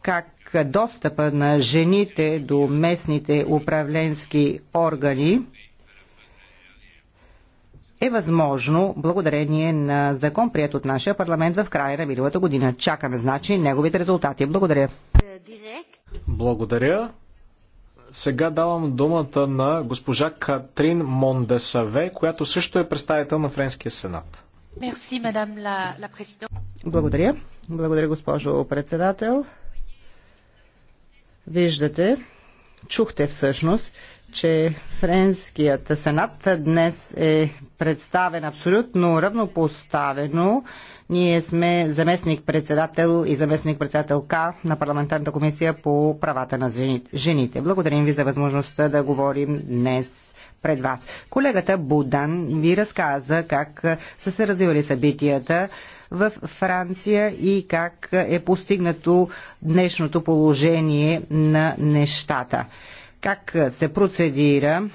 как достъпа на жените до местните управленски органи е възможно благодарение на закон, прият от нашия парламент в края на миналата година. Чакаме, значи, неговите резултати. Благодаря. Благодаря. Сега давам думата на госпожа Катрин Мондесаве, която също е представител на Френския сенат. Благодаря. Благодаря, госпожо председател. Виждате, чухте всъщност, че Френският сенат днес е представен абсолютно равнопоставено. Ние сме заместник-председател и заместник-председателка на парламентарната комисия по правата на жените. Благодарим ви за възможността да говорим днес пред вас. Колегата Будан ви разказа как са се развивали събитията в Франция и как е постигнато днешното положение на нещата. Как се процедира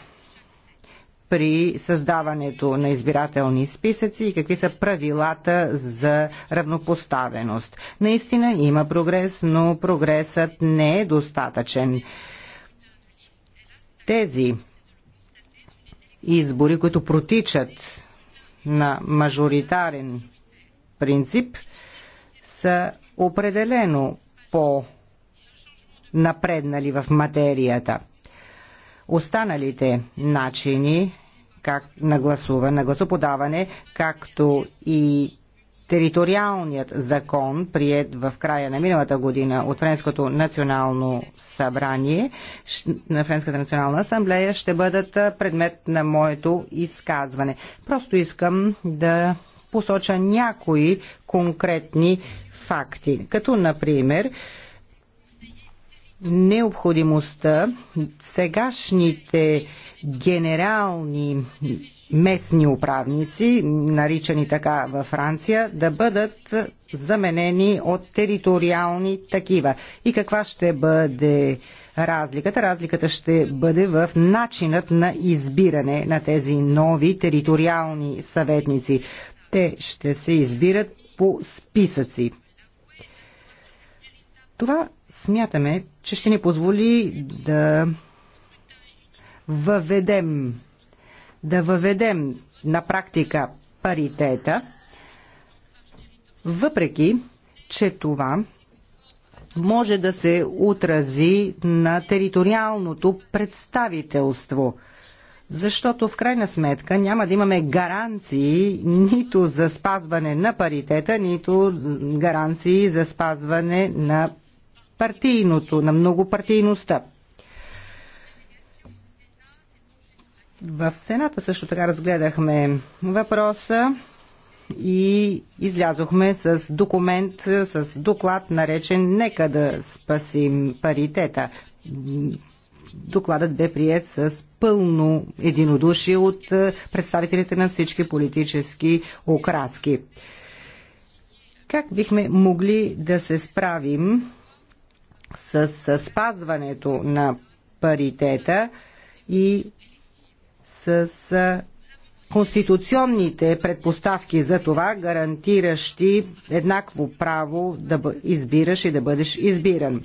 при създаването на избирателни списъци и какви са правилата за равнопоставеност. Наистина има прогрес, но прогресът не е достатъчен. Тези избори, които протичат на мажоритарен принцип, са определено по-напреднали в материята. Останалите начини как на гласуване, на гласоподаване, както и териториалният закон, прият в края на миналата година от Френското национално събрание, на Френската национална асамблея, ще бъдат предмет на моето изказване. Просто искам да посоча някои конкретни факти, като например необходимостта сегашните генерални местни управници, наричани така във Франция, да бъдат заменени от териториални такива. И каква ще бъде разликата? Разликата ще бъде в начинът на избиране на тези нови териториални съветници. Те ще се избират по списъци. Това смятаме, че ще ни позволи да въведем да въведем на практика паритета, въпреки че това може да се отрази на териториалното представителство защото в крайна сметка няма да имаме гаранции нито за спазване на паритета, нито гаранции за спазване на партийното, на многопартийността. В Сената също така разгледахме въпроса и излязохме с документ, с доклад, наречен Нека да спасим паритета. Докладът бе прият с пълно единодушие от е, представителите на всички политически окраски. Как бихме могли да се справим с спазването на паритета и с конституционните предпоставки за това, гарантиращи еднакво право да избираш и да бъдеш избиран.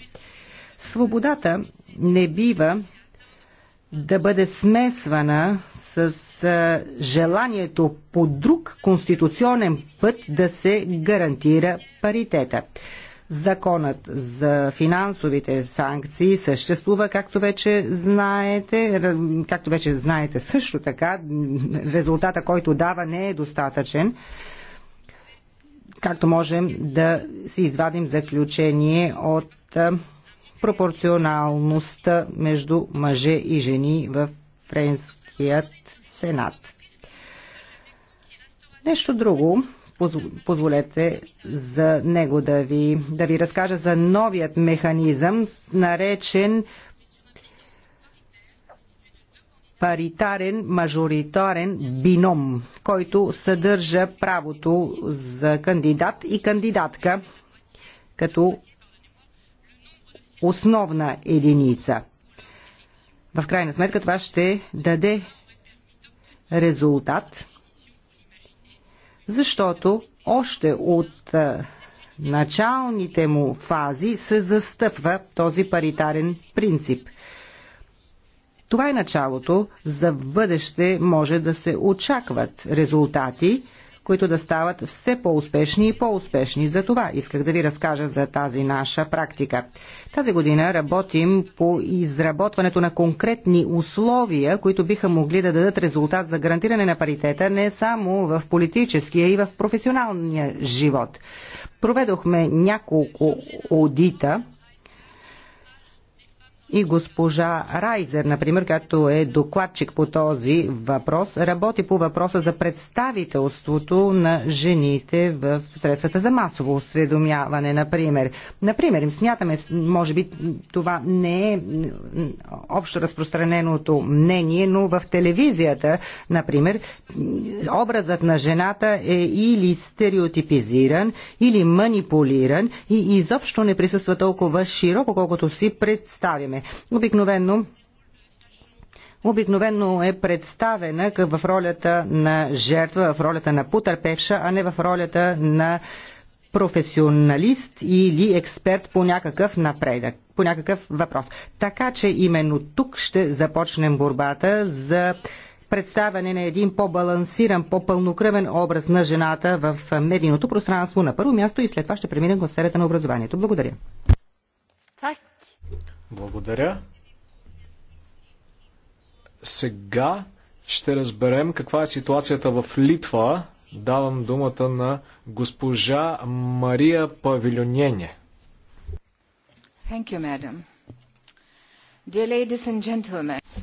Свободата не бива да бъде смесвана с желанието по друг конституционен път да се гарантира паритета. Законът за финансовите санкции съществува, както вече знаете. Както вече знаете също така, резултата, който дава, не е достатъчен както можем да си извадим заключение от пропорционалността между мъже и жени в Френският сенат. Нещо друго, позволете за него да ви, да ви разкажа за новият механизъм, наречен паритарен мажоритарен бином, който съдържа правото за кандидат и кандидатка като основна единица. В крайна сметка това ще даде резултат – защото още от началните му фази се застъпва този паритарен принцип. Това е началото. За бъдеще може да се очакват резултати – които да стават все по-успешни и по-успешни. За това исках да ви разкажа за тази наша практика. Тази година работим по изработването на конкретни условия, които биха могли да дадат резултат за гарантиране на паритета не само в политическия и в професионалния живот. Проведохме няколко одита и госпожа Райзер, например, като е докладчик по този въпрос, работи по въпроса за представителството на жените в средствата за масово осведомяване, например. Например, смятаме, може би това не е общо разпространеното мнение, но в телевизията, например, образът на жената е или стереотипизиран, или манипулиран и изобщо не присъства толкова широко, колкото си представяме. Обикновено Обикновено е представена в ролята на жертва, в ролята на потърпевша, а не в ролята на професионалист или експерт по някакъв напредък, по някакъв въпрос. Така че именно тук ще започнем борбата за представяне на един по-балансиран, по-пълнокръвен образ на жената в медийното пространство на първо място и след това ще преминем в сферата на образованието. Благодаря. Благодаря. Сега ще разберем каква е ситуацията в Литва. Давам думата на госпожа Мария Павилионене.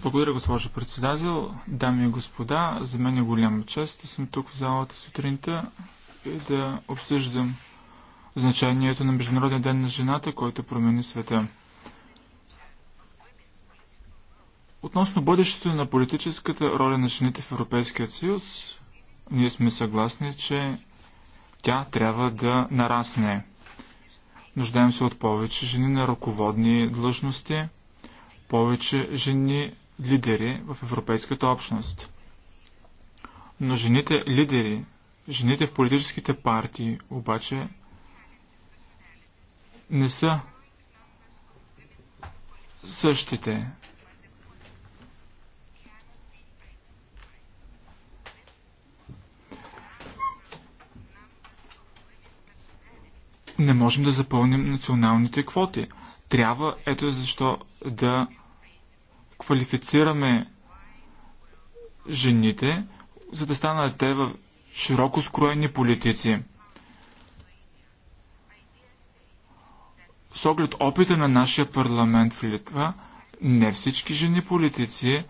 Благодаря, госпожо председател. Дами и господа, за мен е голяма чест да съм тук в залата сутринта и да обсъждам значението на Международния ден на жената, който промени света. Относно бъдещето на политическата роля на жените в Европейския съюз, ние сме съгласни, че тя трябва да нарасне. Нуждаем се от повече жени на ръководни длъжности, повече жени лидери в Европейската общност. Но жените лидери, жените в политическите партии обаче не са същите. не можем да запълним националните квоти. Трябва, ето защо, да квалифицираме жените, за да станат те в широко скроени политици. С оглед опита на нашия парламент в Литва, не всички жени политици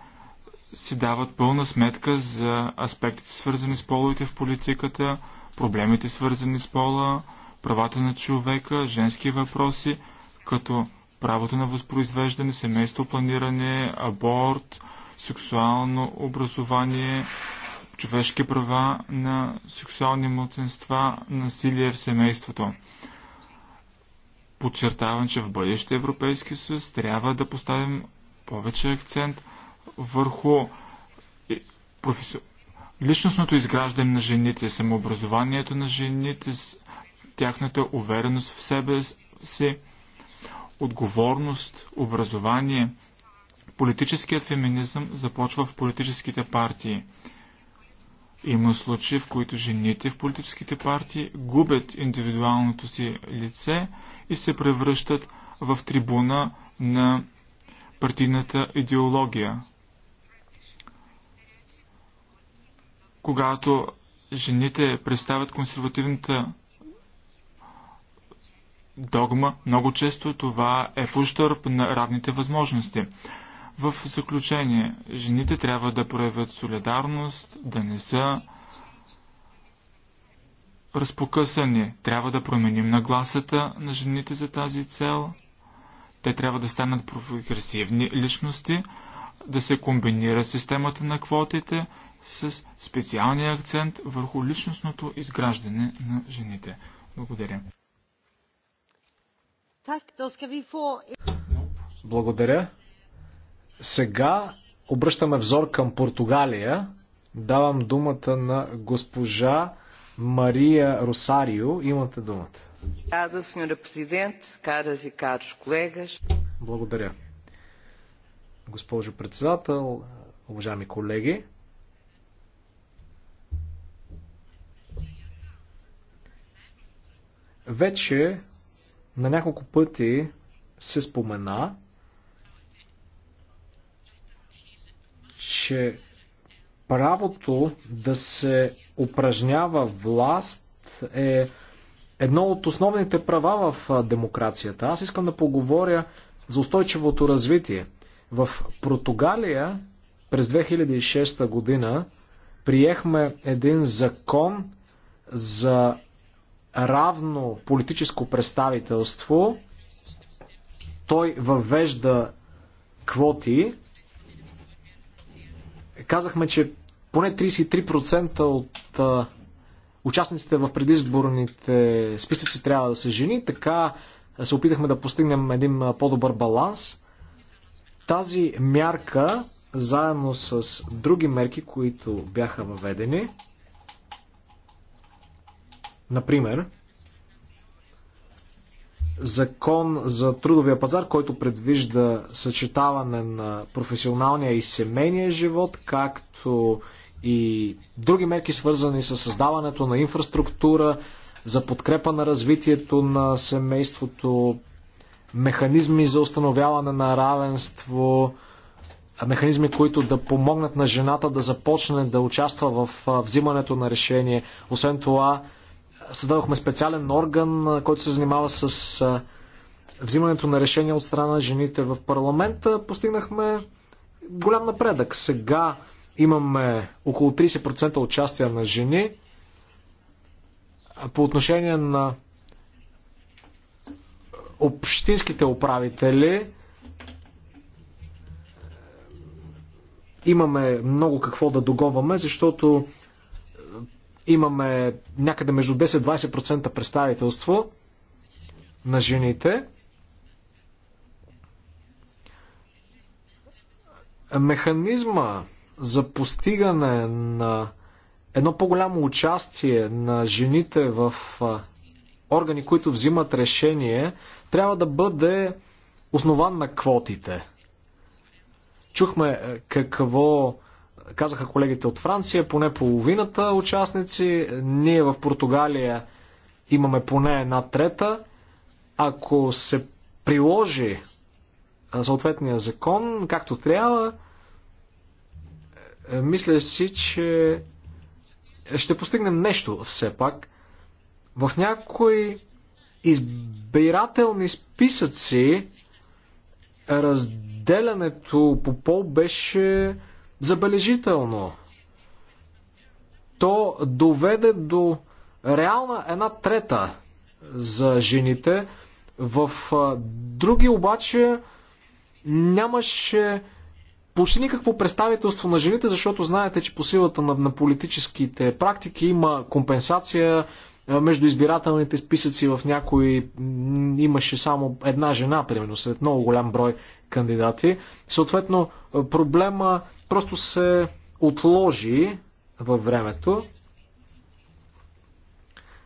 си дават пълна сметка за аспектите свързани с половите в политиката, проблемите свързани с пола, правата на човека, женски въпроси, като правото на възпроизвеждане, семейство планиране, аборт, сексуално образование, човешки права на сексуални младсенства, насилие в семейството. Подчертавам, че в бъдеще Европейски съюз трябва да поставим повече акцент върху личностното изграждане на жените, самообразованието на жените, тяхната увереност в себе си, отговорност, образование. Политическият феминизъм започва в политическите партии. Има случаи, в които жените в политическите партии губят индивидуалното си лице и се превръщат в трибуна на партийната идеология. Когато жените представят консервативната догма. Много често това е в ущърп на равните възможности. В заключение, жените трябва да проявят солидарност, да не са разпокъсани. Трябва да променим нагласата на жените за тази цел. Те трябва да станат прогресивни личности, да се комбинира системата на квотите с специалния акцент върху личностното изграждане на жените. Благодаря. Благодаря. Сега обръщаме взор към Португалия. Давам думата на госпожа Мария Росарио. Имате думата. E Благодаря. Госпожо председател, уважаеми колеги, вече на няколко пъти се спомена, че правото да се упражнява власт е едно от основните права в демокрацията. Аз искам да поговоря за устойчивото развитие. В Португалия през 2006 година приехме един закон за равно политическо представителство. Той въвежда квоти. Казахме, че поне 33% от а, участниците в предизборните списъци трябва да са жени. Така се опитахме да постигнем един по-добър баланс. Тази мярка, заедно с други мерки, които бяха въведени, Например, закон за трудовия пазар, който предвижда съчетаване на професионалния и семейния живот, както и други мерки, свързани с създаването на инфраструктура, за подкрепа на развитието на семейството, механизми за установяване на равенство, механизми, които да помогнат на жената да започне да участва в взимането на решение. Освен това, Създадохме специален орган, който се занимава с взимането на решения от страна на жените в парламента. Постигнахме голям напредък. Сега имаме около 30% участие на жени. По отношение на общинските управители имаме много какво да догонваме, защото имаме някъде между 10-20% представителство на жените. Механизма за постигане на едно по-голямо участие на жените в органи, които взимат решение, трябва да бъде основан на квотите. Чухме какво казаха колегите от Франция, поне половината участници. Ние в Португалия имаме поне една трета. Ако се приложи съответния закон, както трябва, е, мисля си, че ще постигнем нещо все пак. В някои избирателни списъци разделянето по пол беше забележително. То доведе до реална една трета за жените. В други обаче нямаше почти никакво представителство на жените, защото знаете, че по силата на, на политическите практики има компенсация между избирателните списъци в някои имаше само една жена, примерно, след много голям брой кандидати. Съответно, проблема просто се отложи във времето.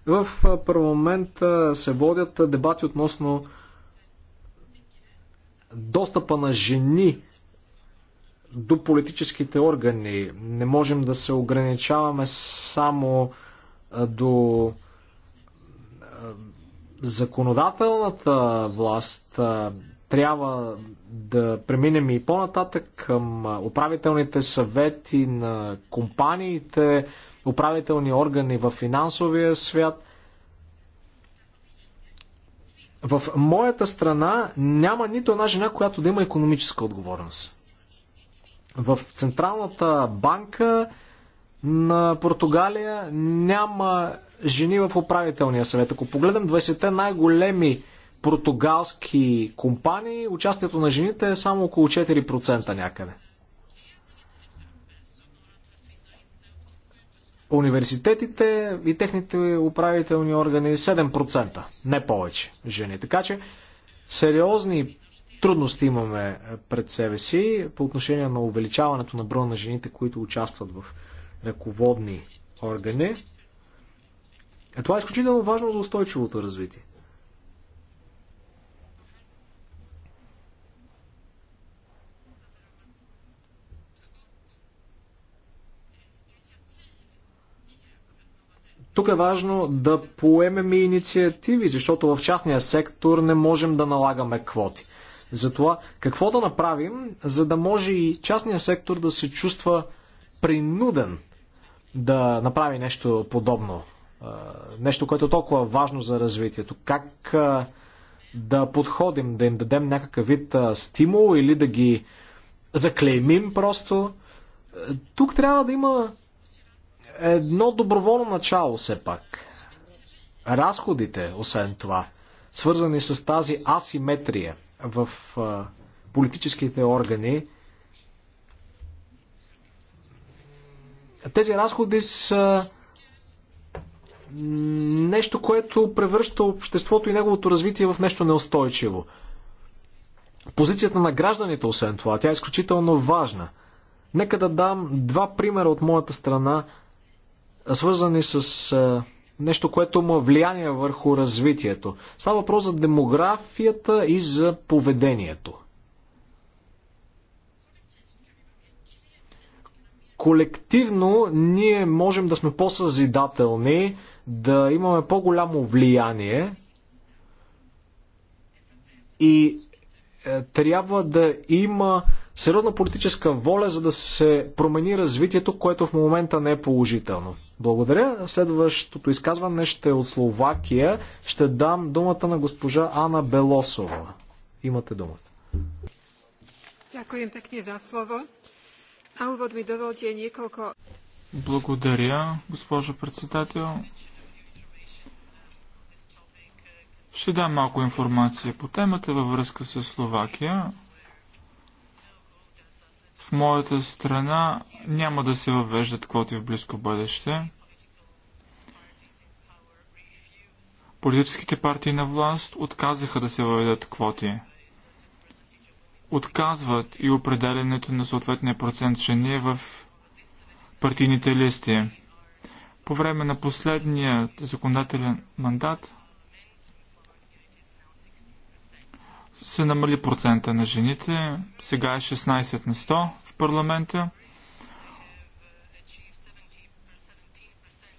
В първо момент се водят дебати относно достъпа на жени до политическите органи. Не можем да се ограничаваме само до законодателната власт трябва да преминем и по-нататък към управителните съвети на компаниите, управителни органи в финансовия свят. В моята страна няма нито една жена, която да има економическа отговорност. В Централната банка на Португалия няма жени в управителния съвет. Ако погледам 20-те най-големи португалски компании участието на жените е само около 4% някъде. Университетите и техните управителни органи 7%, е не повече жени. Така че сериозни трудности имаме пред себе си по отношение на увеличаването на броя на жените, които участват в ръководни органи. Е, това е изключително важно за устойчивото развитие. Тук е важно да поемем и инициативи, защото в частния сектор не можем да налагаме квоти. Затова какво да направим, за да може и частния сектор да се чувства принуден да направи нещо подобно. Нещо, което е толкова важно за развитието. Как да подходим, да им дадем някакъв вид стимул или да ги заклеймим просто. Тук трябва да има едно доброволно начало все пак. Разходите, освен това, свързани с тази асиметрия в политическите органи, тези разходи са нещо, което превръща обществото и неговото развитие в нещо неустойчиво. Позицията на гражданите, освен това, тя е изключително важна. Нека да дам два примера от моята страна свързани с нещо, което има е влияние върху развитието. Става въпрос за демографията и за поведението. Колективно ние можем да сме по-съзидателни, да имаме по-голямо влияние и е, трябва да има сериозна политическа воля, за да се промени развитието, което в момента не е положително. Благодаря. Следващото изказване ще е от Словакия. Ще дам думата на госпожа Ана Белосова. Имате думата. за слово. А увод ми доволте няколко... Благодаря, госпожо председател. Ще дам малко информация по темата във връзка с Словакия моята страна няма да се въвеждат квоти в близко бъдеще. Политическите партии на власт отказаха да се въведат квоти. Отказват и определенето на съответния процент жени в партийните листи. По време на последния законодателен мандат се намали процента на жените, сега е 16 на 100 в парламента.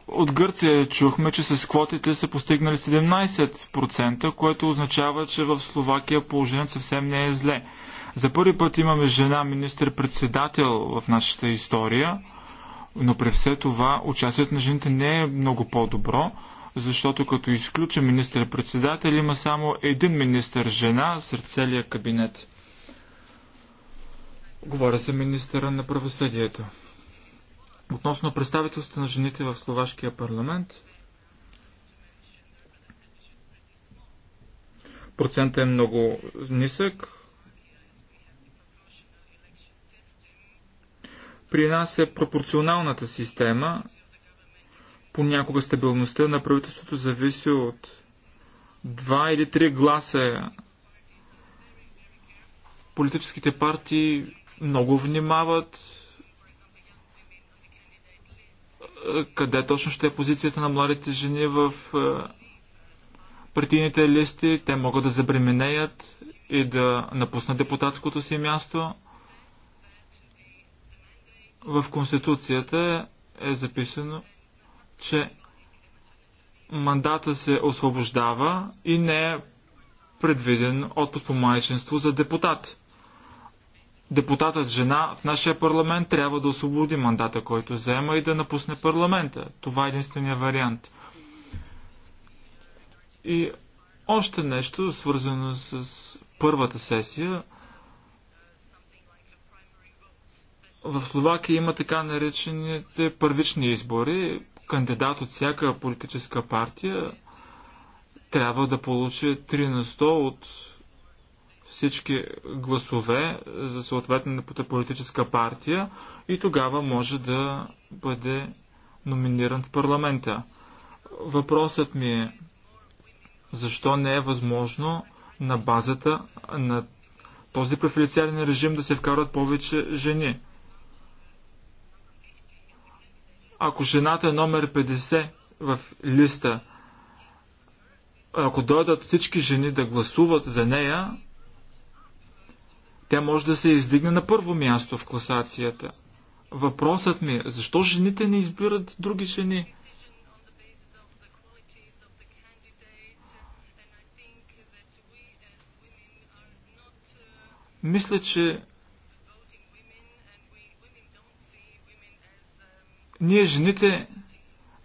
От Гърция чухме, че с квотите са постигнали 17%, което означава, че в Словакия положението съвсем не е зле. За първи път имаме жена министр-председател в нашата история, но при все това участието на жените не е много по-добро, защото като изключа министр-председател има само един министр-жена сред целия кабинет. Говоря за министъра на правосъдието. Относно представителството на жените в Словашкия парламент, процентът е много нисък. При нас е пропорционалната система. Понякога стабилността на правителството зависи от два или три гласа. Политическите партии много внимават е, къде точно ще е позицията на младите жени в е, партийните листи. Те могат да забременеят и да напуснат депутатското си място. В Конституцията е записано, че мандата се освобождава и не е предвиден отпуск по майчинство за депутат депутатът жена в нашия парламент трябва да освободи мандата, който заема и да напусне парламента. Това е единствения вариант. И още нещо, свързано с първата сесия. В Словакия има така наречените първични избори. Кандидат от всяка политическа партия трябва да получи 3 на 100 от всички гласове за съответната политическа партия и тогава може да бъде номиниран в парламента. Въпросът ми е защо не е възможно на базата на този преференциален режим да се вкарат повече жени. Ако жената е номер 50 в листа, ако дойдат всички жени да гласуват за нея, тя може да се издигне на първо място в класацията. Въпросът ми е, защо жените не избират други жени? Мисля, че ние жените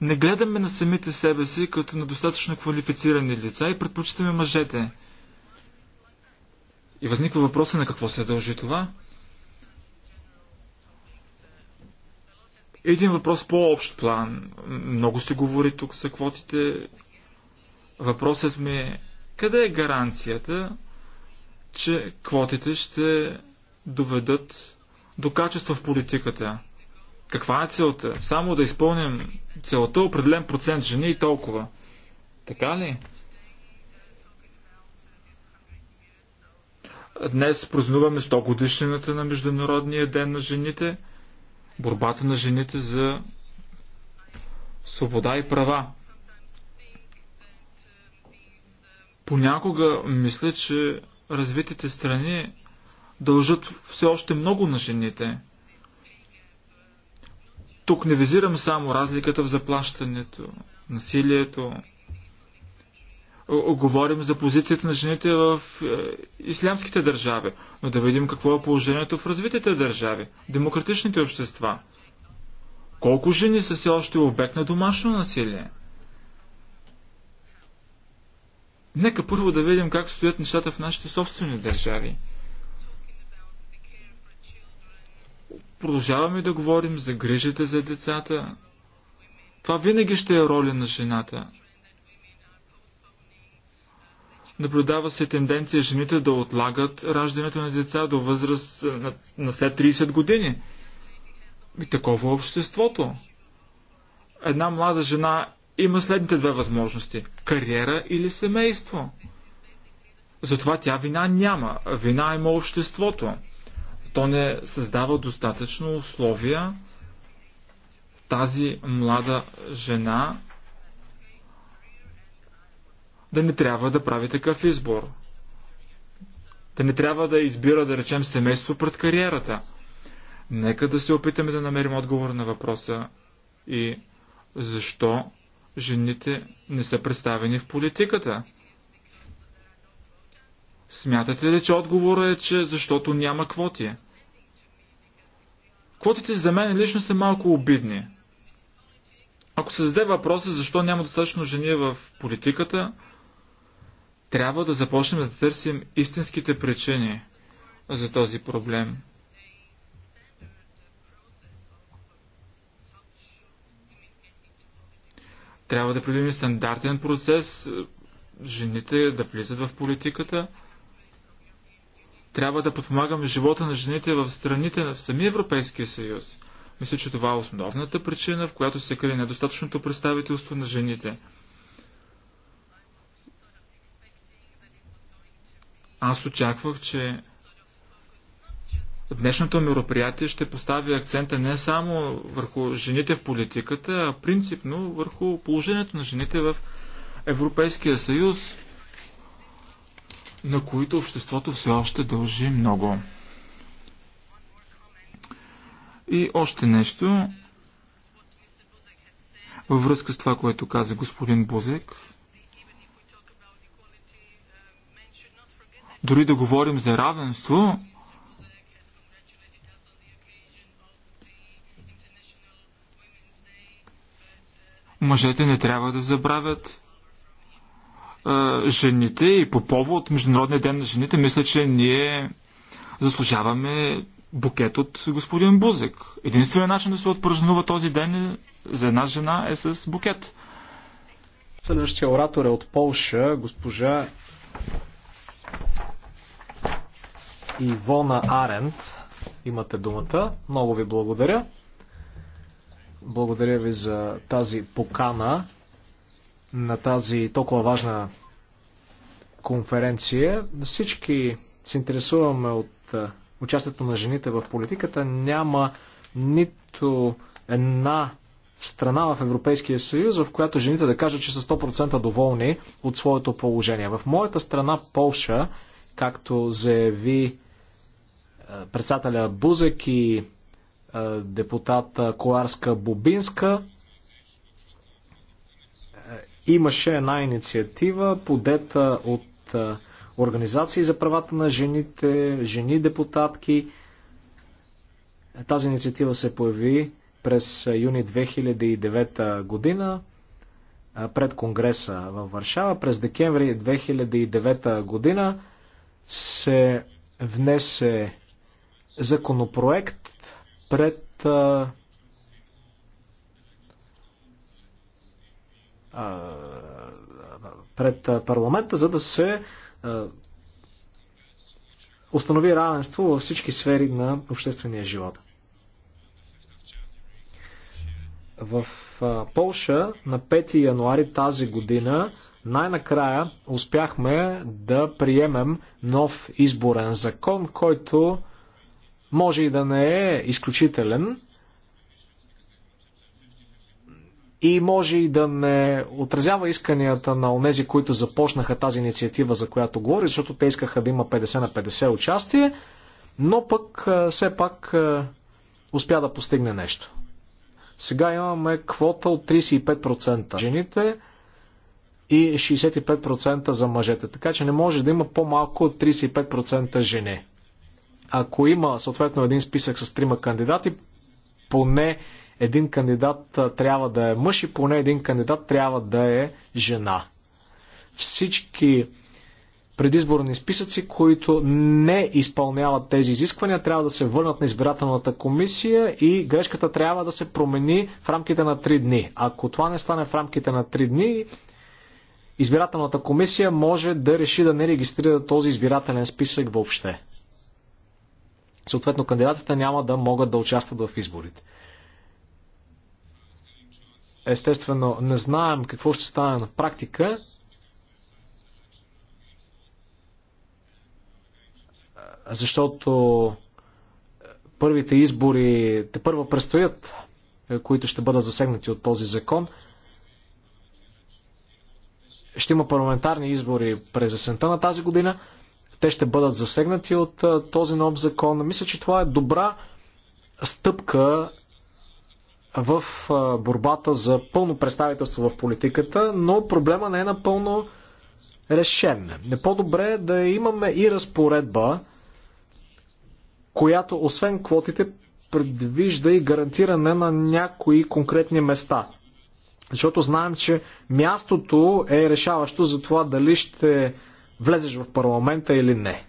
не гледаме на самите себе си като на достатъчно квалифицирани лица и предпочитаме мъжете – и възниква въпроса на какво се дължи това. Един въпрос по-общ план. Много се говори тук за квотите. Въпросът ми е къде е гаранцията, че квотите ще доведат до качество в политиката? Каква е целта? Само да изпълним целта определен процент жени и толкова. Така ли? Днес празнуваме 100 годишнината на Международния ден на жените, борбата на жените за свобода и права. Понякога мисля, че развитите страни дължат все още много на жените. Тук не визирам само разликата в заплащането, насилието, говорим за позицията на жените в е, ислямските държави, но да видим какво е положението в развитите държави, демократичните общества. Колко жени са все още обект на домашно насилие? Нека първо да видим как стоят нещата в нашите собствени държави. Продължаваме да говорим за грижите за децата. Това винаги ще е роля на жената – Наблюдава се тенденция жените да отлагат раждането на деца до възраст е, на, на след 30 години. И такова е обществото. Една млада жена има следните две възможности кариера или семейство. Затова тя вина няма. Вина има обществото. То не създава достатъчно условия тази млада жена да не трябва да прави такъв избор. Да не трябва да избира, да речем, семейство пред кариерата. Нека да се опитаме да намерим отговор на въпроса и защо жените не са представени в политиката. Смятате ли, че отговорът е, че защото няма квоти? Квотите за мен лично са малко обидни. Ако се зададе въпроса защо няма достатъчно жени в политиката, трябва да започнем да търсим истинските причини за този проблем. Трябва да предвидим стандартен процес, жените да влизат в политиката. Трябва да подпомагаме живота на жените в страните на самия Европейския съюз. Мисля, че това е основната причина, в която се крие недостатъчното представителство на жените – Аз очаквах, че днешното мероприятие ще постави акцента не само върху жените в политиката, а принципно върху положението на жените в Европейския съюз, на които обществото все още дължи много. И още нещо във връзка с това, което каза господин Бузек – Дори да говорим за равенство, мъжете не трябва да забравят е, жените и по повод Международния ден на жените, мисля, че ние заслужаваме букет от господин Бузек. Единственият начин да се отпразнува този ден е- за една жена е с букет. Следващия оратор е от Полша, госпожа Ивона Аренд, Имате думата. Много ви благодаря. Благодаря ви за тази покана на тази толкова важна конференция. Всички се интересуваме от участието на жените в политиката. Няма нито една страна в Европейския съюз, в която жените да кажат, че са 100% доволни от своето положение. В моята страна, Полша, както заяви е, председателя Бузек и е, депутата Коларска-Бубинска е, имаше една инициатива, подета от Организации за правата на жените, жени депутатки. Тази инициатива се появи през юни 2009 година пред Конгреса във Варшава. През декември 2009 година се внесе законопроект пред а, а, пред парламента, за да се а, установи равенство във всички сфери на обществения живот. В а, Полша на 5 януари тази година най-накрая успяхме да приемем нов изборен закон, който може и да не е изключителен и може и да не отразява исканията на онези, които започнаха тази инициатива, за която говори, защото те искаха да има 50 на 50 участие, но пък все пак успя да постигне нещо. Сега имаме квота от 35% жените и 65% за мъжете. Така че не може да има по-малко от 35% жени. Ако има съответно един списък с трима кандидати, поне един кандидат трябва да е мъж и поне един кандидат трябва да е жена. Всички предизборни списъци, които не изпълняват тези изисквания, трябва да се върнат на избирателната комисия и грешката трябва да се промени в рамките на 3 дни. Ако това не стане в рамките на 3 дни, избирателната комисия може да реши да не регистрира този избирателен списък въобще съответно кандидатите няма да могат да участват в изборите. Естествено, не знаем какво ще стане на практика. Защото първите избори те първа предстоят, които ще бъдат засегнати от този закон. Ще има парламентарни избори през есента на тази година. Те ще бъдат засегнати от този нов закон. Мисля, че това е добра стъпка в борбата за пълно представителство в политиката, но проблема не е напълно решен. Не по-добре е да имаме и разпоредба, която освен квотите предвижда и гарантиране на някои конкретни места. Защото знаем, че мястото е решаващо за това дали ще влезеш в парламента или не.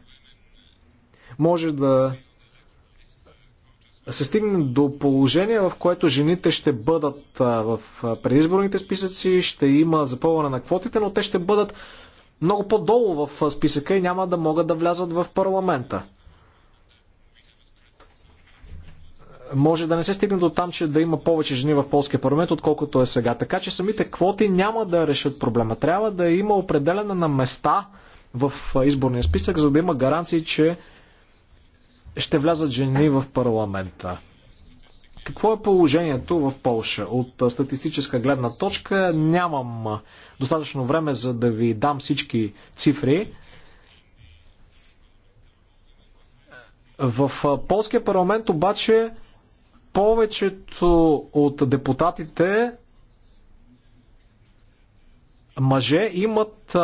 Може да се стигне до положение, в което жените ще бъдат в предизборните списъци, ще има запълване на квотите, но те ще бъдат много по-долу в списъка и няма да могат да влязат в парламента. Може да не се стигне до там, че да има повече жени в полския парламент, отколкото е сега. Така че самите квоти няма да решат проблема. Трябва да има определена на места в изборния списък, за да има гаранции, че ще влязат жени в парламента. Какво е положението в Полша? От статистическа гледна точка нямам достатъчно време за да ви дам всички цифри. В полския парламент обаче повечето от депутатите мъже имат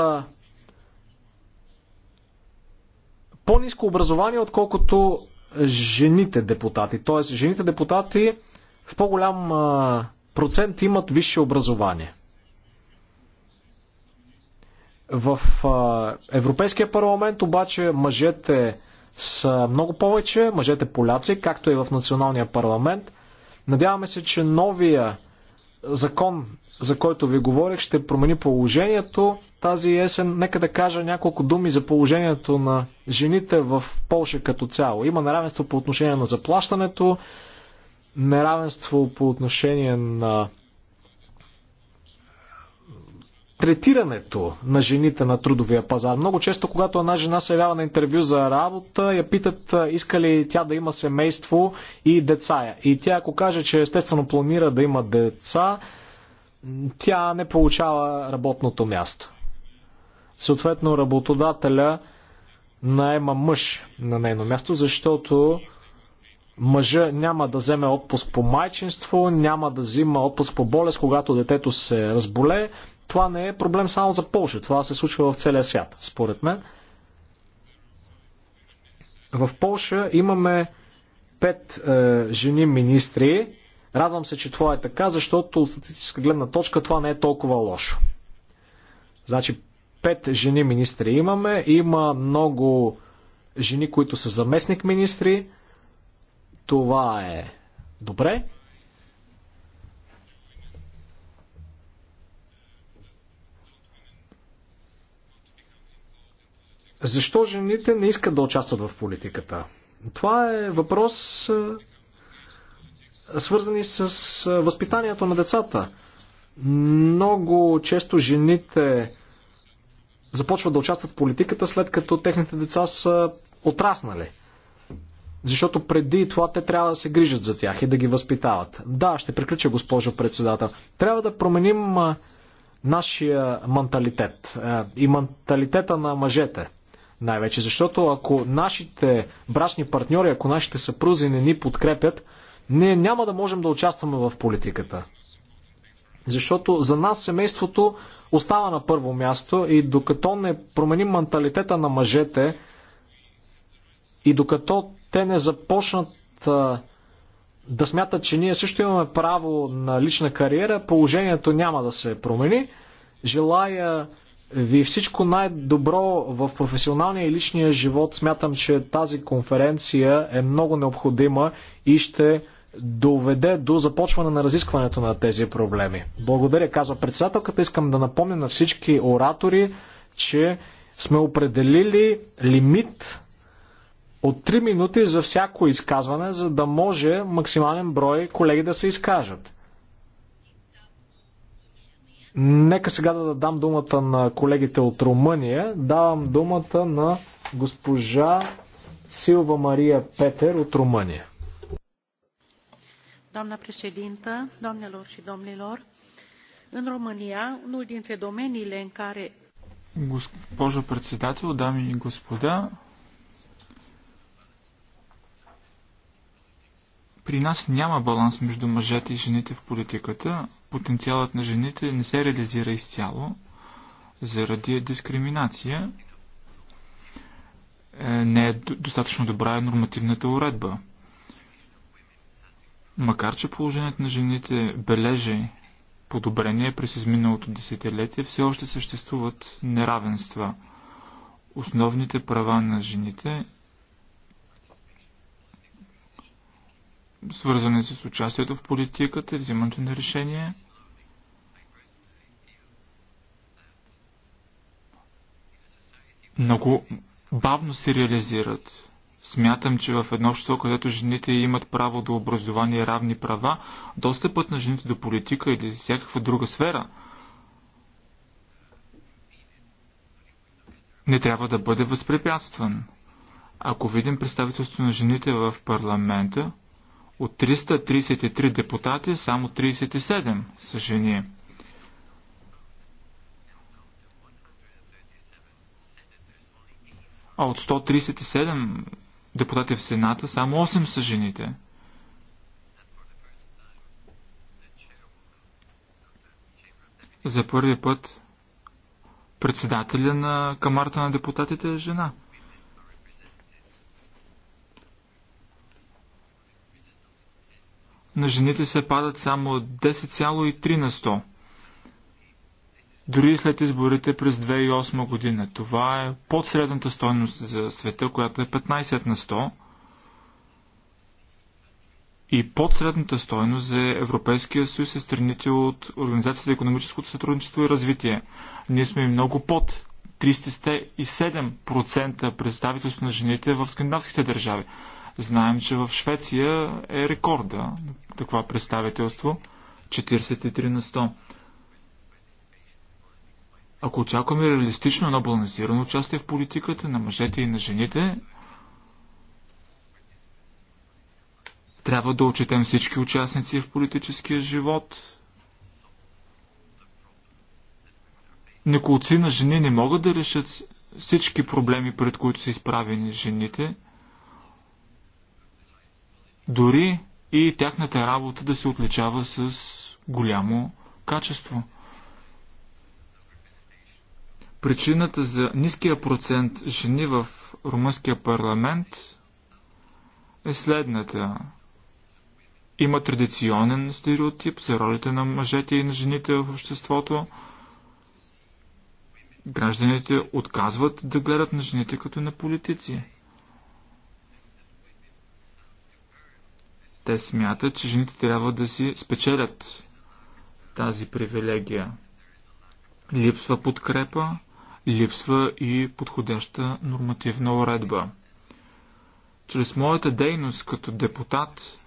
по-низко образование, отколкото жените депутати. Т.е. жените депутати в по-голям процент имат висше образование. В Европейския парламент обаче мъжете са много повече, мъжете поляци, както и в националния парламент. Надяваме се, че новия закон, за който ви говорих, ще промени положението тази есен. Нека да кажа няколко думи за положението на жените в Польша като цяло. Има неравенство по отношение на заплащането, неравенство по отношение на третирането на жените на трудовия пазар. Много често, когато една жена се явява на интервю за работа, я питат иска ли тя да има семейство и деца. И тя, ако каже, че естествено планира да има деца, тя не получава работното място. Съответно, работодателя наема мъж на нейно място, защото мъжа няма да вземе отпуск по майчинство, няма да взима отпуск по болест, когато детето се разболее. Това не е проблем само за Польша. Това се случва в целия свят, според мен. В Польша имаме пет е, жени министри. Радвам се, че това е така, защото от статистическа гледна точка това не е толкова лошо. Значи Пет жени министри имаме. Има много жени, които са заместник министри. Това е добре. Защо жените не искат да участват в политиката? Това е въпрос свързани с възпитанието на децата. Много често жените започват да участват в политиката след като техните деца са отраснали. Защото преди това те трябва да се грижат за тях и да ги възпитават. Да, ще приключа, госпожо председател. Трябва да променим нашия менталитет и менталитета на мъжете. Най-вече, защото ако нашите брачни партньори, ако нашите съпрузи не ни подкрепят, ние няма да можем да участваме в политиката. Защото за нас семейството остава на първо място и докато не променим менталитета на мъжете и докато те не започнат а, да смятат, че ние също имаме право на лична кариера, положението няма да се промени. Желая ви всичко най-добро в професионалния и личния живот. Смятам, че тази конференция е много необходима и ще доведе до започване на разискването на тези проблеми. Благодаря, казва председателката. Искам да напомня на всички оратори, че сме определили лимит от 3 минути за всяко изказване, за да може максимален брой колеги да се изкажат. Нека сега да дам думата на колегите от Румъния. Давам думата на госпожа Силва Мария Петер от Румъния. Doamna președintă, doamnelor și domnilor, în România, unul dintre domeniile în care... Госпожо председател, дами и господа, при нас няма баланс между мъжете и жените в политиката. Потенциалът на жените не се реализира изцяло заради дискриминация. Е, не е достатъчно добра е нормативната уредба. Макар, че положението на жените бележи подобрение през изминалото десетилетие, все още съществуват неравенства. Основните права на жените, свързани с участието в политиката и взимането на решения, много бавно се реализират. Смятам, че в едно общество, където жените имат право до образование и равни права, достъпът на жените до политика или всякаква друга сфера не трябва да бъде възпрепятстван. Ако видим представителството на жените в парламента, от 333 депутати, само 37 са жени. А от 137 депутати в Сената, само 8 са жените. За първи път председателя на Камарата на депутатите е жена. На жените се падат само 10,3 на 100 дори след изборите през 2008 година. Това е под средната стойност за света, която е 15 на 100 и под средната стойност за Европейския съюз и страните от Организацията за економическото сътрудничество и развитие. Ние сме много под 307% представителство на жените в скандинавските държави. Знаем, че в Швеция е рекорда такова представителство 43 на 100. Ако очакваме реалистично едно балансирано участие в политиката на мъжете и на жените, трябва да отчетем всички участници в политическия живот. Неколци на жени не могат да решат всички проблеми, пред които са изправени жените, дори и тяхната работа да се отличава с голямо качество – Причината за ниския процент жени в румънския парламент е следната. Има традиционен стереотип за ролите на мъжете и на жените в обществото. Гражданите отказват да гледат на жените като на политици. Те смятат, че жените трябва да си спечелят тази привилегия. Липсва подкрепа липсва и подходяща нормативна уредба. Чрез моята дейност като депутат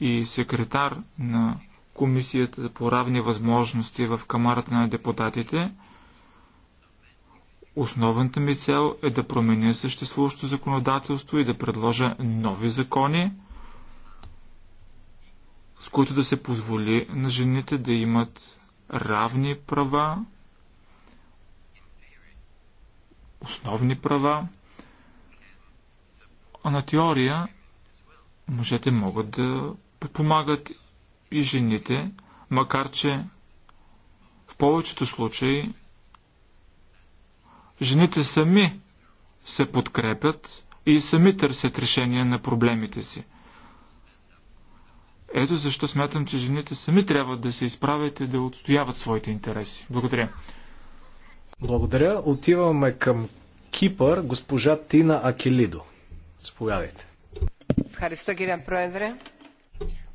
и секретар на Комисията по равни възможности в Камарата на депутатите, основната ми цел е да променя съществуващото законодателство и да предложа нови закони, с които да се позволи на жените да имат равни права основни права, а на теория мъжете могат да подпомагат и жените, макар че в повечето случаи жените сами се подкрепят и сами търсят решение на проблемите си. Ето защо смятам, че жените сами трябва да се изправят и да отстояват своите интереси. Благодаря. Благодаря. Отиваме към Кипър, госпожа Тина Акилидо. Заповядайте.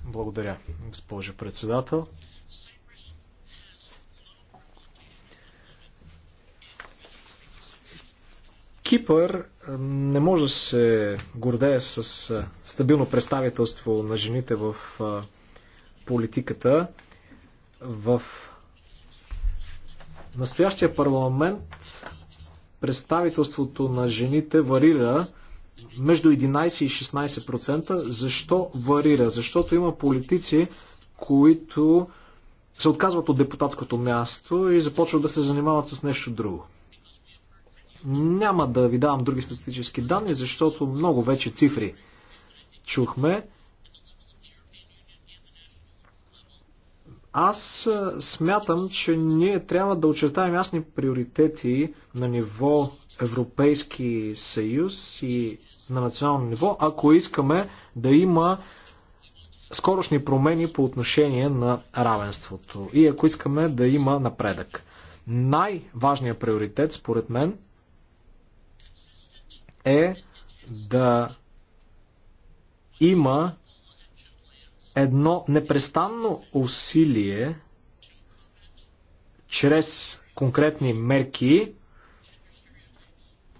Благодаря, госпожо председател. Кипър не може да се гордее с стабилно представителство на жените в политиката. В настоящия парламент представителството на жените варира между 11 и 16%. Защо варира? Защото има политици, които се отказват от депутатското място и започват да се занимават с нещо друго. Няма да ви давам други статистически данни, защото много вече цифри чухме. Аз смятам, че ние трябва да очертаем ясни приоритети на ниво Европейски съюз и на национално ниво, ако искаме да има скорошни промени по отношение на равенството и ако искаме да има напредък. Най-важният приоритет, според мен, е да има едно непрестанно усилие чрез конкретни мерки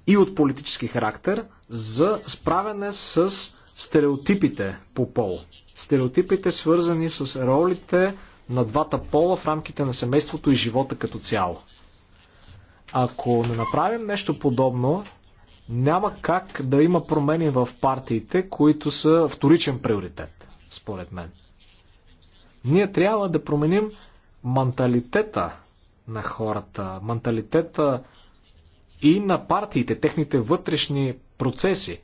и от политически характер за справяне с стереотипите по пол. Стереотипите свързани с ролите на двата пола в рамките на семейството и живота като цяло. Ако не направим нещо подобно, няма как да има промени в партиите, които са вторичен приоритет според мен. Ние трябва да променим менталитета на хората, менталитета и на партиите, техните вътрешни процеси.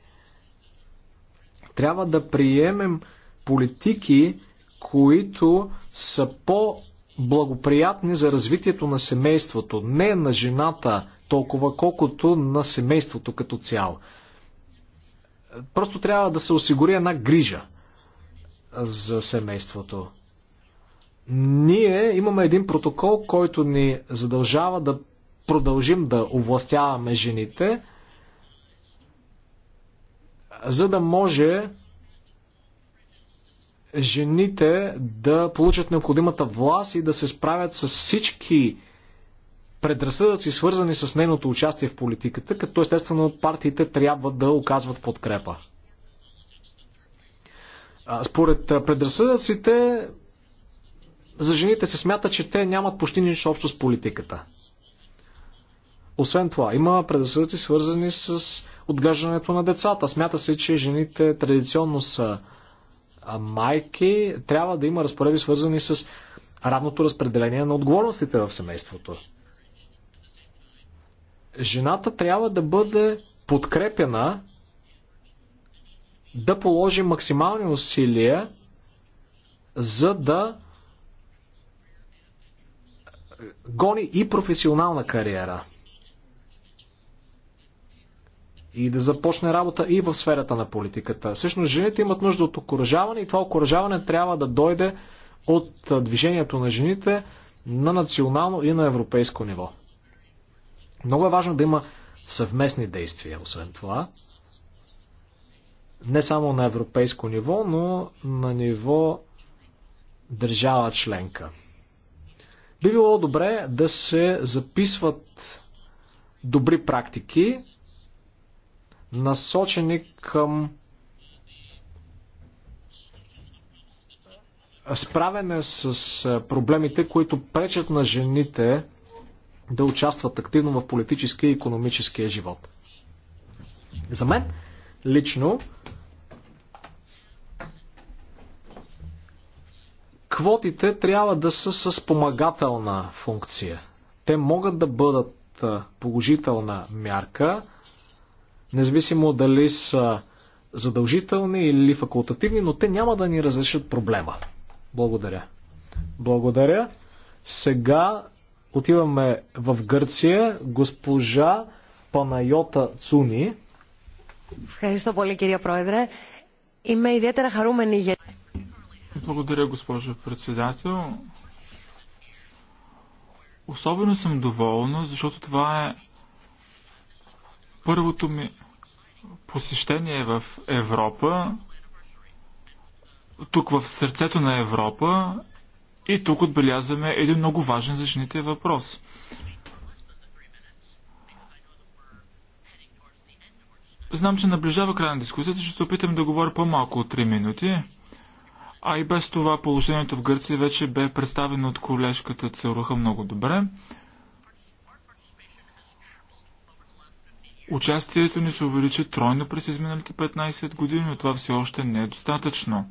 Трябва да приемем политики, които са по-благоприятни за развитието на семейството, не на жената толкова, колкото на семейството като цяло. Просто трябва да се осигури една грижа за семейството. Ние имаме един протокол, който ни задължава да продължим да овластяваме жените, за да може жените да получат необходимата власт и да се справят с всички предразсъдъци, свързани с нейното участие в политиката, като естествено партиите трябва да оказват подкрепа. Според предразсъдъците, за жените се смята, че те нямат почти нищо общо с политиката. Освен това, има предразсъдъци свързани с отглеждането на децата. Смята се, че жените традиционно са майки. Трябва да има разпореди свързани с равното разпределение на отговорностите в семейството. Жената трябва да бъде подкрепена да положи максимални усилия, за да гони и професионална кариера. И да започне работа и в сферата на политиката. Всъщност, жените имат нужда от окоръжаване и това окоръжаване трябва да дойде от движението на жените на национално и на европейско ниво. Много е важно да има съвместни действия, освен това не само на европейско ниво, но на ниво държава членка. Би било добре да се записват добри практики, насочени към справяне с проблемите, които пречат на жените да участват активно в политическия и економическия живот. За мен лично Квотите трябва да са с помагателна функция. Те могат да бъдат положителна мярка, независимо дали са задължителни или факултативни, но те няма да ни разрешат проблема. Благодаря. Благодаря. Сега отиваме в Гърция. Госпожа Панайота Цуни. Ευχαριστώ πολύ κύριε Πρόεδρε. Είμαι ιδιαίτερα χαρούμενη για... Благодаря, госпожо председател. Особено съм доволна, защото това е първото ми посещение в Европа, тук в сърцето на Европа и тук отбелязваме един много важен за жените въпрос. Знам, че наближава края на дискусията, ще се опитам да говоря по-малко от 3 минути. А и без това положението в Гърция вече бе представено от колежката Царуха много добре. Участието ни се увеличи тройно през изминалите 15 години, но това все още не е достатъчно.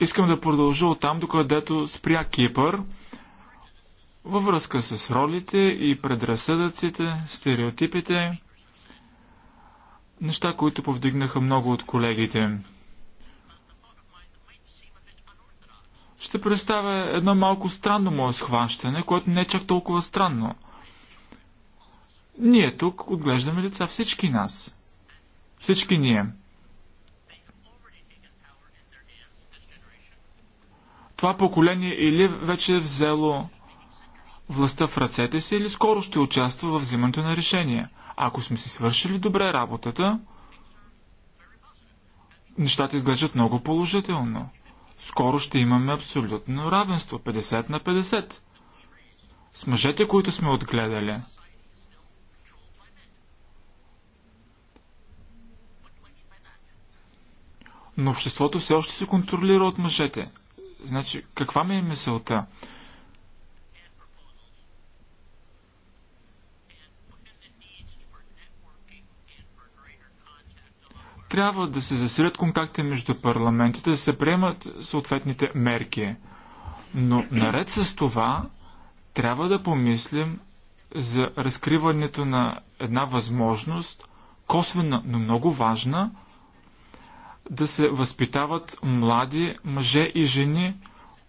Искам да продължа от там, докъдето спря Кипър, във връзка с ролите и предразсъдъците, стереотипите, Неща, които повдигнаха много от колегите. Ще представя едно малко странно мое схващане, което не е чак толкова странно. Ние тук отглеждаме деца, всички нас. Всички ние. Това поколение или вече е взело властта в ръцете си, или скоро ще участва в взимането на решения – ако сме си свършили добре работата, нещата изглеждат много положително. Скоро ще имаме абсолютно равенство 50 на 50. С мъжете, които сме отгледали. Но обществото все още се контролира от мъжете. Значи, каква ми е мисълта? Трябва да се засилят контакти между парламентите, да се приемат съответните мерки. Но наред с това, трябва да помислим за разкриването на една възможност, косвена, но много важна, да се възпитават млади мъже и жени,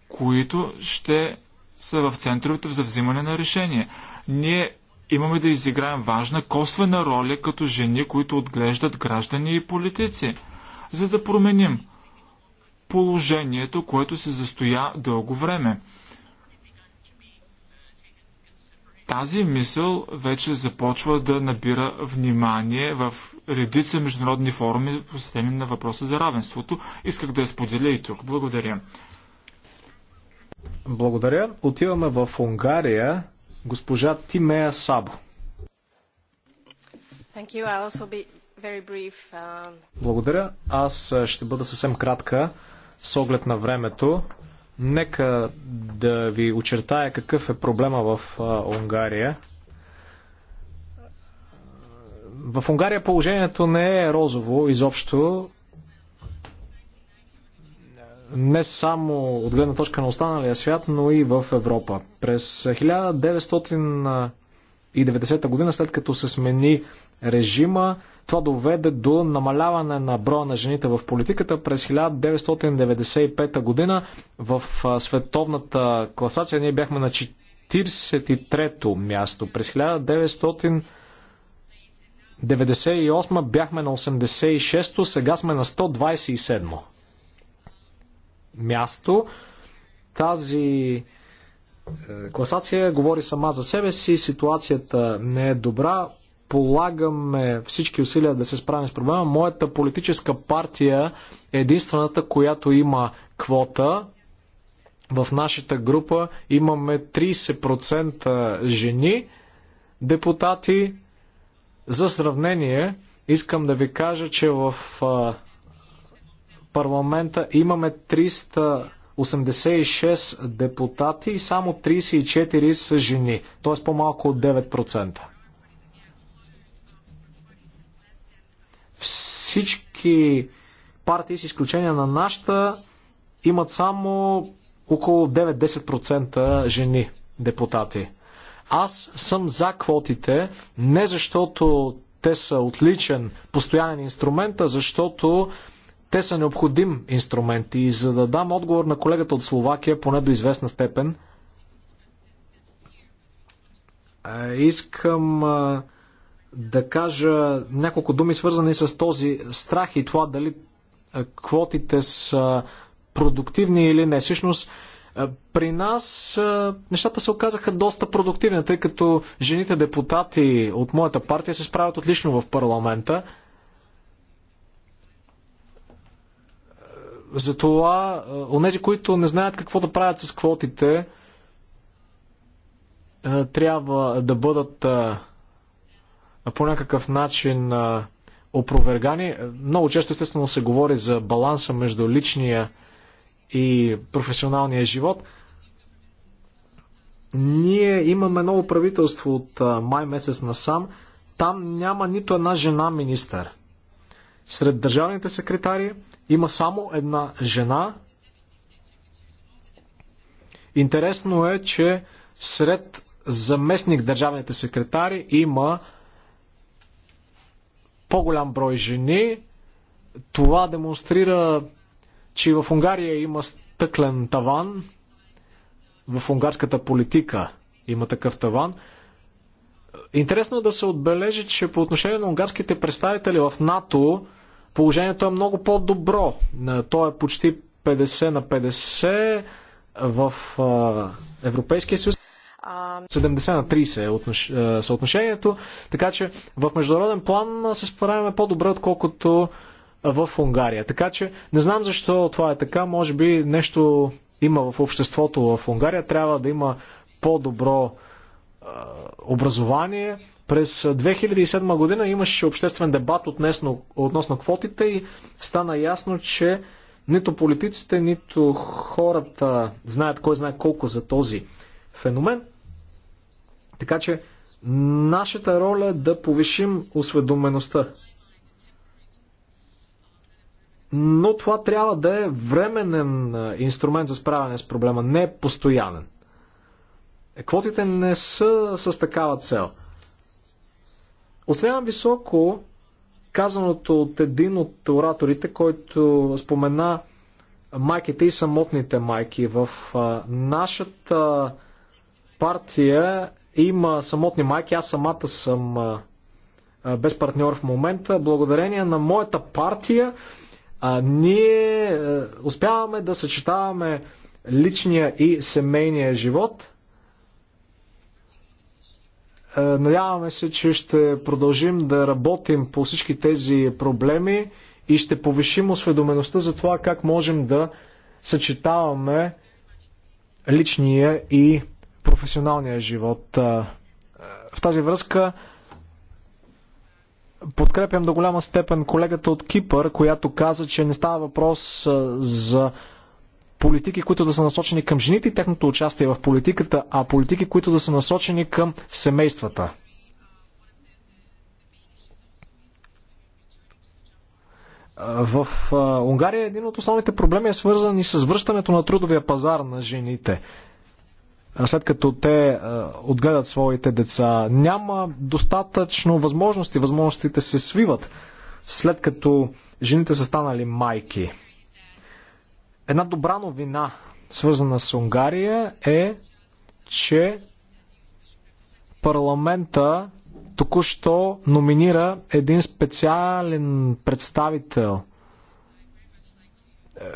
които ще са в центровете за взимане на решение. Ние имаме да изиграем важна косвена роля като жени, които отглеждат граждани и политици, за да променим положението, което се застоя дълго време. Тази мисъл вече започва да набира внимание в редица международни форуми по системи на въпроса за равенството. Исках да я споделя и тук. Благодаря. Благодаря. Отиваме в Унгария. Госпожа Тимея Сабо. Uh, Благодаря. Аз е, ще бъда съвсем кратка с оглед на времето. Нека да ви очертая какъв е проблема в е, Унгария. В Унгария положението не е розово изобщо не само от гледна точка на останалия свят, но и в Европа. През 1990 година, след като се смени режима, това доведе до намаляване на броя на жените в политиката. През 1995 година в световната класация ние бяхме на 43-то място. През 1900 98 бяхме на 86-то, сега сме на 127 място. Тази е, класация говори сама за себе си, ситуацията не е добра, полагаме всички усилия да се справим с проблема. Моята политическа партия е единствената, която има квота. В нашата група имаме 30% жени депутати. За сравнение, искам да ви кажа, че в е, парламента имаме 386 депутати и само 34 са жени, т.е. по-малко от 9%. Всички партии, с изключение на нашата, имат само около 9-10% жени депутати. Аз съм за квотите, не защото те са отличен постоянен инструмент, а защото те са необходим инструмент и за да дам отговор на колегата от Словакия, поне до известна степен, искам да кажа няколко думи свързани с този страх и това дали квотите са продуктивни или не. Всъщност, при нас нещата се оказаха доста продуктивни, тъй като жените депутати от моята партия се справят отлично в парламента. Затова, е, онези, които не знаят какво да правят с квотите, е, трябва да бъдат е, по някакъв начин опровергани. Много често, естествено, се говори за баланса между личния и професионалния живот. Ние имаме ново правителство от май месец насам. Там няма нито една жена министър. Сред държавните секретари, има само една жена. Интересно е, че сред заместник държавните секретари има по-голям брой жени. Това демонстрира, че в Унгария има стъклен таван. В унгарската политика има такъв таван. Интересно е да се отбележи, че по отношение на унгарските представители в НАТО положението е много по-добро. Е, то е почти 50 на 50 в Европейския съюз. 70 на 30 е, е съотношението, така че в международен план се справяме по-добре, отколкото в Унгария. Така че не знам защо това е така. Може би нещо има в обществото в Унгария. Трябва да има по-добро образование, през 2007 година имаше обществен дебат отнесно, относно квотите и стана ясно, че нито политиците, нито хората знаят кой знае колко за този феномен. Така че нашата роля е да повишим осведомеността. Но това трябва да е временен инструмент за справяне с проблема, не постоянен. Е, квотите не са с такава цел – Оценявам високо казаното от един от ораторите, който спомена майките и самотните майки. В нашата партия има самотни майки. Аз самата съм без партньор в момента. Благодарение на моята партия а, ние а, успяваме да съчетаваме личния и семейния живот. Е, надяваме се, че ще продължим да работим по всички тези проблеми и ще повишим осведомеността за това как можем да съчетаваме личния и професионалния живот. Е, в тази връзка подкрепям до голяма степен колегата от Кипър, която каза, че не става въпрос е, за политики, които да са насочени към жените и техното участие в политиката, а политики, които да са насочени към семействата. В Унгария един от основните проблеми е свързан и с връщането на трудовия пазар на жените. След като те отгледат своите деца, няма достатъчно възможности. Възможностите се свиват, след като жените са станали майки. Една добра новина, свързана с Унгария, е, че парламента току-що номинира един специален представител е, е,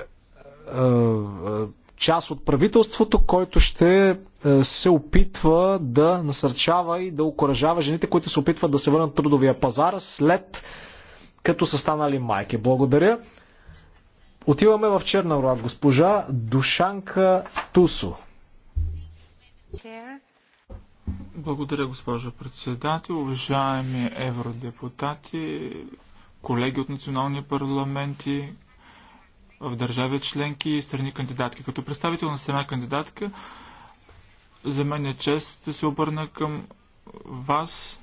е, част от правителството, който ще се опитва да насърчава и да окоръжава жените, които се опитват да се върнат трудовия пазар след като са станали майки. Благодаря. Отиваме в Черна гора. Госпожа Душанка Тусо. Благодаря, госпожо председател. Уважаеми евродепутати, колеги от национални парламенти в държави членки и страни кандидатки. Като представител на страна кандидатка, за мен е чест да се обърна към вас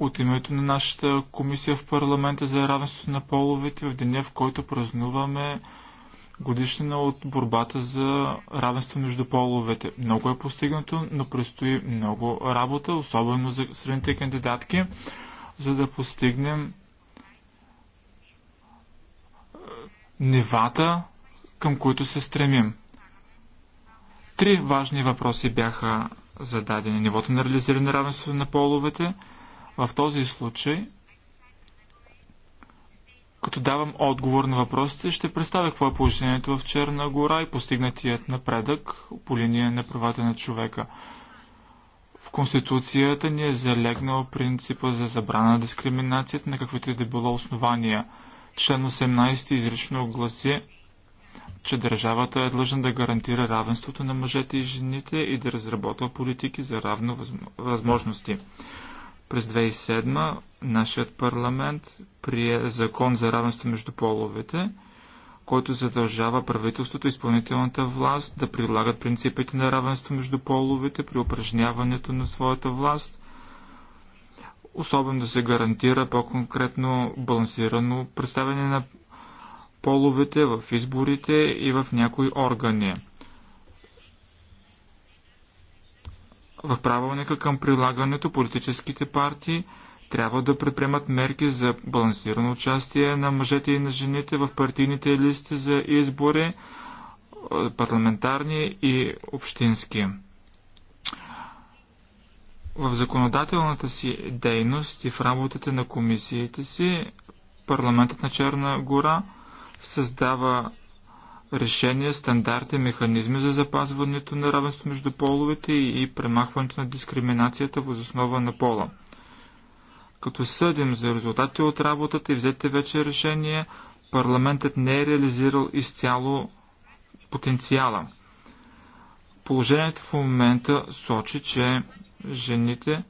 от името на нашата комисия в парламента за равенството на половете в деня, в който празнуваме годишнина от борбата за равенство между половете. Много е постигнато, но предстои много работа, особено за средните кандидатки, за да постигнем е, нивата, към които се стремим. Три важни въпроси бяха зададени. Нивото на реализиране равенството на половете – в този случай, като давам отговор на въпросите, ще представя какво е положението в Черна гора и постигнатият напредък по линия на правата на човека. В Конституцията ни е залегнал принципа за забрана на дискриминацията на каквито и да било основания. Член 18 изрично огласи, че държавата е длъжна да гарантира равенството на мъжете и жените и да разработва политики за равно възможности. През 2007 нашият парламент прие закон за равенство между половете, който задължава правителството и изпълнителната власт да прилагат принципите на равенство между половете при упражняването на своята власт, особено да се гарантира по-конкретно балансирано представяне на половете в изборите и в някои органи. В правилника към прилагането политическите партии трябва да предприемат мерки за балансирано участие на мъжете и на жените в партийните листи за избори, е, парламентарни и общински. В законодателната си дейност и в работата на комисиите си парламентът на Черна гора създава решения, стандарти, механизми за запазването на равенство между половете и премахването на дискриминацията въз основа на пола. Като съдим за резултати от работата и взете вече решения, парламентът не е реализирал изцяло потенциала. Положението в момента сочи, че жените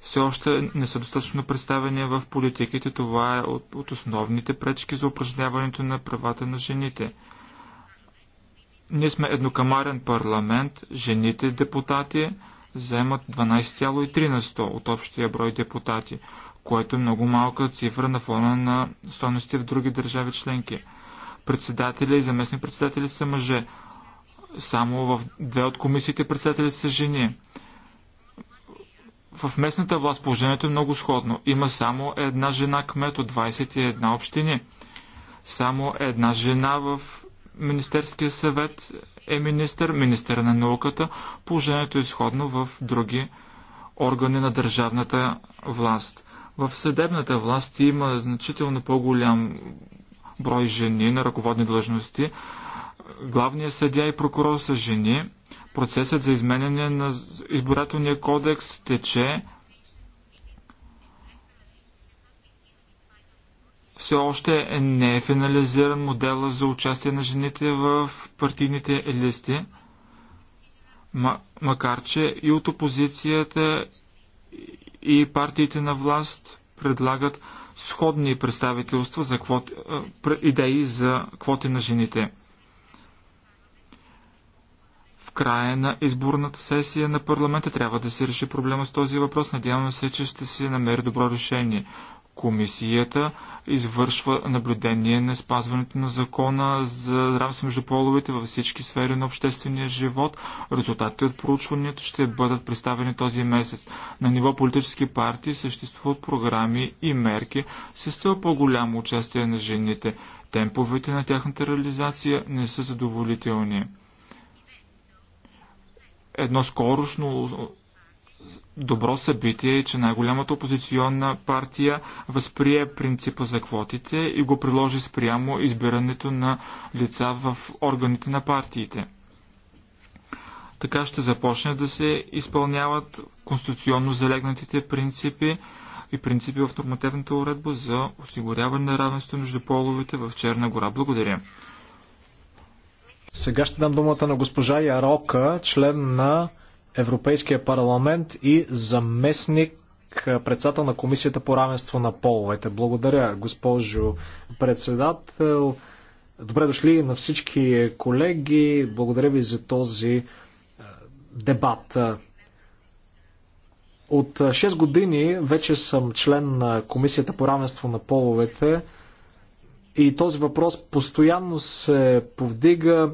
все още не са достатъчно представени в политиките. Това е от, от основните пречки за упражняването на правата на жените – ние сме еднокамарен парламент, жените депутати заемат 12,3 на 100 от общия брой депутати, което е много малка цифра на фона на стойности в други държави членки. Председателя и заместни председатели са мъже. Само в две от комисиите председатели са жени. В местната власт положението е много сходно. Има само една жена кмет от 21 общини. Само една жена в Министерския съвет е министър, министър на науката. Положението е изходно в други органи на държавната власт. В съдебната власт има значително по-голям брой жени на ръководни длъжности. Главният съдя и прокурор са жени. Процесът за изменение на избирателния кодекс тече все още не е финализиран модела за участие на жените в партийните листи, макар че и от опозицията и партиите на власт предлагат сходни представителства за квоти, идеи за квоти на жените. В края на изборната сесия на парламента трябва да се реши проблема с този въпрос. Надявам се, че ще се намери добро решение. Комисията извършва наблюдение на спазването на закона за равенство между половете във всички сфери на обществения живот. Резултатите от проучването ще бъдат представени този месец. На ниво политически партии съществуват програми и мерки с цел по-голямо участие на жените. Темповете на тяхната реализация не са задоволителни. Едно скорошно добро събитие е, че най-голямата опозиционна партия възприе принципа за квотите и го приложи спрямо избирането на лица в органите на партиите. Така ще започне да се изпълняват конституционно залегнатите принципи и принципи в нормативната уредба за осигуряване на равенство между половите в Черна гора. Благодаря. Сега ще дам думата на госпожа Ярока, член на Европейския парламент и заместник председател на Комисията по равенство на половете. Благодаря, госпожо председател. Добре дошли на всички колеги. Благодаря ви за този дебат. От 6 години вече съм член на Комисията по равенство на половете и този въпрос постоянно се повдига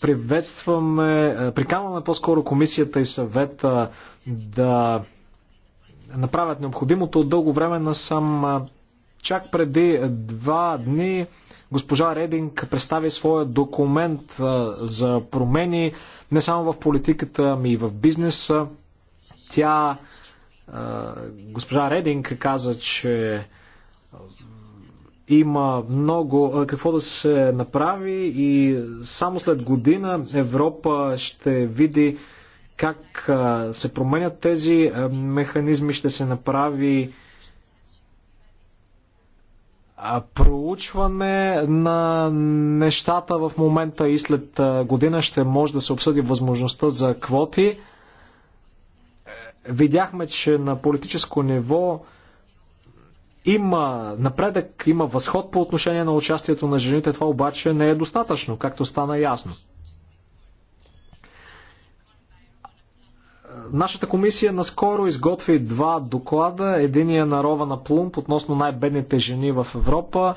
приветстваме, е, приканваме по-скоро комисията и съвета да направят необходимото от дълго време на сам. Е, чак преди два дни госпожа Рединг представи своя документ е, за промени не само в политиката, но ами и в бизнеса. Тя, госпожа Рединг, каза, че има много какво да се направи и само след година Европа ще види как се променят тези механизми, ще се направи проучване на нещата в момента и след година ще може да се обсъди възможността за квоти. Е, видяхме, че на политическо ниво има напредък, има възход по отношение на участието на жените, това обаче не е достатъчно, както стана ясно. Нашата комисия наскоро изготви два доклада. Единия е на Рова на Плумп относно най-бедните жени в Европа,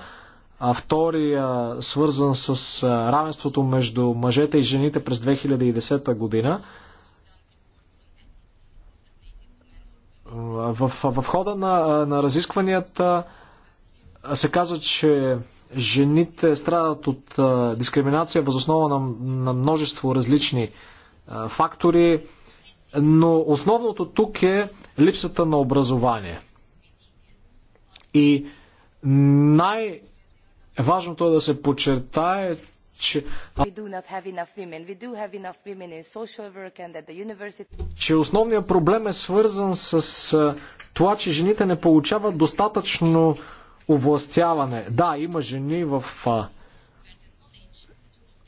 а втория свързан с равенството между мъжете и жените през 2010 година. В, в хода на, на разискванията се каза, че жените страдат от дискриминация основа на, на множество различни фактори, но основното тук е липсата на образование. И най- Важното е да се подчертае, че, основният проблем е свързан с това, че жените не получават достатъчно овластяване. Да, има жени в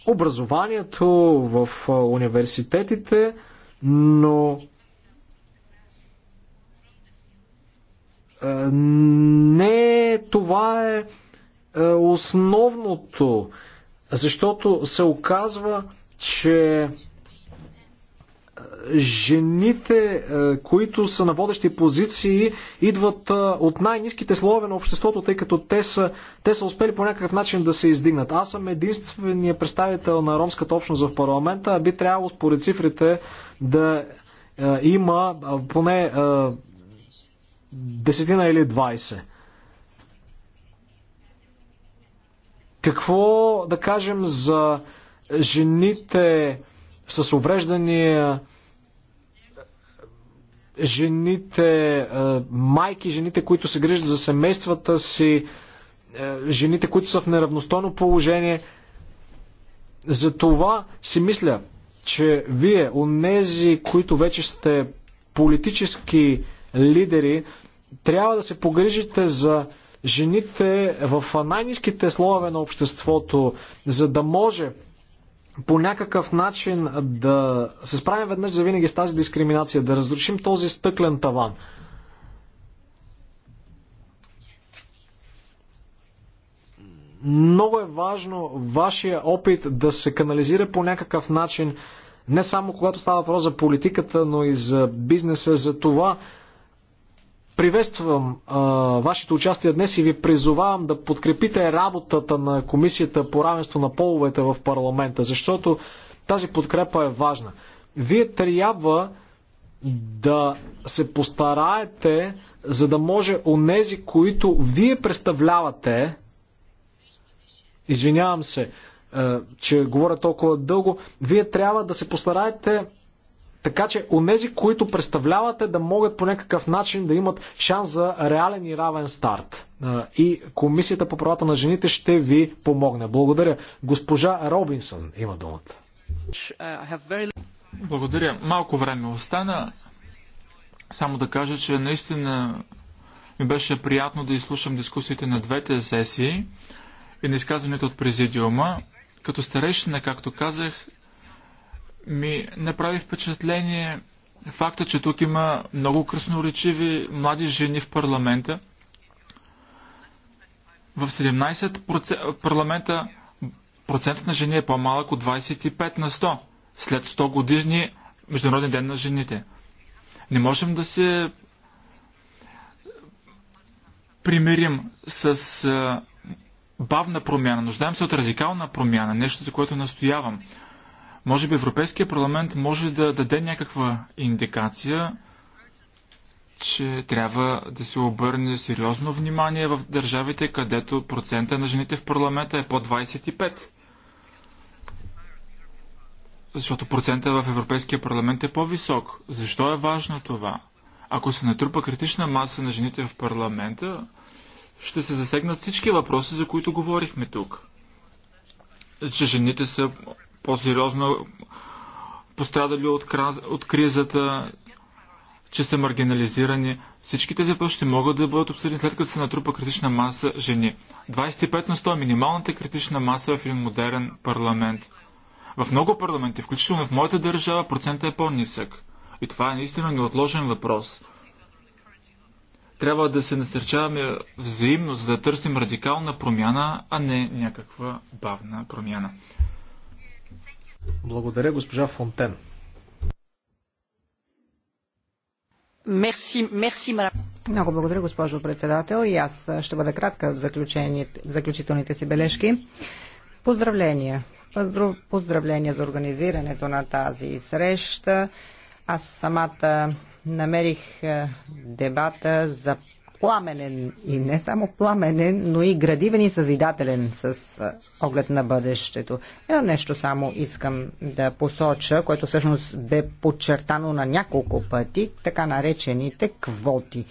образованието, в университетите, но не това е основното. Защото се оказва, че е, жените, е, които са на водещи позиции, идват е, от най-низките слоеве на обществото, тъй като те са, те са успели по някакъв начин да се издигнат. Аз съм единствения представител на ромската общност в парламента, а би трябвало според цифрите да има поне десетина или двайсет. Какво да кажем за жените с увреждания, жените майки, жените, които се грижат за семействата си, жените, които са в неравностойно положение. За това си мисля, че вие, онези, които вече сте политически лидери, трябва да се погрижите за жените в най-низките слоеве на обществото, за да може по някакъв начин да се справим веднъж за винаги с тази дискриминация, да разрушим този стъклен таван. Много е важно вашия опит да се канализира по някакъв начин, не само когато става въпрос за политиката, но и за бизнеса, за това Приветствам а, вашето участие днес и ви призовавам да подкрепите работата на Комисията по равенство на половете в парламента, защото тази подкрепа е важна. Вие трябва да се постараете, за да може онези, които вие представлявате, извинявам се, че говоря толкова дълго, вие трябва да се постараете така че онези, които представлявате, да могат по някакъв начин да имат шанс за реален и равен старт. И Комисията по правата на жените ще ви помогне. Благодаря. Госпожа Робинсън има думата. Благодаря. Малко време остана. Само да кажа, че наистина ми беше приятно да изслушам дискусиите на двете сесии и на изказването от президиума. Като старейшина, както казах, ми направи впечатление факта, че тук има много красноречиви млади жени в парламента. В 17 парламента процентът на жени е по-малък от 25 на 100 след 100 годишни Международен ден на жените. Не можем да се примирим с бавна промяна. Нуждаем се от радикална промяна, нещо за което настоявам. Може би Европейския парламент може да даде някаква индикация, че трябва да се обърне сериозно внимание в държавите, където процента на жените в парламента е по 25. Защото процента в Европейския парламент е по-висок. Защо е важно това? Ако се натрупа критична маса на жените в парламента, ще се засегнат всички въпроси, за които говорихме тук. Че жените са по-сериозно пострадали от, краз, от кризата, че са маргинализирани. Всички тези въпроси ще могат да бъдат обсъдени след като се натрупа критична маса жени. 25 на 100 е минималната критична маса в един модерен парламент. В много парламенти, включително в моята държава, процентът е по-нисък. И това е наистина неотложен въпрос. Трябва да се насърчаваме взаимно, за да търсим радикална промяна, а не някаква бавна промяна. Благодаря, госпожа Фонтен. Мерси, мерси, Много благодаря, госпожо председател. И аз ще бъда кратка в, в заключителните си бележки. Поздравления. Поздравления за организирането на тази среща. Аз самата намерих е, дебата за пламенен и не само пламенен, но и градивен и съзидателен с оглед на бъдещето. Едно нещо само искам да посоча, което всъщност бе подчертано на няколко пъти, така наречените квоти.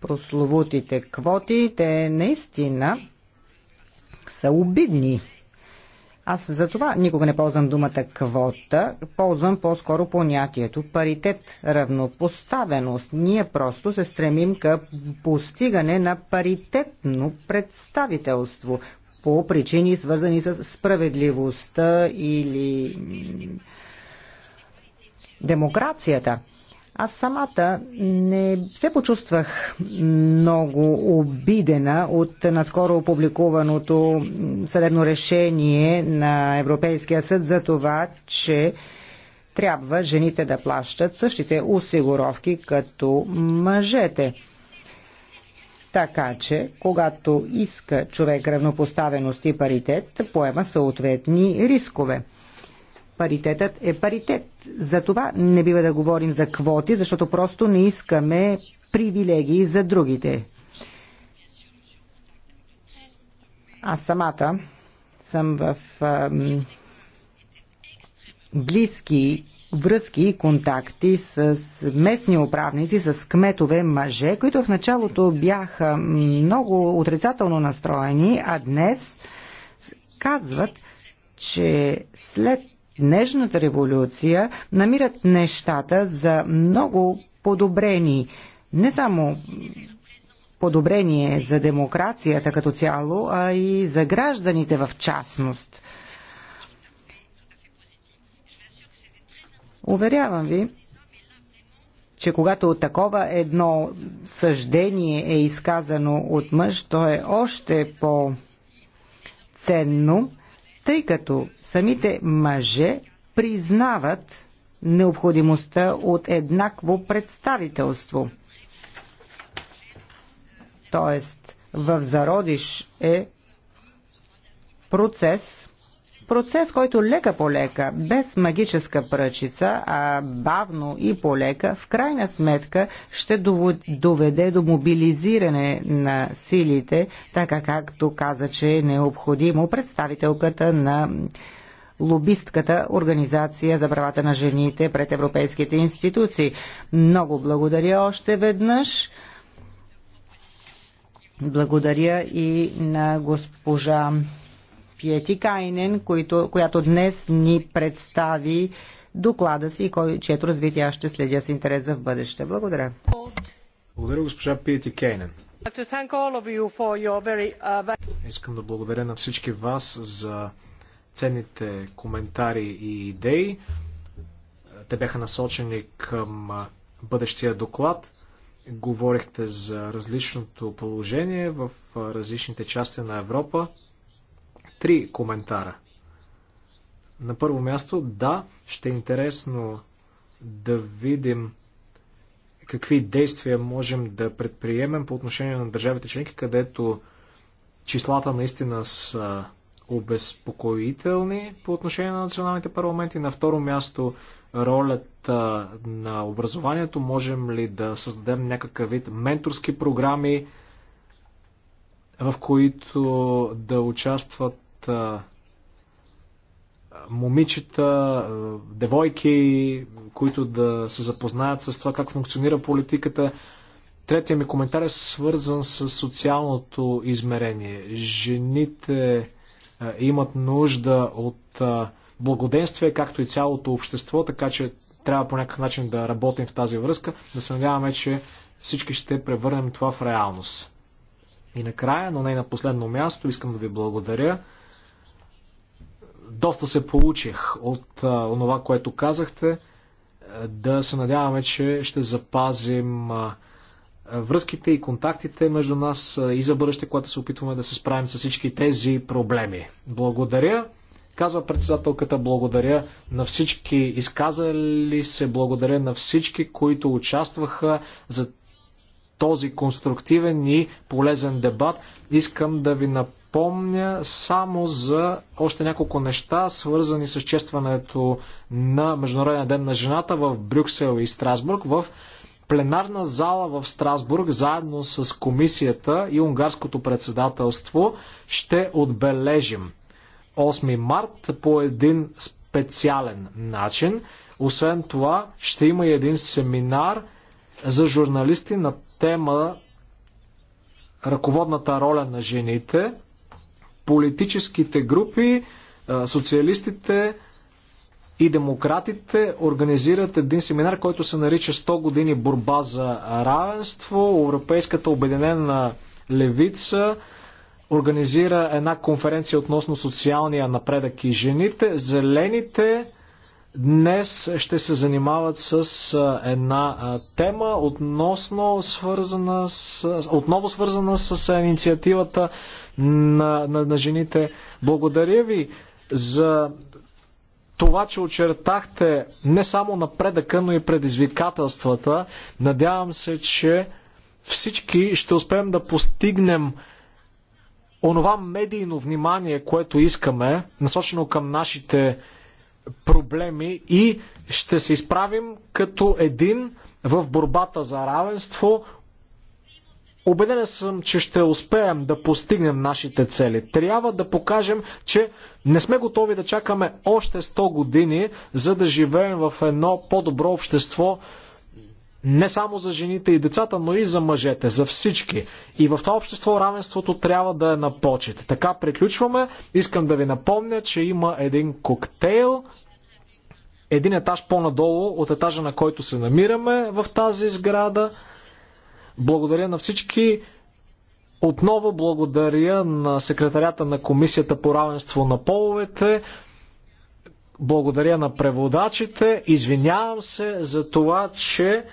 Прословутите квоти, те наистина са обидни аз за това никога не ползвам думата квота, ползвам по-скоро понятието паритет, равнопоставеност. Ние просто се стремим към постигане на паритетно представителство по причини свързани с справедливостта или демокрацията. Аз самата не се почувствах много обидена от наскоро опубликуваното съдебно решение на Европейския съд за това, че трябва жените да плащат същите осигуровки като мъжете. Така че, когато иска човек равнопоставеност и паритет, поема съответни рискове паритетът е паритет. За това не бива да говорим за квоти, защото просто не искаме привилегии за другите. Аз самата съм в ам, близки връзки и контакти с местни управници, с кметове мъже, които в началото бяха много отрицателно настроени, а днес казват, че след днешната революция намират нещата за много подобрени. Не само подобрение за демокрацията като цяло, а и за гражданите в частност. Уверявам ви, че когато такова едно съждение е изказано от мъж, то е още по-ценно тъй като самите мъже признават необходимостта от еднакво представителство. Тоест, в зародиш е процес, Процес, който лека по лека, без магическа пръчица, а бавно и по лека, в крайна сметка ще доведе до мобилизиране на силите, така както каза, че е необходимо представителката на лобистката Организация за правата на жените пред европейските институции. Много благодаря още веднъж. Благодаря и на госпожа Кайнен, които, която днес ни представи доклада си, кой, чието развитие аз ще следя с интерес за в бъдеще. Благодаря. Благодаря, госпожа Кейнен. Uh, Искам да благодаря на всички вас за ценните коментари и идеи. Те бяха насочени към бъдещия доклад. Говорихте за различното положение в различните части на Европа. Три коментара. На първо място, да, ще е интересно да видим какви действия можем да предприемем по отношение на държавите членки, където числата наистина са обезпокоителни по отношение на националните парламенти. На второ място, ролята на образованието. Можем ли да създадем някакъв вид менторски програми, в които да участват момичета, девойки, които да се запознаят с това как функционира политиката. Третия ми коментар е свързан с социалното измерение. Жените имат нужда от благоденствие, както и цялото общество, така че трябва по някакъв начин да работим в тази връзка, да се надяваме, че всички ще превърнем това в реалност. И накрая, но не на последно място, искам да ви благодаря доста се получих от а, това, което казахте. Е, да се надяваме, че ще запазим а, връзките и контактите между нас а, и за бъдеще, когато се опитваме да се справим с всички тези проблеми. Благодаря, казва председателката, благодаря на всички изказали се, благодаря на всички, които участваха за този конструктивен и полезен дебат. Искам да ви напомня, спомня само за още няколко неща, свързани с честването на Международния ден на жената в Брюксел и Страсбург. В пленарна зала в Страсбург, заедно с комисията и унгарското председателство, ще отбележим 8 март по един специален начин. Освен това, ще има и един семинар за журналисти на тема Ръководната роля на жените политическите групи, социалистите и демократите организират един семинар, който се нарича 100 години борба за равенство. Европейската обединена левица организира една конференция относно социалния напредък и жените. Зелените днес ще се занимават с една тема относно свързана с, отново свързана с инициативата на, на, на жените. Благодаря ви за това, че очертахте не само напредъка, но и предизвикателствата. Надявам се, че всички ще успеем да постигнем онова медийно внимание, което искаме, насочено към нашите проблеми и ще се изправим като един в борбата за равенство. Обеден съм, че ще успеем да постигнем нашите цели. Трябва да покажем, че не сме готови да чакаме още 100 години, за да живеем в едно по-добро общество не само за жените и децата, но и за мъжете, за всички. И в това общество равенството трябва да е на почет. Така приключваме. Искам да ви напомня, че има един коктейл, един етаж по-надолу от етажа, на който се намираме в тази сграда. Благодаря на всички. Отново благодаря на секретарята на Комисията по равенство на половете. Благодаря на преводачите. Извинявам се за това, че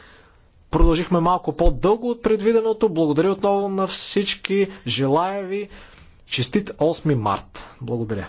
Продължихме малко по-дълго от предвиденото. Благодаря отново на всички. Желая ви честит 8 март. Благодаря.